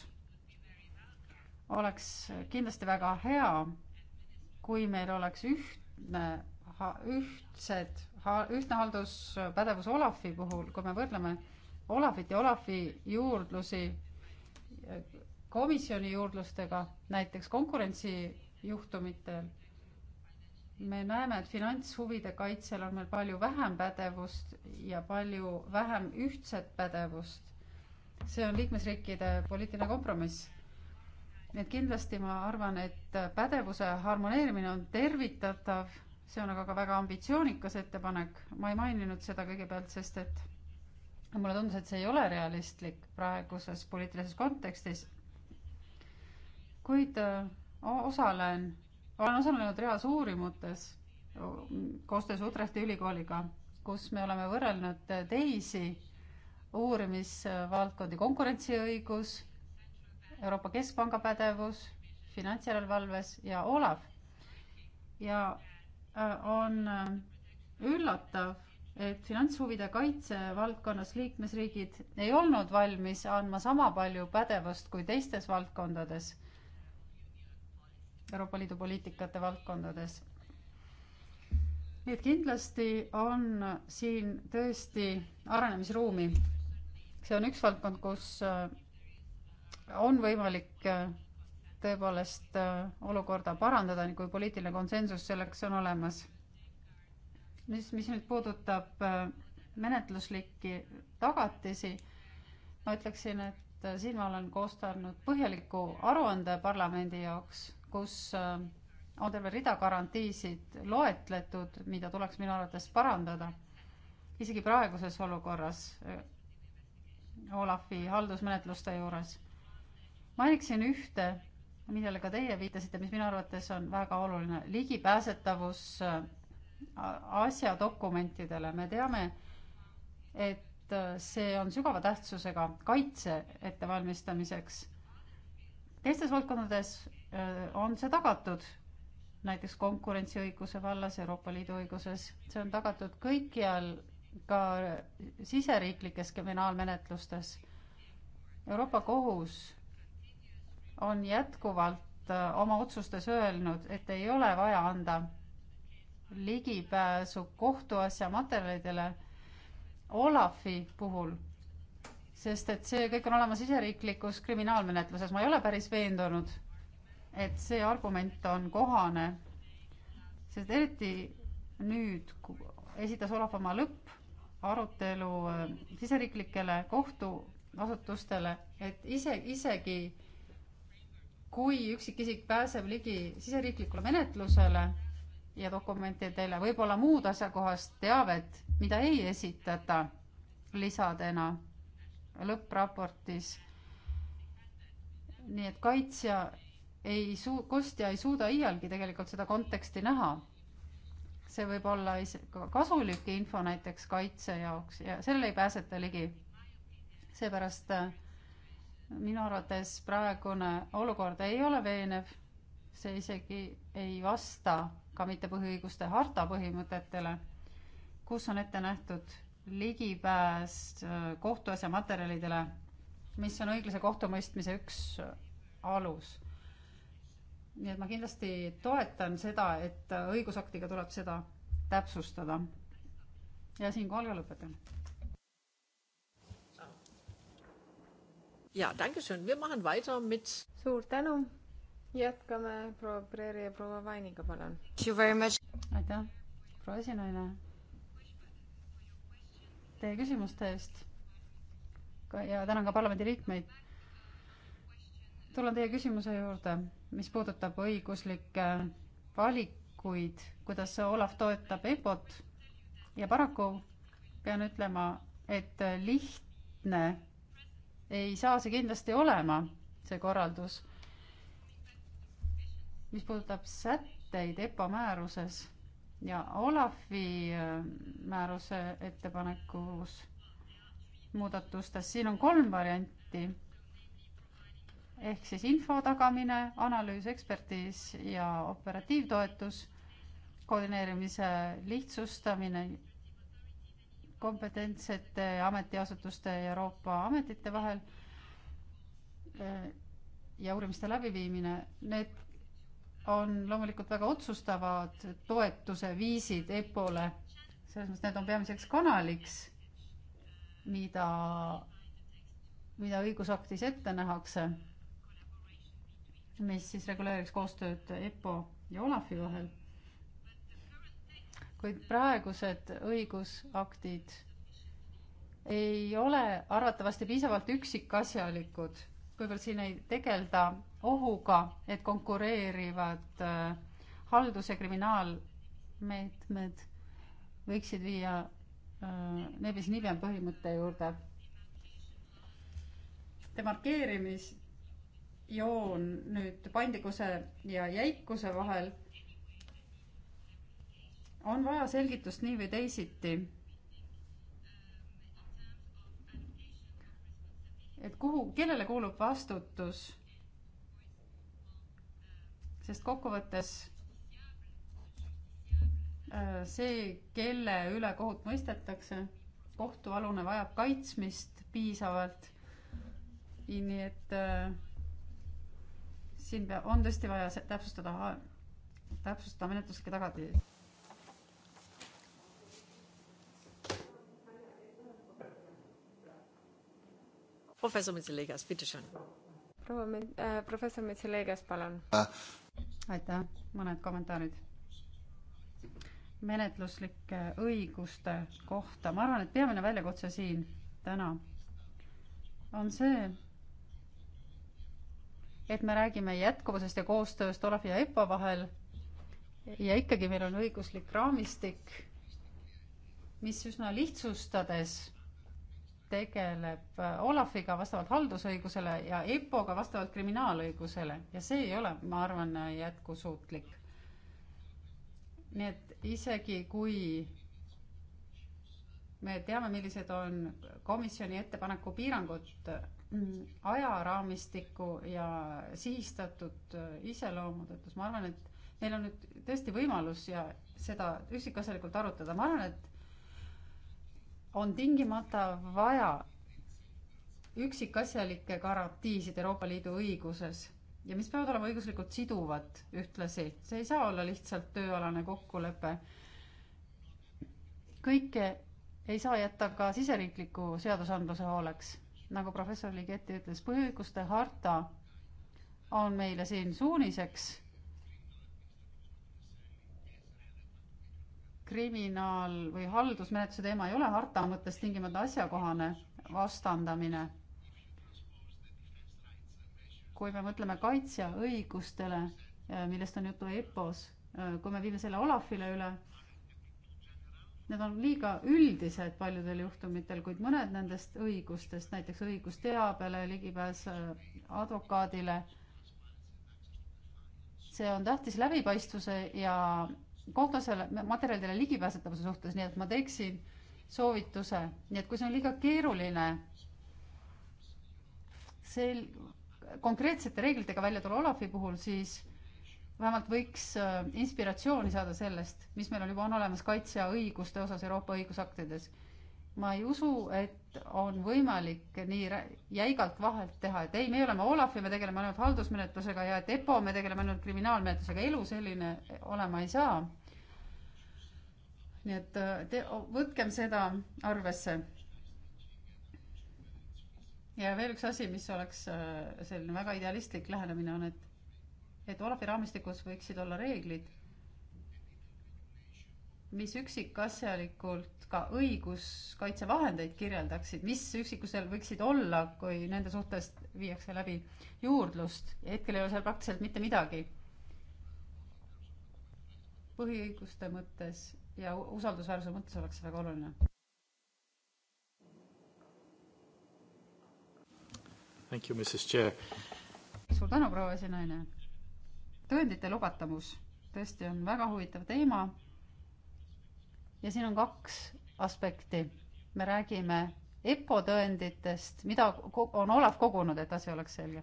oleks kindlasti väga hea, kui meil oleks ühtne, ühtsed, ühtne halduspädevus Olafi puhul, kui me võrdleme Olafit ja Olafi juurdlusi komisjoni juurdlustega, näiteks konkurentsijuhtumitel me näeme, et finantshuvide kaitsel on meil palju vähem pädevust ja palju vähem ühtset pädevust. see on liikmesriikide poliitiline kompromiss. nii et kindlasti ma arvan, et pädevuse harmoneerimine on tervitatav, see on aga ka väga ambitsioonikas ettepanek, ma ei maininud seda kõigepealt, sest et mulle tundus, et see ei ole realistlik praeguses poliitilises kontekstis. kuid äh, osalen olen osalenud reas uurimutes koostöös Utrechti ülikooliga, kus me oleme võrrelnud teisi uurimisvaldkondi, konkurentsiõigus, Euroopa Keskpanga pädevus, finantsjärelevalves ja Olav. ja äh, on äh, üllatav, et finantshuvide kaitse valdkonnas liikmesriigid ei olnud valmis andma sama palju pädevust kui teistes valdkondades Euroopa Liidu poliitikate valdkondades. nii et kindlasti on siin tõesti arenemisruumi. see on üks valdkond, kus äh, on võimalik äh, tõepoolest äh, olukorda parandada, kui poliitiline konsensus selleks on olemas. mis, mis nüüd puudutab menetluslikke tagatisi, ma ütleksin, et siin ma olen koostanud põhjaliku aruande parlamendi jaoks kus äh, on terve rida garantiisid loetletud, mida tuleks minu arvates parandada. isegi praeguses olukorras äh, Olafi haldusmenetluste juures. mainiksin ühte, millele ka teie viitasite, mis minu arvates on väga oluline, ligipääsetavus äh, asjadokumentidele, me teame, et see on sügava tähtsusega kaitse ettevalmistamiseks. teistes valdkondades on see tagatud, näiteks konkurentsiõiguse vallas, Euroopa Liidu õiguses, see on tagatud kõikjal, ka siseriiklikes kriminaalmenetlustes. Euroopa Kohus on jätkuvalt oma otsustes öelnud, et ei ole vaja anda ligipääsu kohtuasja materjalidele Olafi puhul, sest et see kõik on olemas siseriiklikus kriminaalmenetluses, ma ei ole päris veendunud et see argument on kohane, sest eriti nüüd esitas Olav oma lõpparutelu äh, siseriiklikele kohtuasutustele, et ise, isegi kui üksikisik pääseb ligi siseriiklikule menetlusele ja dokumentidele, võib-olla muud asjakohast teavet, mida ei esitata lisadena lõppraportis. nii et kaitsja ei suu-, kostja ei suuda iialgi tegelikult seda konteksti näha. see võib olla kasulik info näiteks kaitse jaoks ja sellele ei pääseta ligi. seepärast äh, minu arvates praegune olukord ei ole veenev, see isegi ei vasta ka mitte põhiõiguste harta põhimõtetele, kus on ette nähtud ligipääs äh, kohtuasja materjalidele, mis on õiglase kohtumõistmise üks äh, alus nii et ma kindlasti toetan seda, et õigusaktiga tuleb seda täpsustada. ja siinkohal ka lõpetan. ja, dankeschön, wir machen weiter mit. suur tänu. jätkame proua Preeri ja proua Vainiga, palun. aitäh, proua esinaine. Teie küsimuste eest. ja tänan ka parlamendiliikmeid. tulen teie küsimuse juurde mis puudutab õiguslikke valikuid, kuidas Olav toetab EPO-t ja paraku pean ütlema, et lihtne ei saa see kindlasti olema, see korraldus. mis puudutab sätteid EPA määruses ja Olafi äh, määruse ettepanekus muudatustes, siin on kolm varianti ehk siis info tagamine, analüüs, ekspertiis ja operatiivtoetus, koordineerimise lihtsustamine kompetentsete ametiasutuste ja Euroopa ametite vahel eh, ja uurimiste läbiviimine, need on loomulikult väga otsustavad toetuse viisid EPO-le. selles mõttes need on peamiseks kanaliks, mida, mida õigusaktis ette nähakse mis siis reguleeriks koostööd EPPO ja Olafi vahel. kuid praegused õigusaktid ei ole arvatavasti piisavalt üksikasjalikud, kuivõrd siin ei tegelda ohuga, et konkureerivad äh, haldus- ja kriminaalmeetmed võiksid viia äh, nebis nibem põhimõtte juurde. demarkeerimis, joon nüüd paindlikkuse ja jäikuse vahel. on vaja selgitust nii või teisiti. et kuhu, kellele kuulub vastutus? sest kokkuvõttes äh, see, kelle üle kohut mõistetakse, kohtualune vajab kaitsmist piisavalt. nii et äh, siin pea-, on tõesti vaja täpsustada, täpsustada menetluslikke tagatisi. professor Metselegas, bitteschön. proua Met- äh,, professor Metselegas, palun äh.. aitäh, mõned kommentaarid menetluslike õiguste kohta. ma arvan, et peamine väljakutse siin täna on see, et me räägime jätkuvusest ja koostööst Olavi ja EPPO vahel ja ikkagi meil on õiguslik raamistik, mis üsna lihtsustades tegeleb Olafiga vastavalt haldusõigusele ja EPPO-ga vastavalt kriminaalõigusele ja see ei ole, ma arvan, jätkusuutlik. nii et isegi kui me teame, millised on komisjoni ettepaneku piirangud Mm, ajaraamistikku ja sihistatud äh, iseloomu tõttu, ma arvan, et meil on nüüd tõesti võimalus ja seda üksikasjalikult arutada, ma arvan, et on tingimata vaja üksikasjalikke garantiisid Euroopa Liidu õiguses ja mis peavad olema õiguslikult siduvad ühtlasi, see ei saa olla lihtsalt tööalane kokkulepe. kõike ei saa jätta ka siseriikliku seadusandluse hooleks nagu professor Ligeti ütles, põhiõiguste harta on meile siin suuniseks kriminaal- või haldusmenetluse teema ei ole harta mõttes tingimata asjakohane vastandamine. kui me mõtleme kaitsja õigustele, eh, millest on juttu EPPO-s, eh, kui me viime selle Olafile üle, Need on liiga üldised paljudel juhtumitel, kuid mõned nendest õigustest, näiteks õigus teabele, ligipääs äh, advokaadile, see on tähtis läbipaistvuse ja kohtusele, materjalidele ligipääsetavuse suhtes, nii et ma teeksin soovituse, nii et kui see on liiga keeruline, sel-, konkreetsete reeglitega välja tulla Olavi puhul, siis vähemalt võiks äh, inspiratsiooni saada sellest, mis meil on juba on olemas kaitsja õiguste osas Euroopa õigusaktides. ma ei usu, et on võimalik nii jäigalt vahelt teha, et ei, me oleme Olav ja me tegeleme ainult haldusmenetlusega ja et EPPO, me tegeleme ainult kriminaalmenetlusega, elu selline olema ei saa. nii et äh, te, võtkem seda arvesse. ja veel üks asi, mis oleks äh, selline väga idealistlik lähenemine on, et et Olavi raamistikus võiksid olla reeglid, mis üksikasjalikult ka õiguskaitsevahendeid kirjeldaksid, mis üksikusel võiksid olla, kui nende suhtes viiakse läbi juurdlust. hetkel ei ole seal praktiliselt mitte midagi. põhiõiguste mõttes ja usaldusväärsuse mõttes oleks see väga oluline. suur tänu, proua esinaine tõendite lubatavus tõesti on väga huvitav teema. ja siin on kaks aspekti. me räägime EPPO tõenditest, mida on Olav kogunud, et asi oleks selge.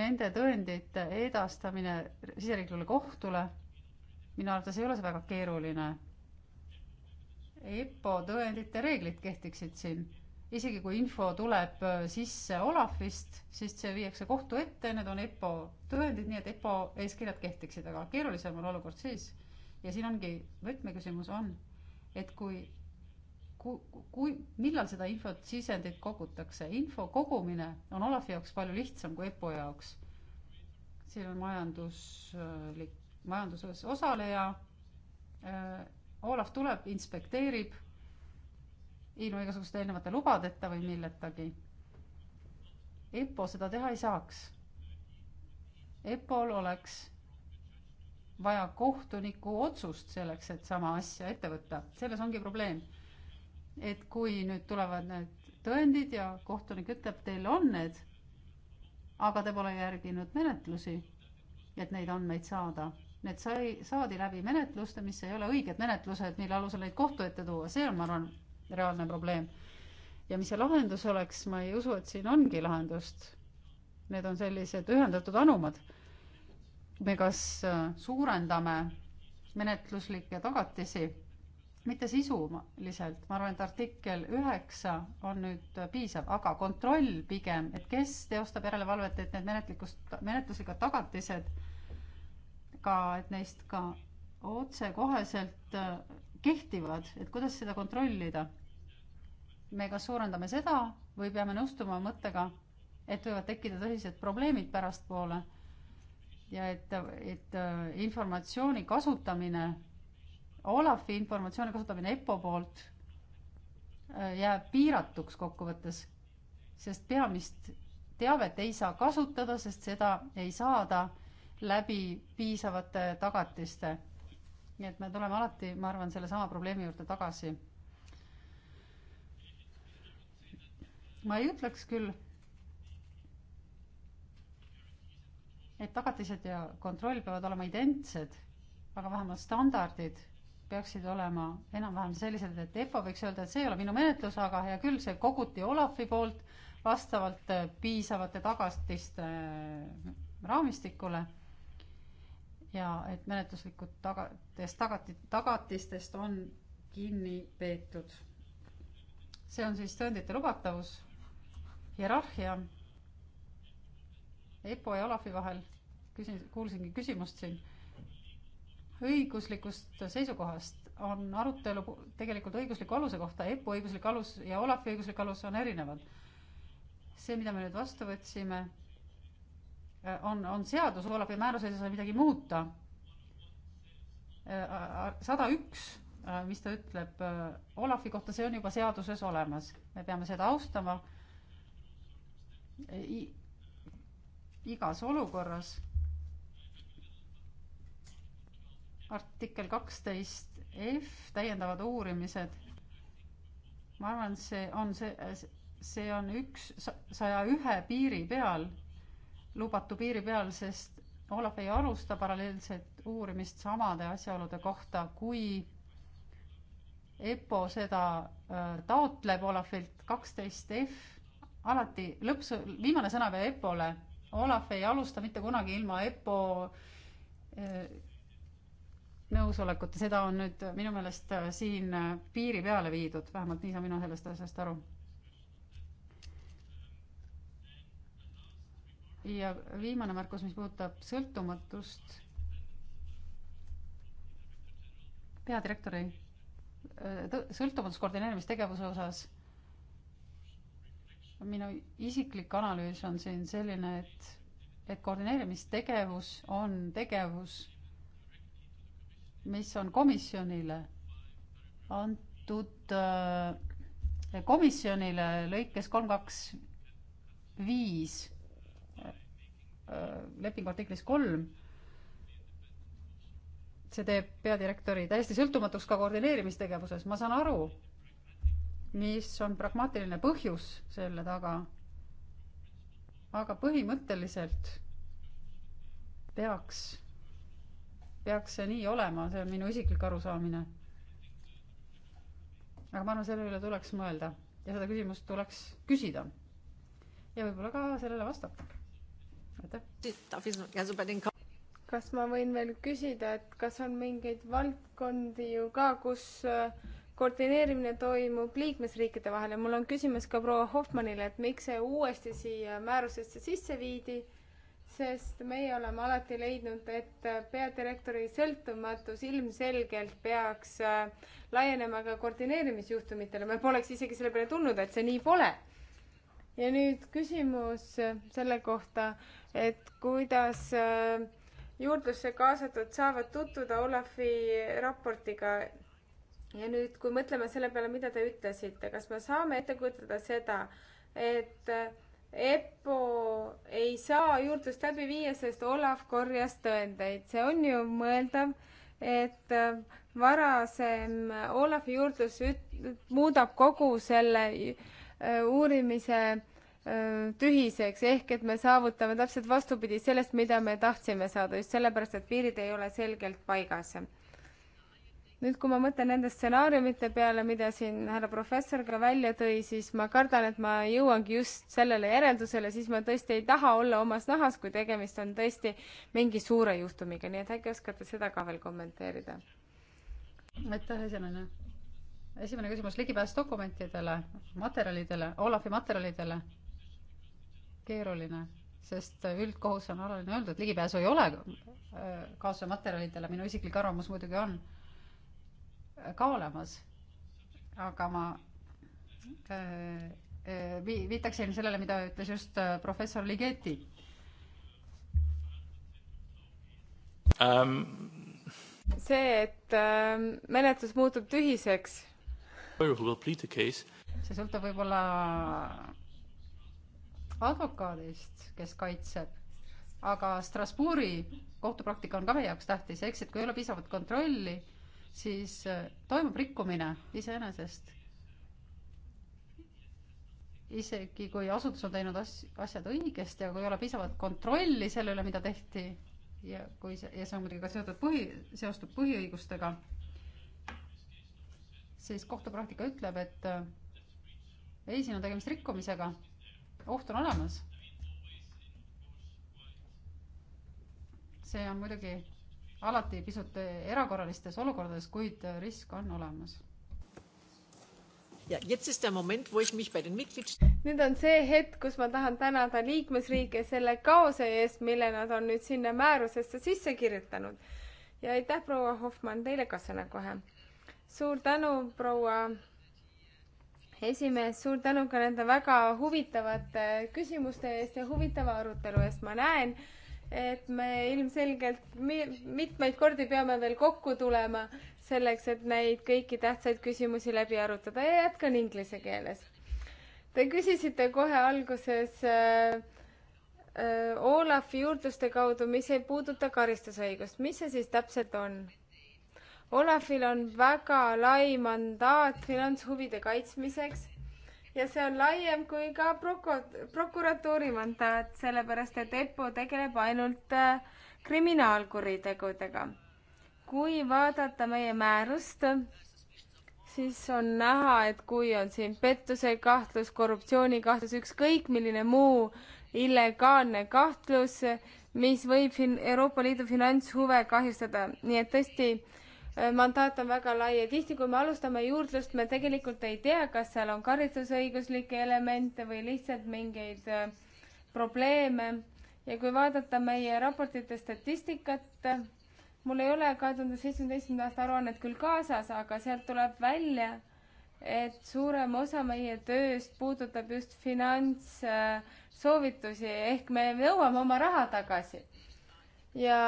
Nende tõendite edastamine siseriiklikule kohtule, minu arvates ei ole see väga keeruline. EPPO tõendite reeglid kehtiksid siin isegi kui info tuleb äh, sisse Olafist, siis see viiakse kohtu ette, need on EPPO tõendid, nii et EPPO eeskirjad kehtiksid, aga keerulisem on olukord siis. ja siin ongi võtmeküsimus on, et kui, kui, kui, millal seda infot, sisendit kogutakse, info kogumine on Olafi jaoks palju lihtsam kui EPPO jaoks. siin on majanduslik, majanduses osaleja, äh, Olav tuleb, inspekteerib ilma igasuguste eelnevate lubadeta või milletagi. EPPO seda teha ei saaks. EPPO-l oleks vaja kohtuniku otsust selleks, et sama asja ette võtta, selles ongi probleem. et kui nüüd tulevad need tõendid ja kohtunik ütleb, teil on need, aga te pole järginud menetlusi, et neid andmeid saada. Need sai, saadi läbi menetluste, mis ei ole õiged menetlused, mille alusel neid kohtu ette tuua, see on, ma arvan, reaalne probleem. ja mis see lahendus oleks, ma ei usu, et siin ongi lahendust. Need on sellised ühendatud anumad. me kas äh, suurendame menetluslikke tagatisi, mitte sisuliselt, ma arvan, et artikkel üheksa on nüüd piisav, aga kontroll pigem, et kes teostab järelevalvet, et need menetlikust, menetluslikud tagatised ka, et neist ka otsekoheselt äh, kehtivad, et kuidas seda kontrollida? me kas suurendame seda või peame nõustuma mõttega, et võivad tekkida tõsised probleemid pärastpoole ja et, et äh, informatsiooni kasutamine, Olafi informatsiooni kasutamine EPPO poolt äh, jääb piiratuks kokkuvõttes, sest peamist teavet ei saa kasutada, sest seda ei saada läbi piisavate tagatiste. nii et me tuleme alati, ma arvan, sellesama probleemi juurde tagasi ma ei ütleks küll, et tagatised ja kontroll peavad olema identsed, aga vähemalt standardid peaksid olema enam-vähem sellised, et EPPO võiks öelda, et see ei ole minu menetlus, aga hea küll, see koguti Olafi poolt vastavalt äh, piisavate tagatiste äh, raamistikule. ja et menetluslikud tagatist, tagati, tagatistest on kinni peetud. see on siis tõendite lubatavus hierarhia EPO ja Olafi vahel, küsin, kuulsingi küsimust siin, õiguslikust seisukohast on arutelu tegelikult õigusliku aluse kohta, EPO õiguslik alus ja Olafi õiguslik alus on erinevad. see, mida me nüüd vastu võtsime, äh, on, on seadus, Olavi määruses ei saa midagi muuta. Äh, sada üks, äh, mis ta ütleb Olavi kohta, see on juba seaduses olemas, me peame seda austama igas olukorras. artikkel kaksteist F, täiendavad uurimised. ma arvan, see on see, see on üks saja ühe piiri peal, lubatu piiri peal, sest Olav ei alusta paralleelset uurimist samade asjaolude kohta, kui EPPO seda äh, taotleb Olafilt kaksteist F alati lõps, viimane sõna veel EPPO-le. Olav ei alusta mitte kunagi ilma EPPO eh, nõusolekuta, seda on nüüd minu meelest eh, siin eh, piiri peale viidud, vähemalt nii saan mina sellest asjast aru. ja viimane märkus, mis puudutab sõltumatust. peadirektori sõltumatus koordineerimistegevuse osas minu isiklik analüüs on siin selline, et, et koordineerimistegevus on tegevus, mis on komisjonile antud äh, komisjonile lõikes kolm, kaks, viis äh, lepingu artiklis kolm. see teeb peadirektori täiesti sõltumatuks ka koordineerimistegevuses, ma saan aru, mis on pragmaatiline põhjus selle taga. aga põhimõtteliselt peaks, peaks see nii olema, see on minu isiklik arusaamine. aga ma arvan, selle üle tuleks mõelda ja seda küsimust tuleks küsida. ja võib-olla ka sellele vastata. aitäh kas ma võin veel küsida, et kas on mingeid valdkondi ju ka, kus äh, koordineerimine toimub liikmesriikide vahel ja mul on küsimus ka proua Hoffmannile, et miks see uuesti siia määrusesse sisse viidi, sest meie oleme alati leidnud, et peadirektori sõltumatus ilmselgelt peaks äh, laienema ka koordineerimisjuhtumitele, me poleks isegi selle peale tulnud, et see nii pole. ja nüüd küsimus äh, selle kohta, et kuidas äh, juurdlusse kaasatud saavad tutvuda Olafi raportiga ja nüüd, kui mõtleme selle peale, mida te ütlesite, kas me saame ette kujutada seda, et eh, EPPO ei saa juurdlust läbi viia, sest Olav korjas tõendeid, see on ju mõeldav, et eh, varasem Olavi juurdlus üt-, muudab kogu selle eh, uurimise tühiseks, ehk et me saavutame täpselt vastupidi sellest, mida me tahtsime saada, just sellepärast, et piirid ei ole selgelt paigas nüüd, kui ma mõtlen nende stsenaariumite peale, mida siin härra professor ka välja tõi, siis ma kardan, et ma jõuangi just sellele järeldusele, siis ma tõesti ei taha olla omas nahas, kui tegemist on tõesti mingi suure juhtumiga, nii et äkki oskate seda ka veel kommenteerida? aitäh, esimene. esimene küsimus, ligipääs dokumentidele, materjalidele, Olavi materjalidele. keeruline, sest üldkohus on alaline öeldud, ligipääsu ei ole äh, kaasuse materjalidele, minu isiklik arvamus muidugi on ka olemas. aga ma äh, äh, viitaksin sellele, mida ütles just äh, professor Ligeti um.. see, et ähm, menetlus muutub tühiseks. see sõltub võib-olla advokaadist, kes kaitseb, aga Strasbourgi kohtupraktika on ka meie jaoks tähtis, eks, et kui ei ole piisavat kontrolli siis äh, toimub rikkumine iseenesest. isegi kui asutus on teinud as-, asjad õigesti, aga kui ei ole piisavat kontrolli selle üle, mida tehti ja kui see, ja see on muidugi ka seotud põhi, seostub põhiõigustega, siis kohtupraktika ütleb, et äh, ei, siin on tegemist rikkumisega, oht on olemas. see on muidugi alati pisut erakorralistes olukordades, kuid risk on olemas. nüüd on see hetk, kus ma tahan tänada liikmesriike selle kaose eest, mille nad on nüüd sinna määrusesse sisse kirjutanud. ja aitäh, proua Hoffmann, teile ka sõna kohe. suur tänu, proua esimees, suur tänu ka nende väga huvitavate küsimuste eest ja huvitava arutelu eest, ma näen et me ilmselgelt mitmeid kordi peame veel kokku tulema selleks, et neid kõiki tähtsaid küsimusi läbi arutada ja jätkan inglise keeles. Te küsisite kohe alguses äh, äh, Olafi juurdluste kaudu, mis ei puuduta karistusõigust, mis see siis täpselt on? Olafil on väga lai mandaat finantshuvide kaitsmiseks ja see on laiem kui ka proko-, prokuratuuri mandaat, sellepärast et EPPO tegeleb ainult äh, kriminaalkuritegudega. kui vaadata meie määrust, siis on näha, et kui on siin pettuse kahtlus, korruptsiooni kahtlus, ükskõik milline muu illegaalne kahtlus, mis võib fin-, Euroopa Liidu finantshuve kahjustada, nii et tõesti, Äh, mandaat on väga lai ja tihti, kui me alustame juurdlust, me tegelikult ei tea, kas seal on karistusõiguslikke elemente või lihtsalt mingeid äh, probleeme. ja kui vaadata meie raportite statistikat, äh, mul ei ole kahe tuhande seitsmeteistkümnenda aasta aruannet küll kaasas, aga sealt tuleb välja, et suurem osa meie tööst puudutab just finantssoovitusi ehk me nõuame oma raha tagasi. ja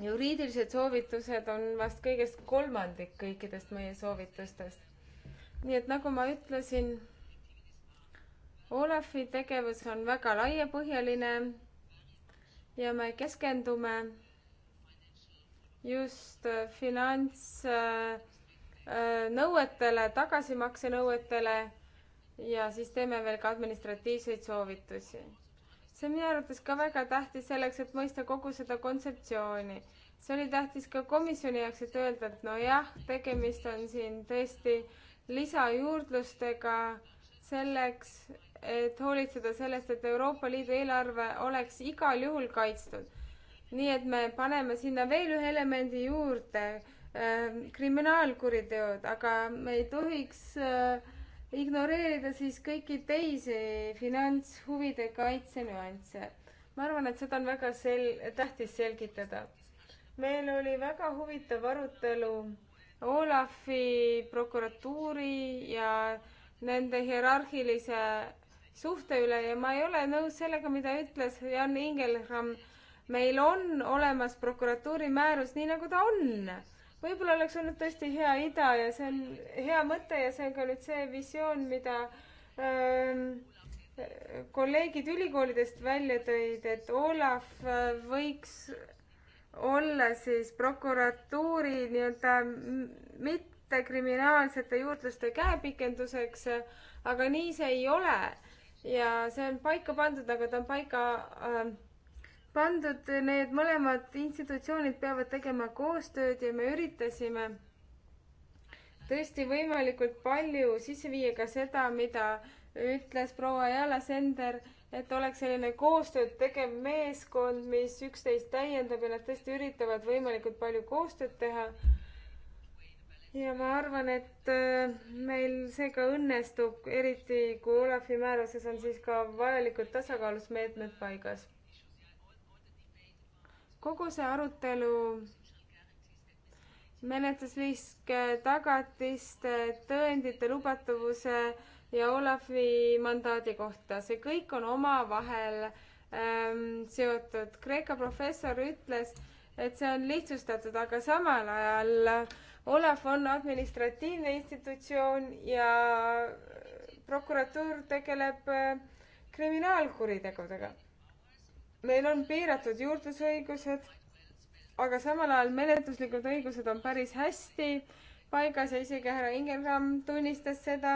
juriidilised soovitused on vast kõigest kolmandik kõikidest meie soovitustest. nii et nagu ma ütlesin, Olafi tegevus on väga laiapõhjaline ja me keskendume just äh, finantsnõuetele, äh, äh, tagasimaksenõuetele ja siis teeme veel ka administratiivseid soovitusi see on minu arvates ka väga tähtis selleks, et mõista kogu seda kontseptsiooni. see oli tähtis ka komisjoni jaoks, et öelda, et nojah, tegemist on siin tõesti lisajuurdlustega selleks, et hoolitseda sellest, et Euroopa Liidu eelarve oleks igal juhul kaitstud. nii et me paneme sinna veel ühe elemendi juurde äh,, kriminaalkuriteod, aga me ei tohiks äh, ignoreerida siis kõiki teisi finantshuvide kaitse nüansse. ma arvan, et seda on väga sel-, tähtis selgitada. meil oli väga huvitav arutelu Olafi, prokuratuuri ja nende hierarhilise suhte üle ja ma ei ole nõus sellega, mida ütles Jan Ingelramm. meil on olemas prokuratuuri määrus, nii nagu ta on võib-olla oleks olnud tõesti hea ida ja see on hea mõte ja see on ka nüüd see visioon, mida ähm, kolleegid ülikoolidest välja tõid, et Olav äh, võiks olla siis prokuratuuri nii-öelda mittekriminaalsete juurdluste käepikenduseks, aga nii see ei ole. ja see on paika pandud, aga ta on paika äh, pandud, need mõlemad institutsioonid peavad tegema koostööd ja me üritasime tõesti võimalikult palju sisse viia ka seda, mida ütles proua Jala Sender, et oleks selline koostööd tegev meeskond, mis üksteist täiendab ja nad tõesti üritavad võimalikult palju koostööd teha. ja ma arvan, et äh, meil see ka õnnestub, eriti kui Olafi määruses on siis ka vajalikud tasakaalusmeetmed paigas kogu see arutelu menetlusriske, tagatiste, tõendite lubatavuse ja Olavi mandaadi kohta, see kõik on omavahel ähm, seotud. Kreeka professor ütles, et see on lihtsustatud, aga samal ajal Olav on administratiivne institutsioon ja prokuratuur tegeleb äh, kriminaalkuritegudega meil on piiratud juurdlusõigused, aga samal ajal menetluslikud õigused on päris hästi paigas ja isegi härra Ingelgramm tunnistas seda,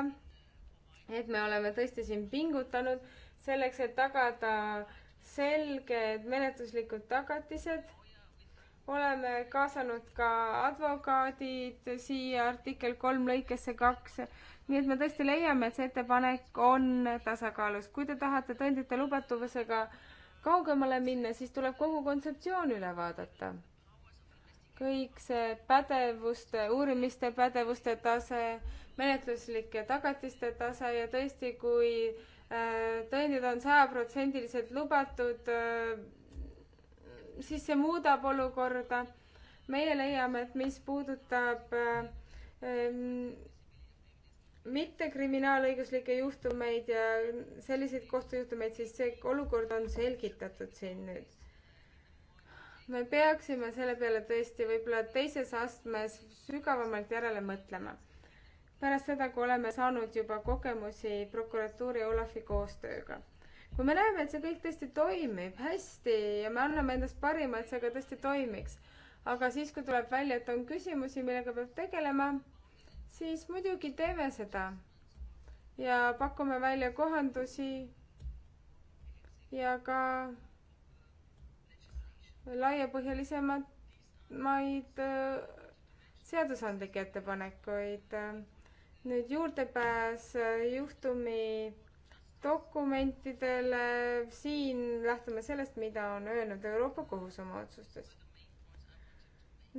et me oleme tõesti siin pingutanud selleks, et tagada selged menetluslikud tagatised. oleme kaasanud ka advokaadid siia artikkel kolm lõikesse kaks nii et me tõesti leiame, et see ettepanek on tasakaalus. kui te tahate tõendite lubatavusega äh, kaugemale minna, siis tuleb kogu kontseptsioon üle vaadata. kõik see pädevuste, uurimiste pädevuste tase, menetluslike tagatiste tase ja tõesti, kui äh, tõendid on sajaprotsendiliselt lubatud, äh, siis see muudab olukorda. meie leiame, et mis puudutab äh, mittekriminaalõiguslikke juhtumeid ja selliseid kohtujuhtumeid, siis see olukord on selgitatud siin nüüd. me peaksime selle peale tõesti võib-olla teises astmes sügavamalt järele mõtlema. pärast seda, kui oleme saanud juba kogemusi prokuratuuri ja Olafi koostööga. kui me näeme, et see kõik tõesti toimib hästi ja me anname endast parima, et see ka tõesti toimiks, aga siis, kui tuleb välja, et on küsimusi, millega peab tegelema siis muidugi teeme seda ja pakume välja kohandusi ja ka laiapõhjalisemaid äh, seadusandlikke ettepanekuid. nüüd juurdepääs äh, juhtumi dokumentidele, siin lähtume sellest, mida on öelnud Euroopa Kohus oma otsustes.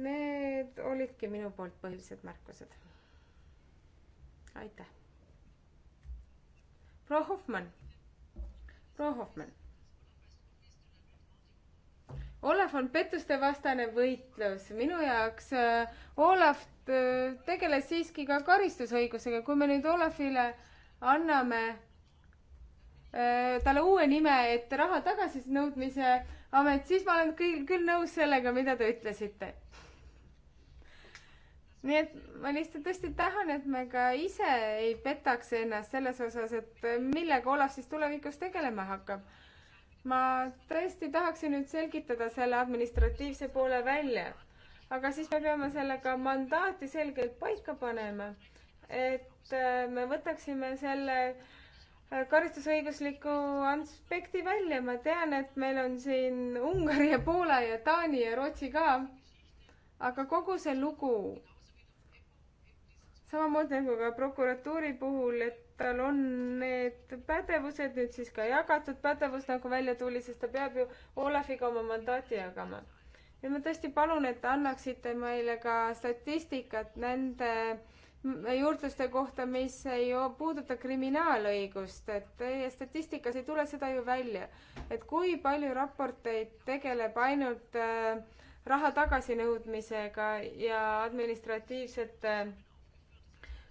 Need olidki minu poolt põhilised märkused aitäh. proua Hoffmann, proua Hoffmann. Olav on pettuste vastane võitlus, minu jaoks äh, Olav äh, tegeles siiski ka karistusõigusega, kui me nüüd Olavile anname äh, talle uue nime, et raha tagasinõudmise amet, siis ma olen küll, küll nõus sellega, mida te ütlesite nii et ma lihtsalt tõesti tahan, et me ka ise ei petaks ennast selles osas, et millega Olav siis tulevikus tegelema hakkab. ma tõesti tahaksin nüüd selgitada selle administratiivse poole välja, aga siis me peame sellega mandaati selgelt paika panema, et äh, me võtaksime selle äh, karistusõigusliku aspekti välja, ma tean, et meil on siin Ungari ja Poola ja Taani ja Rootsi ka, aga kogu see lugu samamoodi nagu ka prokuratuuri puhul, et tal on need pädevused nüüd siis ka jagatud pädevus nagu välja tuli, sest ta peab ju Olafiga oma mandaati jagama. ja ma tõesti palun, et annaksite meile ka statistikat nende juurdluste kohta, mis ei puuduta kriminaalõigust, et teie statistikas ei tule seda ju välja, et kui palju raporteid tegeleb ainult äh, raha tagasinõudmisega ja administratiivsete äh,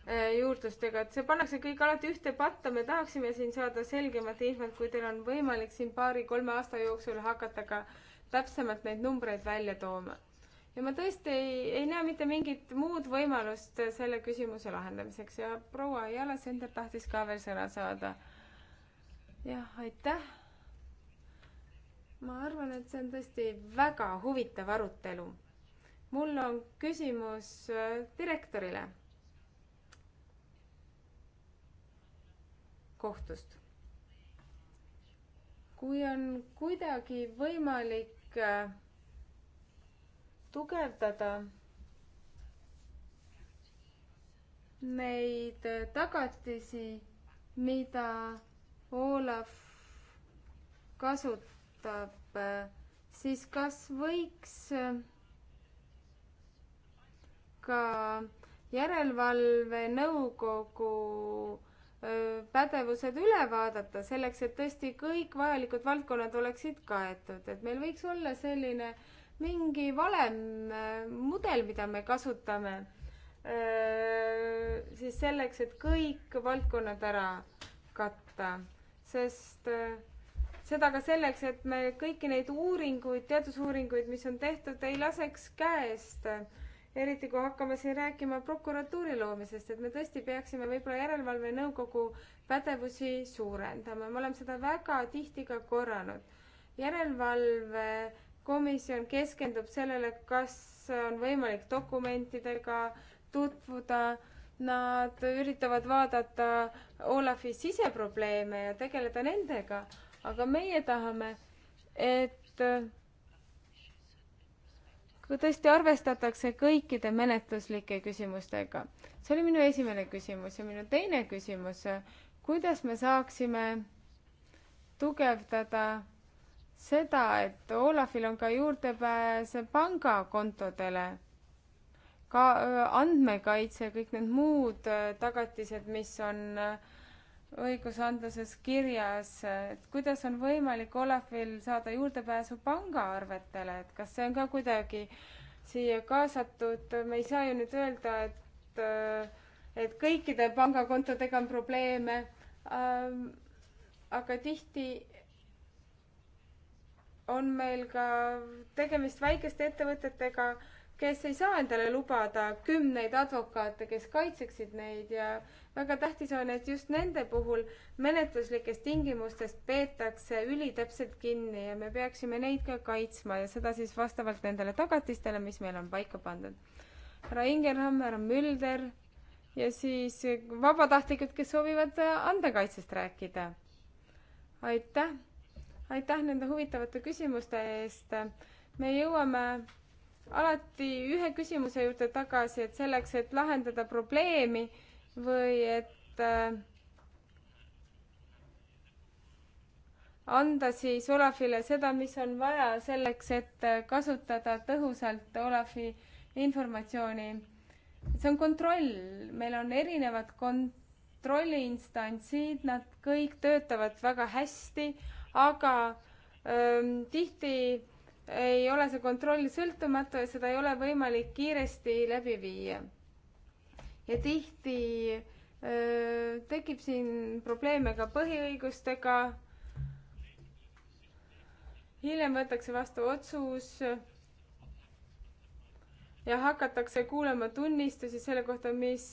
Äh, juurdlustega, et see pannakse kõik alati ühte patta, me tahaksime siin saada selgemat infot, kui teil on võimalik siin paari-kolme aasta jooksul hakata ka täpsemalt neid numbreid välja tooma. ja ma tõesti ei, ei näe mitte mingit muud võimalust selle küsimuse lahendamiseks ja proua Jala Sender tahtis ka veel sõna saada. jah, aitäh. ma arvan, et see on tõesti väga huvitav arutelu. mul on küsimus äh, direktorile kohtust. kui on kuidagi võimalik äh, tugevdada neid äh, tagatisi, mida Olav kasutab, äh, siis kas võiks ka järelevalvenõukogu pädevused üle vaadata, selleks et tõesti kõik vajalikud valdkonnad oleksid kaetud, et meil võiks olla selline mingi valem mudel, mida me kasutame siis selleks, et kõik valdkonnad ära katta, sest seda ka selleks, et me kõiki neid uuringuid, teadusuuringuid, mis on tehtud, ei laseks käest äh, eriti kui hakkame siin rääkima prokuratuuri loomisest, et me tõesti peaksime võib-olla Järelevalvenõukogu pädevusi suurendama, me oleme seda väga tihti ka korranud. järelevalvekomisjon keskendub sellele, kas on võimalik dokumentidega tutvuda, nad üritavad vaadata Olafi siseprobleeme ja tegeleda nendega, aga meie tahame, et kui tõesti arvestatakse kõikide menetluslike küsimustega. see oli minu esimene küsimus ja minu teine küsimus, kuidas me saaksime tugevdada seda, et Olafil on ka juurdepääs pangakontodele, ka äh, andmekaitse, kõik need muud äh, tagatised, mis on äh, õigusandluses kirjas, et kuidas on võimalik Olafil saada juurdepääsu pangaarvetele, et kas see on ka kuidagi siia kaasatud, me ei saa ju nüüd öelda, et, äh, et kõikide pangakontodega on probleeme ähm,. aga tihti on meil ka tegemist väikeste ettevõtetega kes ei saa endale lubada kümneid advokaate, kes kaitseksid neid ja väga tähtis on, et just nende puhul menetluslikest tingimustest peetakse ülitäpselt kinni ja me peaksime neid ka kaitsma ja seda siis vastavalt nendele tagatistele, mis meil on paika pandud. härra Ingerham, härra Mülder ja siis vabatahtlikud, kes soovivad andekaitsest rääkida. aitäh, aitäh nende huvitavate küsimuste eest. me jõuame alati ühe küsimuse juurde tagasi, et selleks, et lahendada probleemi või et äh, anda siis Olafile seda, mis on vaja selleks, et äh, kasutada tõhusalt Olafi informatsiooni. see on kontroll, meil on erinevad kontrolliinstantsid, nad kõik töötavad väga hästi, aga ähm, tihti ei ole see kontroll sõltumatu ja seda ei ole võimalik kiiresti läbi viia. ja tihti öö, tekib siin probleeme ka põhiõigustega. hiljem võetakse vastu otsus ja hakatakse kuulama tunnistusi selle kohta, mis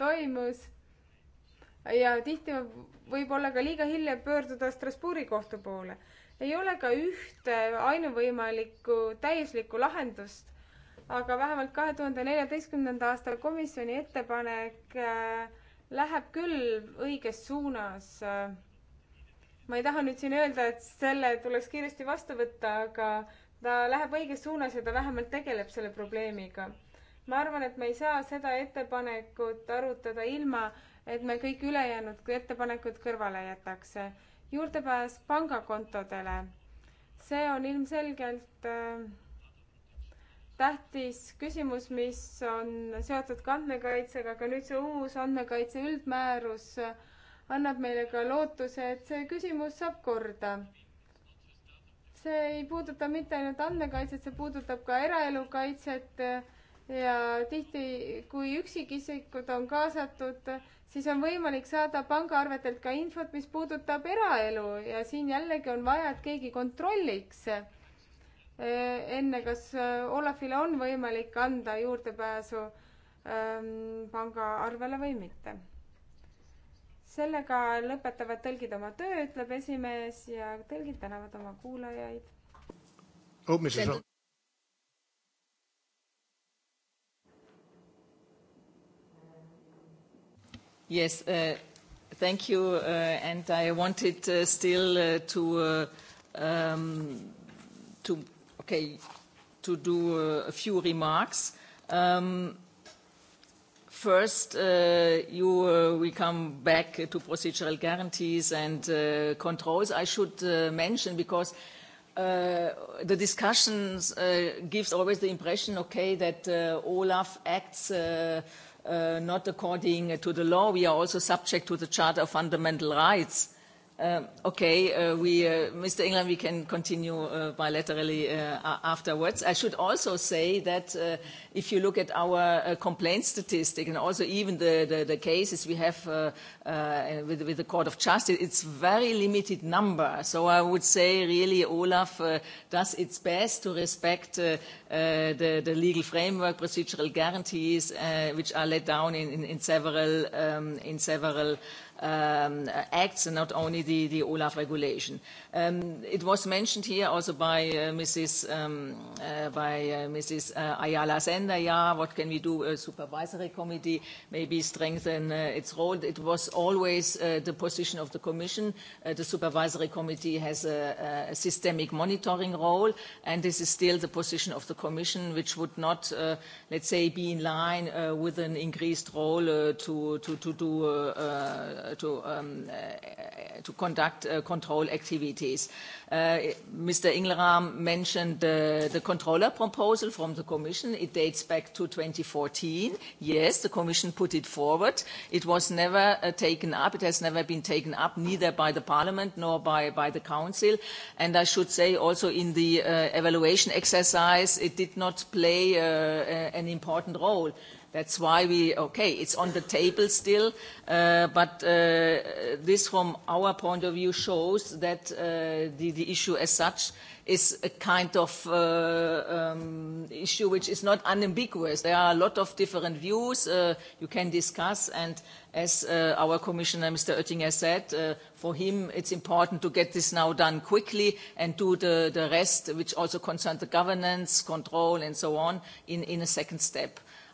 toimus. ja tihti võib olla ka liiga hilja pöörduda Strasbourgi kohtu poole ei ole ka ühte ainuvõimalikku täiuslikku lahendust, aga vähemalt kahe tuhande neljateistkümnenda aasta komisjoni ettepanek äh, läheb küll õiges suunas. ma ei taha nüüd siin öelda, et selle tuleks kiiresti vastu võtta, aga ta läheb õiges suunas ja ta vähemalt tegeleb selle probleemiga. ma arvan, et me ei saa seda ettepanekut arutada ilma, et me kõik ülejäänud ettepanekud kõrvale jätaks juurdepääs pangakontodele, see on ilmselgelt äh, tähtis küsimus, mis on seotud ka andmekaitsega, aga nüüd see uus andmekaitse üldmäärus äh, annab meile ka lootuse, et see küsimus saab korda. see ei puuduta mitte ainult andmekaitset, see puudutab ka eraelu kaitset äh, ja tihti, kui üksikisikud on kaasatud, siis on võimalik saada pangaarvetelt ka infot, mis puudutab eraelu ja siin jällegi on vaja, et keegi kontrolliks eh, enne, kas eh, Olafile on võimalik anda juurdepääsu ehm, pangaarvele või mitte. sellega lõpetavad tõlgid oma töö, ütleb esimees ja tõlgid tänavad oma kuulajaid. Oh, Yes, uh, thank you. Uh, and I wanted uh, still uh, to, uh, um, to, okay, to do uh, a few remarks. Um, First, uh, you uh, will come back to procedural guarantees and uh, controls. I should uh, mention, because uh, the discussions uh, gives always the impression, okay, that Olaf acts uh, not according to the law. We are also subject to the Charter of Fundamental Rights. Uh, okay, uh, we, uh, Mr. England, we can continue uh, bilaterally uh, afterwards. I should also say that uh, if you look at our uh, complaint statistic and also even the, the, the cases we have uh, uh, with, with the Court of Justice, it's very limited number. So I would say really Olaf uh, does its best to respect uh, uh, the, the legal framework, procedural guarantees, uh, which are laid down in, in, in several, um, in several uh, um, acts and not only the, the Olaf regulation. Um, it was mentioned here also by uh, Mrs. Um, uh, by uh, Mrs. Uh, Ayala Sender. Yeah, what can we do? A supervisory committee maybe strengthen uh, its role. It was always uh, the position of the Commission. Uh, the supervisory committee has a, a systemic monitoring role, and this is still the position of the Commission, which would not, uh, let's say, be in line uh, with an increased role uh, to to to do. Uh, uh, to, um, uh, to conduct uh, control activities. Uh, Mr. Ingleram mentioned uh, the controller proposal from the Commission. It dates back to 2014. Yes, the Commission put it forward. It was never uh, taken up. It has never been taken up, neither by the Parliament nor by, by the Council. And I should say also in the uh, evaluation exercise, it did not play uh, uh, an important role. That's why we, okay, it's on the table still, uh, but uh, this from our point of view shows that uh, the, the issue as such is a kind of uh, um, issue which is not unambiguous. There are a lot of different views uh, you can discuss, and as uh, our Commissioner, Mr. Oettinger, said, uh, for him it's important to get this now done quickly and do the, the rest, which also concerns the governance, control, and so on, in, in a second step.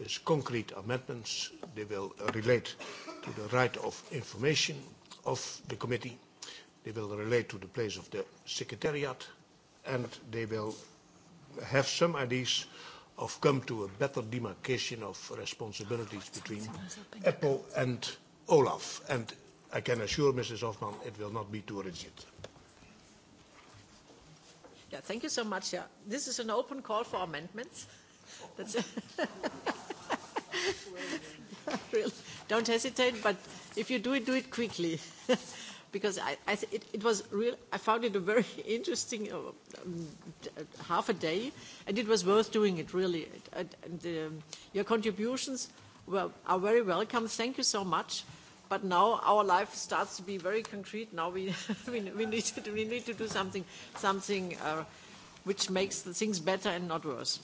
is concrete amendments. They will relate to the right of information of the committee. They will relate to the place of the secretariat and they will have some ideas of come to a better demarcation of responsibilities between Apple and Olaf. And I can assure Mrs. Hoffman it will not be too rigid. Yeah, thank you so much. Yeah. This is an open call for amendments. That's [LAUGHS] [LAUGHS] really, don't hesitate, but if you do it, do it quickly. [LAUGHS] because I, I th- it, it was real. I found it a very [LAUGHS] interesting uh, um, uh, half a day, and it was worth doing it really. It, it, uh, and, um, your contributions were, are very welcome. Thank you so much. But now our life starts to be very concrete. Now we [LAUGHS] we, we need to we need to do something something uh, which makes the things better and not worse.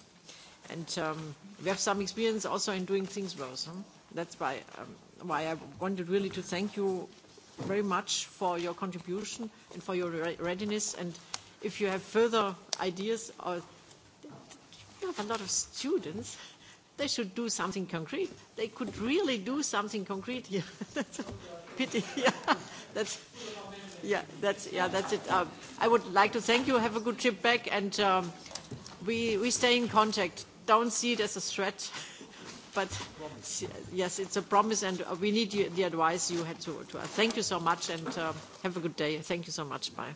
And um, we have some experience also in doing things well. Huh? That's why, um, why I wanted really to thank you very much for your contribution and for your re readiness. And if you have further ideas, or you have a lot of students, [LAUGHS] they should do something concrete. They could really do something concrete here. [LAUGHS] that's a pity. [LAUGHS] Yeah, that's, yeah, that's, yeah, that's it. Um, I would like to thank you. Have a good trip back, and um, we, we stay in contact don't see it as a threat, [LAUGHS] but yes, it's a promise, and we need the advice you had to. to. Thank you so much, and uh, have a good day. Thank you so much. Bye.